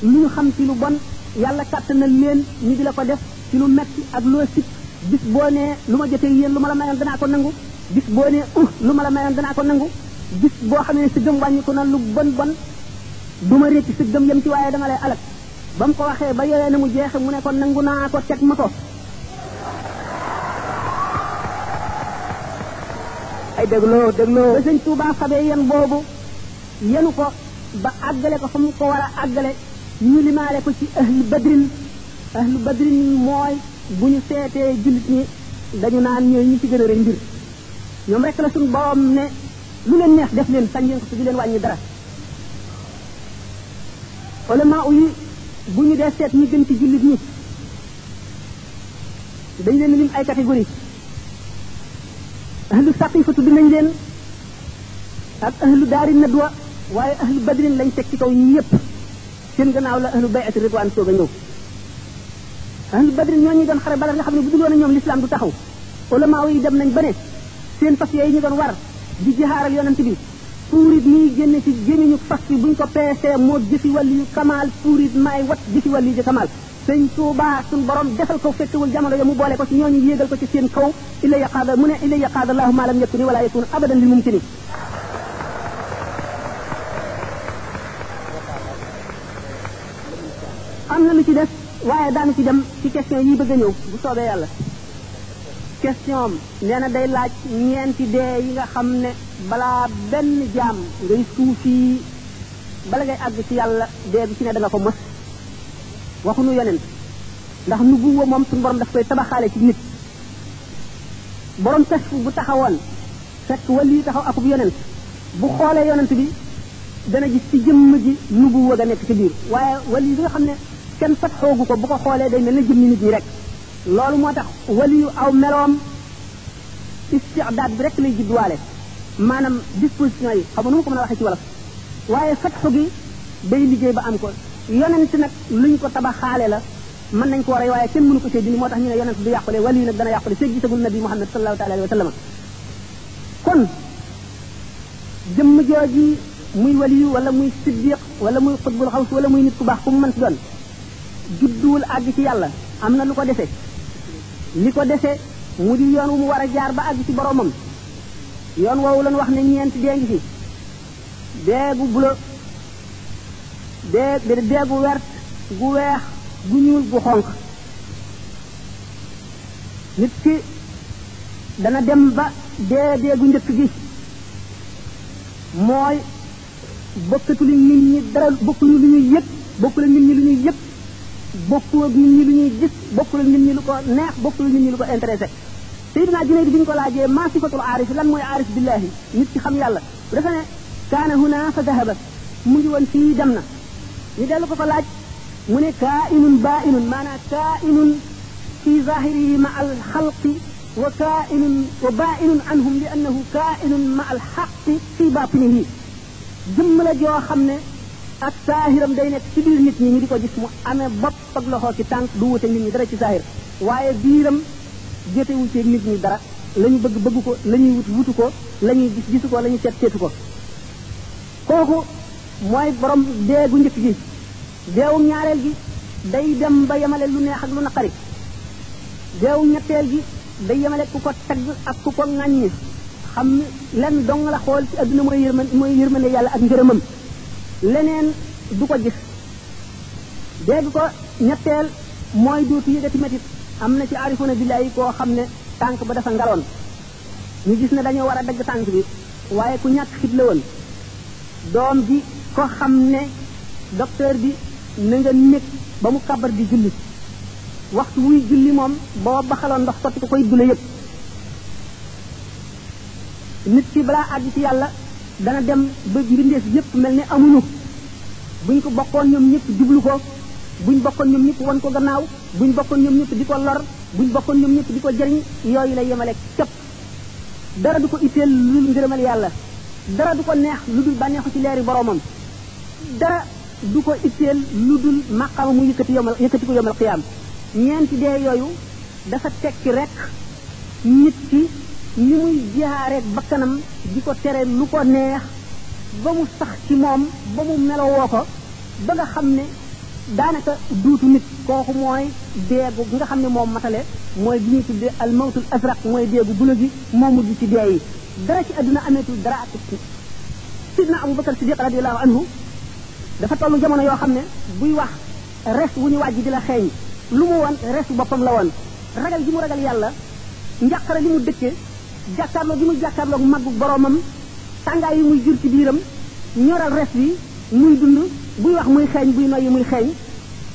lu ñu xam ci lu bon yàlla kàttanal leen ñu di la ko def ci lu metti ak loo sib bis boo nee lu ma jotee yéen lu ma la mayoon danaa ko nangu bis boo nee uh, lu ma la mayoon danaa ko nangu bis boo xam ne sa gëm wàññiku na lu bon bon du ma récc sa gëm yem ci waaye dama lay alal ba mu ko waxee ba yowee ne mu jeexe mu ne ko nangu naa ko teg ma ko ay dégloo dégloo ba sëñ Touba xamee yan boobu yenu ko ba àggale ko fa mu ko war a àggale ñu limaale ko ci ahlu badrin ahlu badrin mooy bu ñu seetee jullit ñi dañu naan ñooy ñi ci gën a rëy mbir ñoom rek la suñu borom ne lu leen neex def leen sañ leen ko su di leen dara ulama yi bu ñu dee seet ñi gën ci jullit ñi dañ leen lim ay catégorie ahlu saqifa tudd nañ leen ak ahlu daari nadwa waaye ahlu badrin lañ teg ci kaw ñi yëpp seen gannaaw la ahlu bayati ridwaan soog a ñëw ahlu badrin ñoo ñu doon xare bala nga xam ne bu dul woon ñoom lislaam du taxaw ulamaaw i dem nañ ba seen fas yooyu ñu doon war di jihaaral yonent bi puurit muy génne ci gémmiñu fas yi buñ ko peesee moo jëfi wàllu yu kamaal puurit maay wat jëfi wàllu yu kamaal sëñ Tuuba sun borom defal ko fekkewul jamono ya mu boole ko ci ñooñu yéegal ko ci seen kaw illa yaqaada mu ne illa yaqaada allahu ma lam yakuni wala yakun abadan lil mumkini am na lu ci def waaye daanu ci dem ci question yi bëgg a ñëw bu soobee yàlla question nee na day laaj ñeenti dee yi nga xam ne balaa benn jaam ngay suufi bala ngay àgg ci yàlla dee bi ci ne da nga ko mos waxuñu yonent ndax nubuwa moom suñu borom daf koy tabaxaale ci nit borom kashfu bu taxawoon fekk wali yi taxaw akub yonent bu xoolee yonent bi dana gis ci jëmm ji nu nubuwa ga nekk ci biir waaye wali bi nga xam ne kenn fat xoogu ko bu ko xoolee day mel na jëmmi nit ñi rek loolu moo tax waliyu aw meloom istidaad bi rekk lay judduwaale maanaam disposition yi xam nga nu ma ko mën a waxee ci wolof waaye fatxu gi day liggéey ba am ko yonent nag luñ ko tabaxaale la mën nañ ko war a waaye kenn mënu ko see dindi moo tax ñu ne yonent du yàqule wali nag dana yàqule feeg gisagul nabi muhammad sallallahu taala alayhi wa sallam kon jëmm jooji muy waliyu wala muy siddiq wala muy xutbul xaws wala muy nit ku baax ku mu mën si doon judduwul àgg ci yàlla am na lu ko dese li ko dese mu di yoon wu mu war a jaar ba àgg ci boromam yoon woowu lan wax ne ñeenti dee ngi ci dee bu bulo dee bir dee gu wert gu weex gu ñuul gu xonq nit dana dem ba dee dee gu njëkk gi mooy bokkatuli nit ñi dara bokkuñu lu ñuy yëg bokkul ak nit ñi lu ñuy yëg bokkul ak nit ñi lu ñuy gis bokkul ak nit ñi lu ko neex bokkul ak nit ñi lu ko intéressé Sayyidina Junayd bi ñu ko laajee maa sifatul aarif lan mooy aarif billahi nit ki xam yàlla bu defee ne kaana huna fa dahaba mu ngi woon fii dem na ñu dellu ko fa laaj mu ne kainun bainun maanaa kainun fi zahirihi ma al xalqi wa kainun wa bainun anhum li annahu kainun ma al xaqi fi batinihi jëmm la joo xam ne ak saahiram day nekk ci biir nit ñi ñu di ko gis mu amee bopp ak loxo ci tànk du wute nit ñi dara ci saahir waaye biiram jotewu ci nit ñi dara lañu bëgg bëgg ko lañuy wut wutu ko lañuy gis gisu ko lañuy seet seetu ko kooku mooy borom dee gu njëkk gi deewum ñaareel gi day dem ba yemale lu neex ak lu naqari deewum ñetteel gi day yemale ku ko tagg ak ku ko yi xam lenn dong la xool ci àdduna mooy yërma mooy yërmande yàlla ak ngërëmam leneen du ko gis dégg ko ñetteel mooy duutu yëgati métit am na ci arifuna billahi koo xam ne tànk ba dafa ngaloon ñu gis ne dañoo war a dagg tànk bi waaye ku ñàkk xit la woon doom ji ko xam ne docteur bi na nga nekk ba mu kabar di julli waxtu wuy julli moom boo baxaloon ndox sotti ko koy duna yëpp nit ki balaa àgg ci yàlla dana dem ba mbindeef yëpp mel ni amuñu buñ ko bokkoon ñoom ñëpp jublu ko buñ bokkoon ñoom ñëpp won ko gannaaw buñ bokkoon ñoom ñëpp di ko lor buñ bokkoon ñoom ñëpp di ko jëriñ yooyu la yemale képp dara du ko itteel lu ngërëmal yàlla dara du ko neex lu dul bànneexu ci leeri boromam dara du ko itteel lu dul maqama mu yëkkati yomal yëkkati ko yomal xiyaam ñeenti dee yooyu dafa tekki rek nit ki ni muy jaareeg bakkanam di ko tere lu ko neex ba mu sax ci moom ba mu melowoo ko ba nga xam ne daanaka duutu nit kooku mooy deegu nga xam ne moom matale mooy bi ñuy mooy deegu bula gi moo mujj ci dee yi dara ci àdduna ameetul dara ak sidna abou bakar siddiq radiallahu anhu dafa toll jamono yoo xam ne buy wax res wu ñu wàjj di la xeeñ lu mu woon res boppam la woon ragal gi mu ragal yàlla njàqare li mu dëkke jàkkaarloo gi mu jàkkaarloog màggu boroomam tàngaay yi muy jur ci biiram ñoral res bi muy dund buy wax muy xeeñ buy noyyi muy xeeñ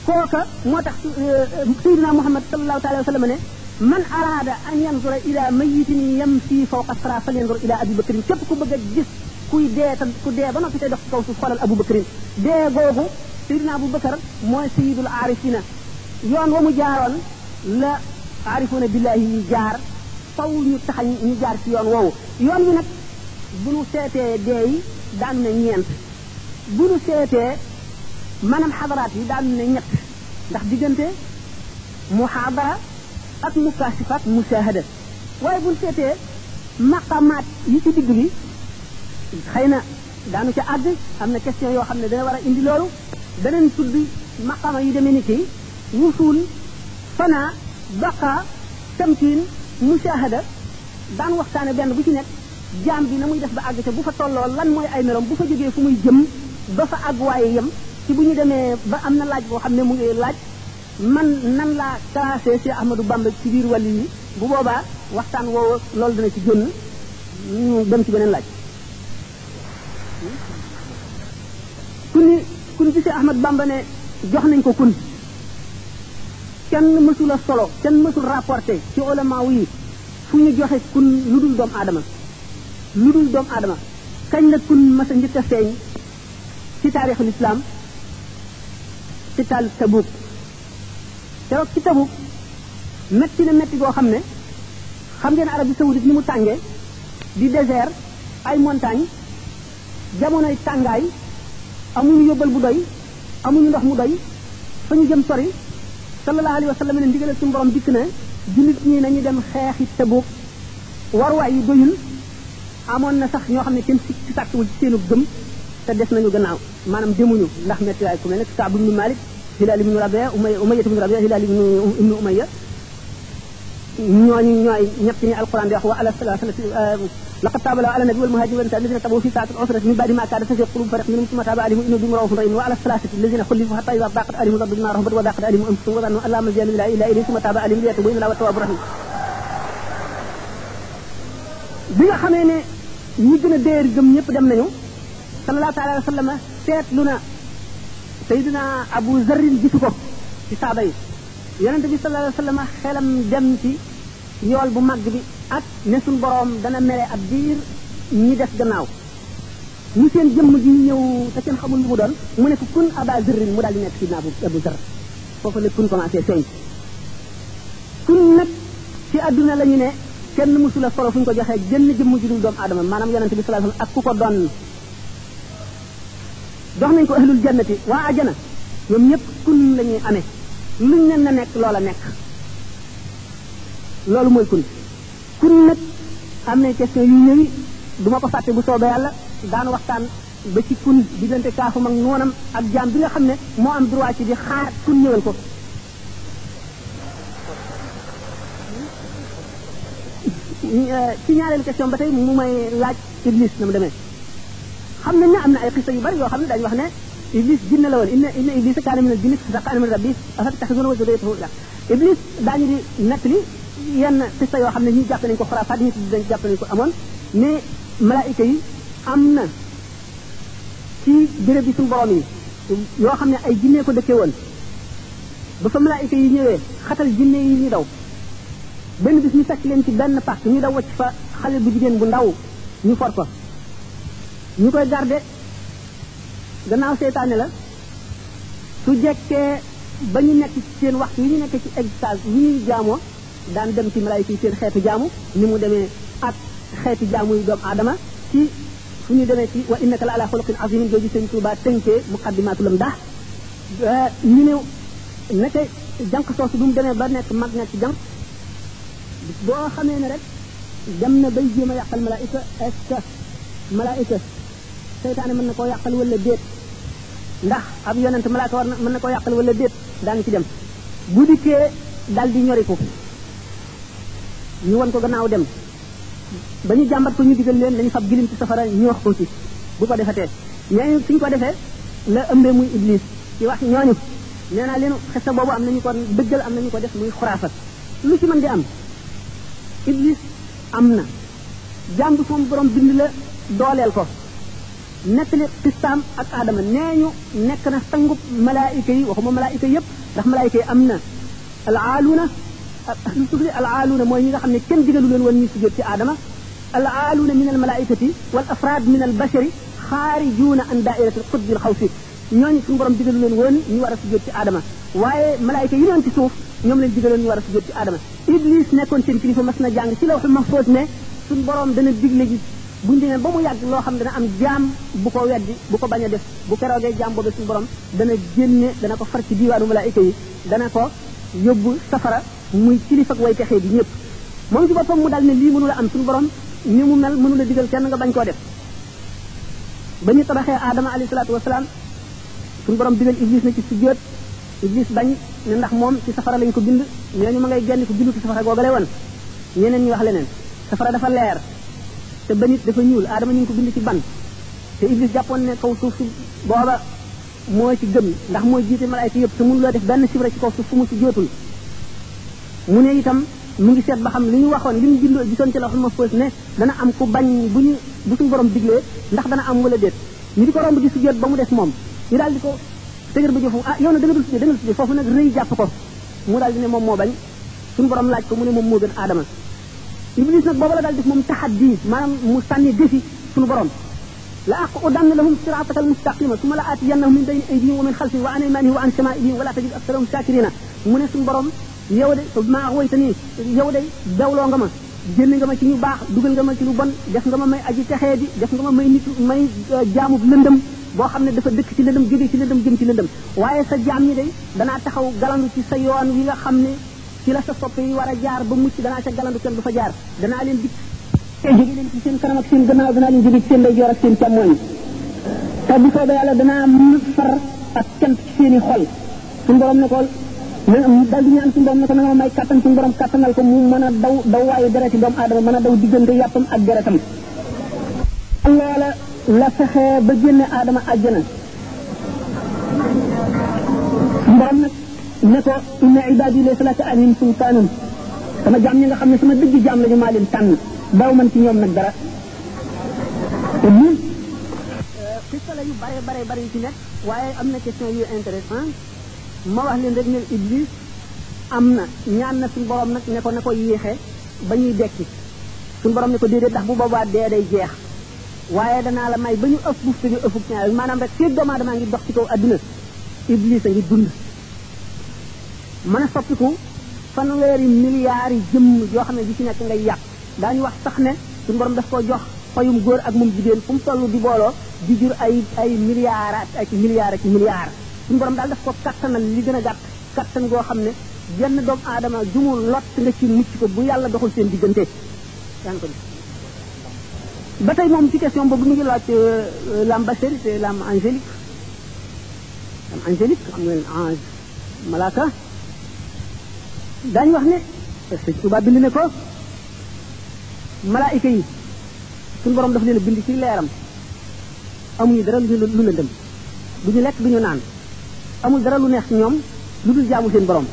kooka moo tax euh, euh, naa muhammad sallallahu taala wa sallam ne man araada an yanzura ila mayitin yamsi fawqa sara falyanzur ila abi bakrin képp ko bëgg a gis kuy dee tam ku dee ba noppi tey dox ci kaw suuf xoolal abou bakrin dee googu sayidina abou bakar mooy sayidul aarifina yoon wa mu jaaroon la aarifuna billahi yi jaar faw ñu taxañ ñu jaar ci yoon woowu yoon wi nag bu nu seetee dee yi daanu ne ñeent bu nu seetee maanaam xadaraat yi daanu ne ñett ndax diggante muhaadara ak mukaasifaat musaahada waaye bu nu seetee maqamaat yi ci digg bi xëy na daanu ca àgg am na question yoo xam ne dana war a indi loolu beneen bi maqama yi demee ni ki wusuul fanaa baqa tamkin mushahada daan waxtaane benn bu ci nekk jaam bi na muy def ba àgg ca bu fa tolloo lan mooy ay merom bu fa jógee fu muy jëm ba fa àgg waaye yem ci bu ñu demee ba am na laaj boo xam ne mu ngi laaj man nan laa classé Cheikh Ahmadou Bamba ci biir wàll yi bu boobaa waxtaan woowu loolu dana ci génn ñu dem ci beneen laaj kun kun bi si Ahmad Bamba ne jox nañ ko kun kenn mësul a solo kenn mësul rapporté ci ulama yi fu ñu joxe kun lu dul doomu aadama lu dul doomu aadama kañ la kun ma a njëkk a feeñ ci taarixul islam ci taal Tabuk keroog ci Tabuk metti na metti goo xam ne xam ngeen Arabie saoudite ni mu tàngee di désert ay montagne jamonoy tàngaay amuñu yobal bu doy amuñu ndox mu doy fa ñu jëm sori sallallahu alaihi wasallam ne digal suñu borom dik na julit ñi nañu dem tebu war way yu doyul amon na sax ñoo xamne ne ci si ci seenu gëm te def nañu gannaaw maanaam demuñu ndax metti ay ku melni ne Kaab ibn Malik Hilal ibn Rabia Umayya Umayya ibn Rabia Hilal ibn ibn Umayya ñooñu ñoy ñepp ñi alquran di wax wa ala salatu لقد تاب على النبي والمهاجرين الذين تابوا في ساعة العسرة من بعد ما كاد تزيغ قلوب فرق منهم ثم تاب عليهم إنه بهم رؤوف وعلى الثلاثة الذين خلفوا حتى إذا ضاقت عليهم الأرض النار رحبت وضاقت عليهم أنفسهم وظنوا أن لا مزيا من الله إلا إليه ثم تاب عليهم ليتوبوا إلى الله والتواب الرحيم bi nga xamee ne ñi gën a déer gëm ñëpp dem nañu sallallahu alayhi wa sallam seetlu na sayidina abu zarrin gisu ko ci saaba yi yonente bi sallallahu yool bu mag bi ak ne suñ boroom dana mere ab diir ñi des gannaaw ñu seen jëmm ji ñëw te seen xamul lu mu doon mu ne ko kun aba zërrin mu daal di nekk sidna abu zër foofu la kun commencé feeñ kun nag ci àdduna la ñu ne kenn mësula solo fu ñu ko joxee jënn jëmm ji dul doomu aadama maanaam yonente bi sallallahu alayhi wasallam ak ku ko doon dox nañ ko ahlul jannati waa ajana ñoom ñëpp kun la ñuy amee luñ nen na nekk loola nekk loolu mooy kun kun nag am na question yu yëwi du ma ko fàtte bu soobee yàlla daan waxtaan ba ci kun diggante kaafam ak noonam ak jaam bi nga xam ne moo am droit ci di xaar kun ñëwal ko ci ñaareelu question ba tey mu may laaj iblis na mu demee xam nañ ne am na ay xisa yu bari yoo xam ne dañu wax ne iblis jinne la woon inna inna iblis kaana min al jinni fasaqa an amri rabbih afatattaxizuunahu wa zurriyyatahu ilaah iblis daañu yenn pista yoo xam ne ñii jàpp nañ ko xuraafaat ñi tudd nañ jàpp nañ ko amoon mais malaayika yi am na ci béréb yi suñu borom yi yoo xam ne ay jinne ko dëkkee woon ba fa malaayika yi ñëwee xatal jinne yi ñu daw benn bis ñu fekk leen ci benn pàcc ñu daw wacc fa xale bu jigéen bu ndaw ñu for ko ñu koy garde gannaaw seytaane la su jekkee ba ñu nekk ci seen wax yi ñu nekk ci extase yi ñuy jaamoo daan dem ci malaayika yi seen xeetu jaamu ni mu demee ak xeetu jaamu yu doomu aadama ci fu ñu demee ci wa innaka la ala xuluqin azimin jooju sëñ Tuuba tënkee muqaddimaatulam daa ñu ne naka jànq soosu bu mu demee ba nekk mag na ci jànq boo xamee ne rek dem na bay jéem a yàqal malaayika est-ce que malaayika seytaane mën na koo yàqal wala déet ndax ab yonent malaaka war na mën na koo yàqal wala déet daan ci dem bu dikkee dal di ñoriku ñu wan ko gannaaw dem ba ñu jàmbat ko ñu digal leen lañu fab gilim ci safara ñu wax ko ci bu ko defatee ñooñu suñ ko defee la ëmbee muy iblis ci wax ñooñu nee naa leen xesta boobu am nañu ko dëggal am nañu ko def muy xuraafat lu ci man di am iblis am na jàmb moom borom bind la dooleel ko nettali xistaam ak aadama nee ñu nekk na sangub malaayika yi waxuma malaayika yëpp ndax malaayika yi am na al na ñu tuddee al aaluuna mooy ñi nga xam ne kenn digalu leen woon ñu sujjóot ci aadama al aaluuna min al malaikati wal afraad min al bashari xaarijuuna an daairati al qutbi al xawsi ñooñu suñu borom digalu leen won ñu wara a sujjóot ci aadama waaye malaayika yi doon ci suuf ñom lañ digaloon ñu wara a sujjóot ci aadama iblis nekkon ci kilifa mas na jàng ci lawxul mahfuz ne suñu borom dana digle ji buñ ñëne ba mu yag lo xam dana am jam bu ko weddi bu ko baña def bu keroogee jaam boobee suñu borom dana génne dana ko far ci diwanu malaika yi dana ko yóbbu safara muy kilifa ak way texee bi ñëpp moom ci boppam mu dal ne lii mënula am suñu borom ni mu mel mënula digal kenn nga bañ koo def ba ñu tabaxee aadama alayhi salaatu wasalaam suñu borom digal iblis na ci sujjóot iblis bañ ne ndax moom ci safara lañ ko bind ñu ma ngay genn ko bindu ci safara googale woon ñeneen ñi wax leneen safara dafa leer te ba nit dafa ñuul aadama ñu ngi ko bind ci ban te iblis jàppoon ne kaw suuf si booba moo ci gën ndax mooy jiite malaayka yëpp te mënuloo def benn sibra ci kaw suuf mu si jootul mu ne itam mu ngi seet ba xam li ñu waxoon li mu digloo gisoon ci lawxul mahfuz ne dana am ku bañ bu ñu bu suñu borom diglé ndax dana am wala déet ñi di ko romb ci sujet ba mu des mom ñu dal di ko tëgër bu jofu ah yow na da nga dul sujjoot da nga dul sujjoot foofu nag jàpp ko mu dal di ne moom moo bañ suñu borom laaj ko mu ne mom mo gën adama iblis nak bobu la dal def mom tahaddi manam mu sànni defi suñu borom la lahum thumma لأقعدن min bayni aydihim wa min khalfihim wa an ومن wa an أيمانهم wa la tajid aktharahum أكثرهم mu ne suñu borom yow de maa woyta nii yow de dawloo nga ma génn nga ma ci ñu baax dugal nga ma ci lu bon def nga ma may aji texee di def nga ma may nit may euh, jaamu lëndëm boo xam ne dafa dëkk ci lëndëm jóge ci lëndëm jëm ci lëndëm waaye sa jaam ñi de danaa taxaw galandu ci sa yoon wi nga xam ne ci la sa sopp yi war a jaar ba mucc danaa sa galandu kenn du fa jaar danaa leen dikk te jóge leen ci seen kanam ak seen gannaaw danaa leen jóge ci seen ndeyjoor ak seen càmmooñ te bu soobee yàlla danaa far ak cant ci seen i xol suñu borom ne ko na daal di ñaan suñu borom ne ko na nga ma may kattan suñu borom kattanal ko mu daw daw waayu dara doomu aadama mën a daw diggante yàppam ak deretam loola la fexe ba génne adama àjjana suñu borom nag ne ko inna ibaadi laysa laka alayhim sultaanun sama jaam ñi nga xam ne sama dëgg jaam la ñu maa leen tànn daw man ci ñoom nag dara te euh, yu bare bare bare yu ci am na question yu ma wax leen rek ne Iblis am na ñaan na suñu borom nag ne ko na ko yéexe ba ñuy dekki suñu borom ne ko déedéet ndax bu boobaa dee day jeex waaye danaa la may ba ñu ëpp buuf te ñu maanaam rek fii doomu aadama ngi dox ci kaw àdduna Iblis a ngi dund. mën a soppiku fanweeri milliards yi jëmm yoo xam ne ji ci nekk ngay yàq daañu wax sax ne suñu borom daf koo jox xoyum góor ak moom jigéen fu mu toll di booloo di jur ay ay milliards ak milliards ak milliards. suñu borom daal daf ko kattanal li gën a gàtt kattan goo xam ne genn doomu aadama jumul lott nga ci mucc ko bu yàlla doxul seen diggante ba tey moom ci question boobu mi ngi laaj euh, euh, l'âme bachérique c'est l'âme angélique malaaka daañu wax ne sëñ Tuubaa bind ne ko malaayika yi suñu borom daf leen bind ci leeram amuñu dara lu lëndëm du ñu lekk du ñu naan amul dara lu neex ci ñoom lu dul jaamu seen boroom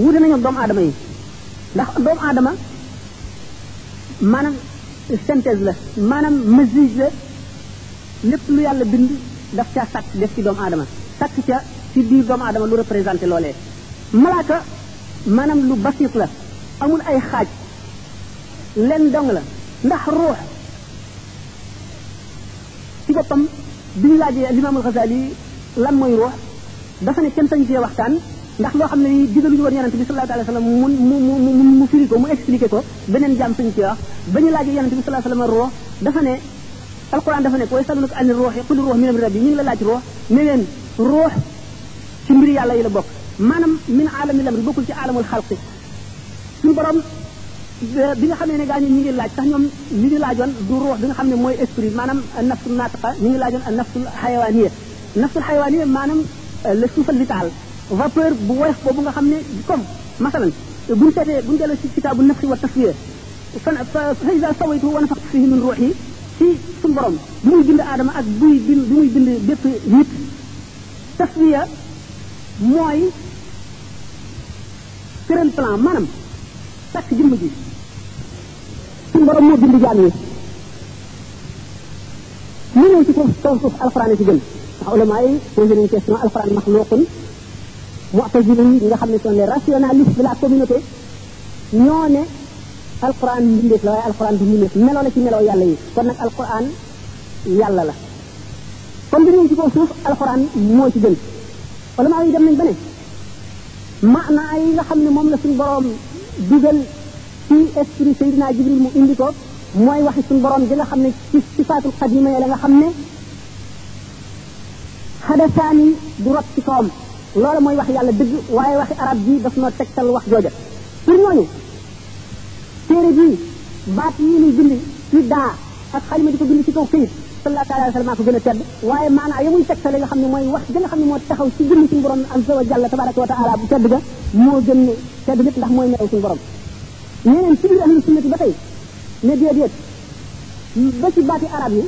wuute nañu doomu aadama yi ndax doomu aadama maanaam synthèse la maanaam masige la lépp lu yàlla bind daf caa sàkk def ci doomu aadama sàkk ca ci biir doomu aadama lu représenté loolee malaaka maanaam lu basiit la amul ay xaaj leen dong la ndax ruux ci boppam bi ñu laajee limaamul Xasaali lan mooy ruux dafa ne kenn sañ cee waxtaan ndax loo xam ne ni digaluñu woon yonente bi sallallahu alayhi wa sallam mu mu mu mu firi ko mu expliqué ko beneen jàmm sañ cee wax ba ñu laajee yonente bi sallallahu alayhi wa ruux dafa ne alquran dafa ne ko yas'alunaka ani ruuxi qul ruux min amri rabbi ñu ngi la laaj ruux ne leen ruux ci mbir yàlla yi la bokk maanaam min aalami lamri bokkul ci aalamul xalqi suñu borom bi nga xam ne ne gaa ñi ñu laaj sax ñoom ñu ngi laajoon du ruux bi xam ne mooy esprit maanaam nafsul naataqa ñu ngi laajoon nafsul xayawaaniya نفس الحيوانية مانم آه، لسوف الفيتال فابور بوير بوبو نغا خامني كوم مثلا بون تيتي بون ديلو سي كتاب النفس والتصفيه فان فايزا سويت هو نفخت فيه من روحي في سن بروم بوي بيند ادم اك بوي بيند بوي بيند بيت نيت تصفيه موي كرن بلان مانم تاك جيمبي سن بروم مو بيند جاني ni ñu ci ko sonsu alcorane ci gën ulama yi posé nañ question alquran maxluqun mu'tazili yi nga xam ne sont les rationalistes de la communauté ñoo ne alquran mbindeef la waaye alquran du mbindeef meloo la ci meloo yàlla yi kon nag alquran yàlla la kon bi ñëw ci kaw suuf alquran moo ci gën ulama yi dem nañ ba ne maanaa yi nga xam ne moom la suñu borom dugal ci esprit sayidina jibril mu indi ko mooy waxi suñu borom ji nga xam ne ci sifaatul qadima ya la nga xam ne حدثاني برب تقوم لولا موي وحي الله دج واي وحي عرب جي دفنا تكتل وحي جوجة برنوني تيري جي بات ييني جلي في دا أتخلي مدكو جلي في كيف صلى الله عليه وسلم أكو جنة تب واي معنى يوي تكتل اللي خمي موي وحي جنة خمي موي تخو سي جلي تن برم عز وجل تبارك وتعالى بكدجة مو جنة تدمت لح موي نعو سن برم نينا نسيب الأهل السنة بقي نبيا ديت بسي باتي عربي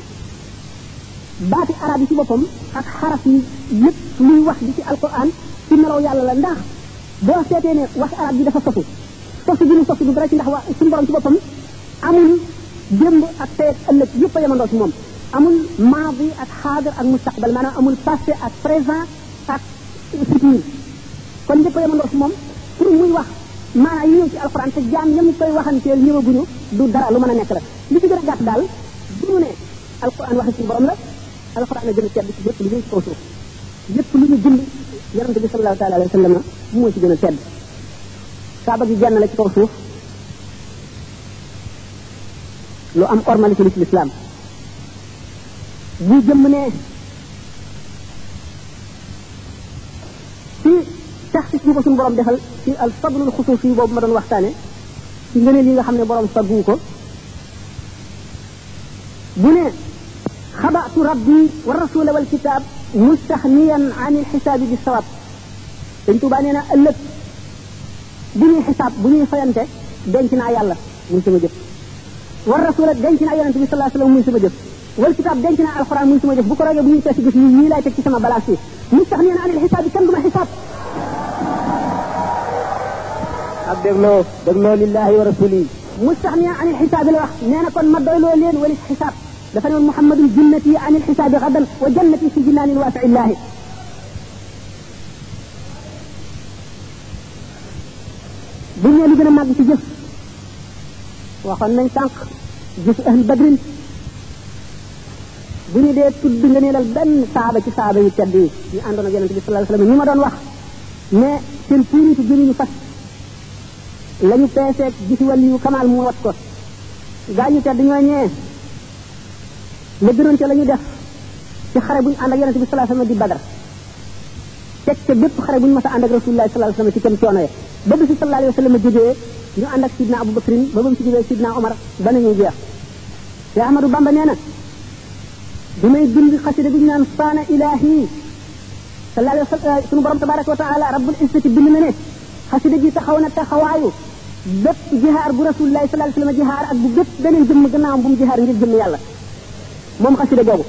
baati arab ci bopam ak xaraf yi yépp muy wax di ci alquran ci melaw yàlla la ndax boo seetee ne wax arab yi dafa sosu sosu bi ñu sosu du dara ci ndax wa suñu borom ci bopam amul démb ak tey ak ëllëg yépp a yemandoo ci moom amul maadi ak xaadir ak mustaqbal maanaam amul passé ak présent ak futur kon ñëpp a yemandoo ci moom pour muy wax maanaa yi ñëw ci alquran te jaam ñam koy waxanteel ñëwaguñu du dara lu mën a nekk la li ci gën a gàtt daal du ne alquran wax ci borom la alxuraan a gën a tedd ci lépp lu ñuy kaw suuf lépp lu ñu bind yonent bi sallallahu taala alayhi wa sallam moo ci gën a tedd kaaba gi genn la ci kaw suuf lu am ormalité li ci lislaam bu jëmm ne ci taxsis bu ko suñu borom defal ci al fadlul xusuus yi boobu ma doon waxtaane ci ngëneel yi nga xam ne borom faggu ko bu ne خبأت ربي والرسول والكتاب مستحنيا عن الحساب بالصواب انتو بانينا اللب بني حساب بني فينت دينتنا يا الله من سمجة والرسول دينتنا يا نبي صلى الله عليه وسلم من سمجة والكتاب دينتنا على القرآن من سمجة بكرة يبني بني تاسي قسمي ميلا تكتسما بلاسي مستحنيا عن الحساب كم دم حساب أبدغلو دغلو لله ورسولي مستحنيا عن الحساب الوحش نانا كون مدعو لين ولي الحساب دفن محمد الجنة عن الحساب غدا وجنة في جنان الواسع الله دنيا لبنى ما في جف وخلنا نتاق جف أهل بدر دنيا دي تد دنيا للبن صعبة صعبة يتدي يأندنا جنة صلى الله عليه وسلم نيما دون وخ ما تلتوني في جنة نفس لن يتاسك جف وليو كمال موتك غاني تدنيا نيه la gënoon ca la ñu def ci xare bu ñu ànd ak yonente bi salaa sallam di badar teg ca bépp xare bu ñu mas a ànd ak rasulullah salaa sallam ci kenn coono ya ba bi si sallallahu alayhi wa sallam jógee ñu ànd ak sidna abou bakrin ba ba mu si jógee sidna omar ba nañuy jeex te ahmadou bamba nee na bi may dund xasida bi ñu naan faana ilahi sallallahu alayhi wa sallam eh, sunu borom tabaraka wa taala rabbul izzati bind na ne xasida ji taxaw na taxawaayu bépp jihaar bu rasulullah sallallahu alayhi wa sallam jihaar ak bu bépp beneen jëmm gannaawam bu mu jihaar ngir jëmm yàlla moom xasida googu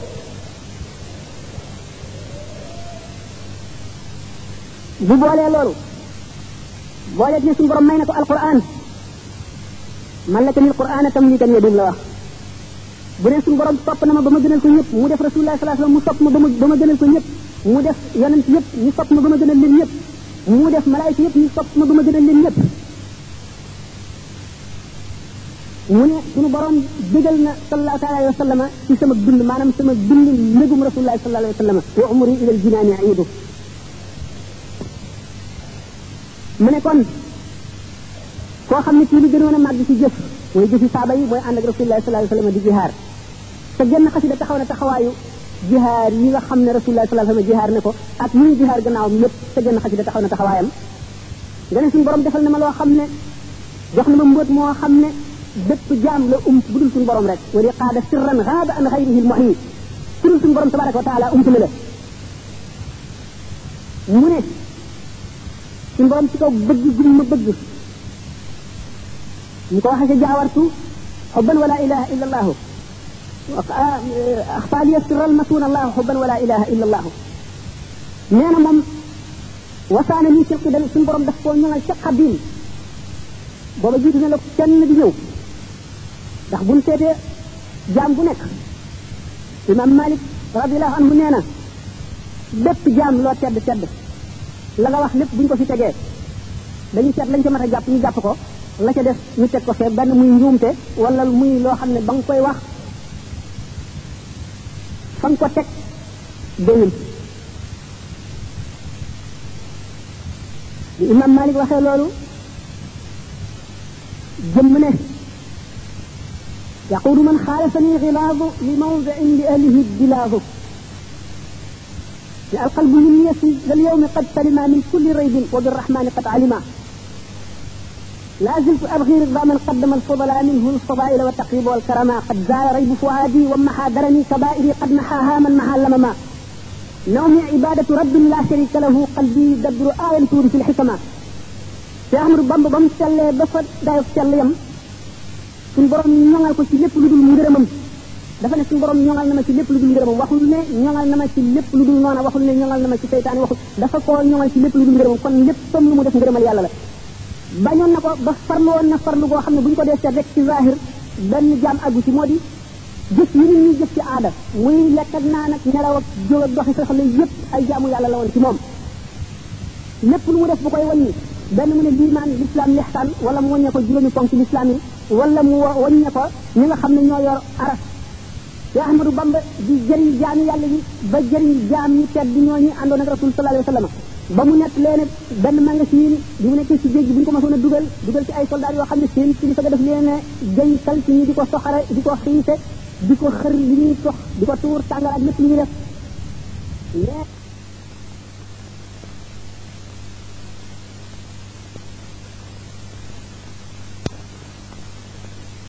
bu boolee loolu booleet ne suñu borom may na ko alquran man la tamit qur'aana tam lii tam yadum la wax bu dee suñu borom na ma ba ma gënal ko ñëpp mu def rasulullah sallallahu alayhi wasallam mu topp ma ba ma gënal ko ñëpp mu def yonent yëpp ñu topp ma ba ma gënal leen ñëpp mu def malaayika yëpp ñu topp ma ba ma gënal leen ñëpp mu ne suñu borom digal na sallallahu taala alayhi wa sallam ci sama dund maanaam sama dund mbégum rasulullah sallallahu alayhi wa sallam wa umri ila aljinani aidu mu ne kon koo xam ne kii li gënoon a màgg ci jëf mooy jëfi saaba yi mooy ànd ak rasulullah sallallahu alayhi wa sallam di jihaar te genn xasida taxaw na taxawaayu jihaar yi nga xam ne rasulullah sallallahu alayhi wa sallam jihaar na ko ak ñu jihaar gannaawam yépp te genn xasida taxaw na taxawaayam nga ne suñu borom defal na ma loo xam ne jox na ma mbóot moo xam ne bépp jaam la um bu dul suñu borom rek wa liqaada sirran xaaba an xayrihi almuhin ku dul suñu borom tabaraka wa taala umtale la mu ne suñu borom ci kaw bëgg gum ma bëgg ñu ko waxe ca jaawartu xubban wala ilaha illa allahu أخفى لي السر المسون الله حبا ولا إله إلا الله نانا مم وصانني في القبل سن برم دفو نيو الشق بين بابا جيتنا لو كان دي نيو ndax buñ seetee jaam bu nekk imam malik radiallahu anhu nee na lépp jaam loo tedd tedd la nga wax lépp buñ ko fi tegee dañu seet lañ ca mat a jàpp ñu jàpp ko la ca def ñu teg ko fee benn muy njuumte walla muy loo xam ne ba nga koy wax fa nga ko teg déwén bi imam malik waxee loolu jëmm ne يقول من خالفني غلاظ لموضع لأهله الدلاظ القلب من يسي اليوم قد سلم من كل ريب وبالرحمن قد علما لا زلت أبغي رضا من قدم الفضلاء منه الفضائل والتقريب والكرما قد زال ريب فؤادي ومحى درني كبائري قد محاها من محى لمما نومي عبادة رب لا شريك له قلبي دبر آية توري في الحكمة يا عمرو بامب بام سلي بفر دايف سليم sun borom ñongal ko ci lepp lu dul ngeureumam dafa ne sun borom ñongal na ma ci lepp lu dul ngeureumam waxul ne ñongal na ma ci lepp lu dul nona waxul ne ñongal na ma ci setan waxul dafa ko ñongal ci lepp lu dul ngeureumam kon lepp tam lu mu def ngeuremal yalla la bañon nako ba farlu won na farlu go xamne buñ ko def rek ci zahir ben jam agu ci modi gis yi ñu jëf ci aada muy lekk ak naan ak nelaw ak jóg ak doxi soxla yépp ay jaamu yàlla la woon ci moom lépp lu mu def bu koy wàññi benn mu ne liimaan lislaam lextaan wala mu wàññee ko juróomi ponk lislaam yi wala mu wañ fa ñi nga xam ne ñoo yor aras ya ahmadu bamba di jëriñ jaami yàlla yi ba jëriñ jaam ñi tedd ñooñu àndoon ak rasul sallallahu alayhi wasallam ba mu nekk leen benn magasin bi mu nekkee si géej gi bu ñu ko masoon a dugal dugal ci ay soldat yoo xam ne seen ci fa def leen jëñ kal ci ñi di ko soxare di ko xiise di ko xër li ñuy sox di ko tuur tàngal ak lépp li ñuy def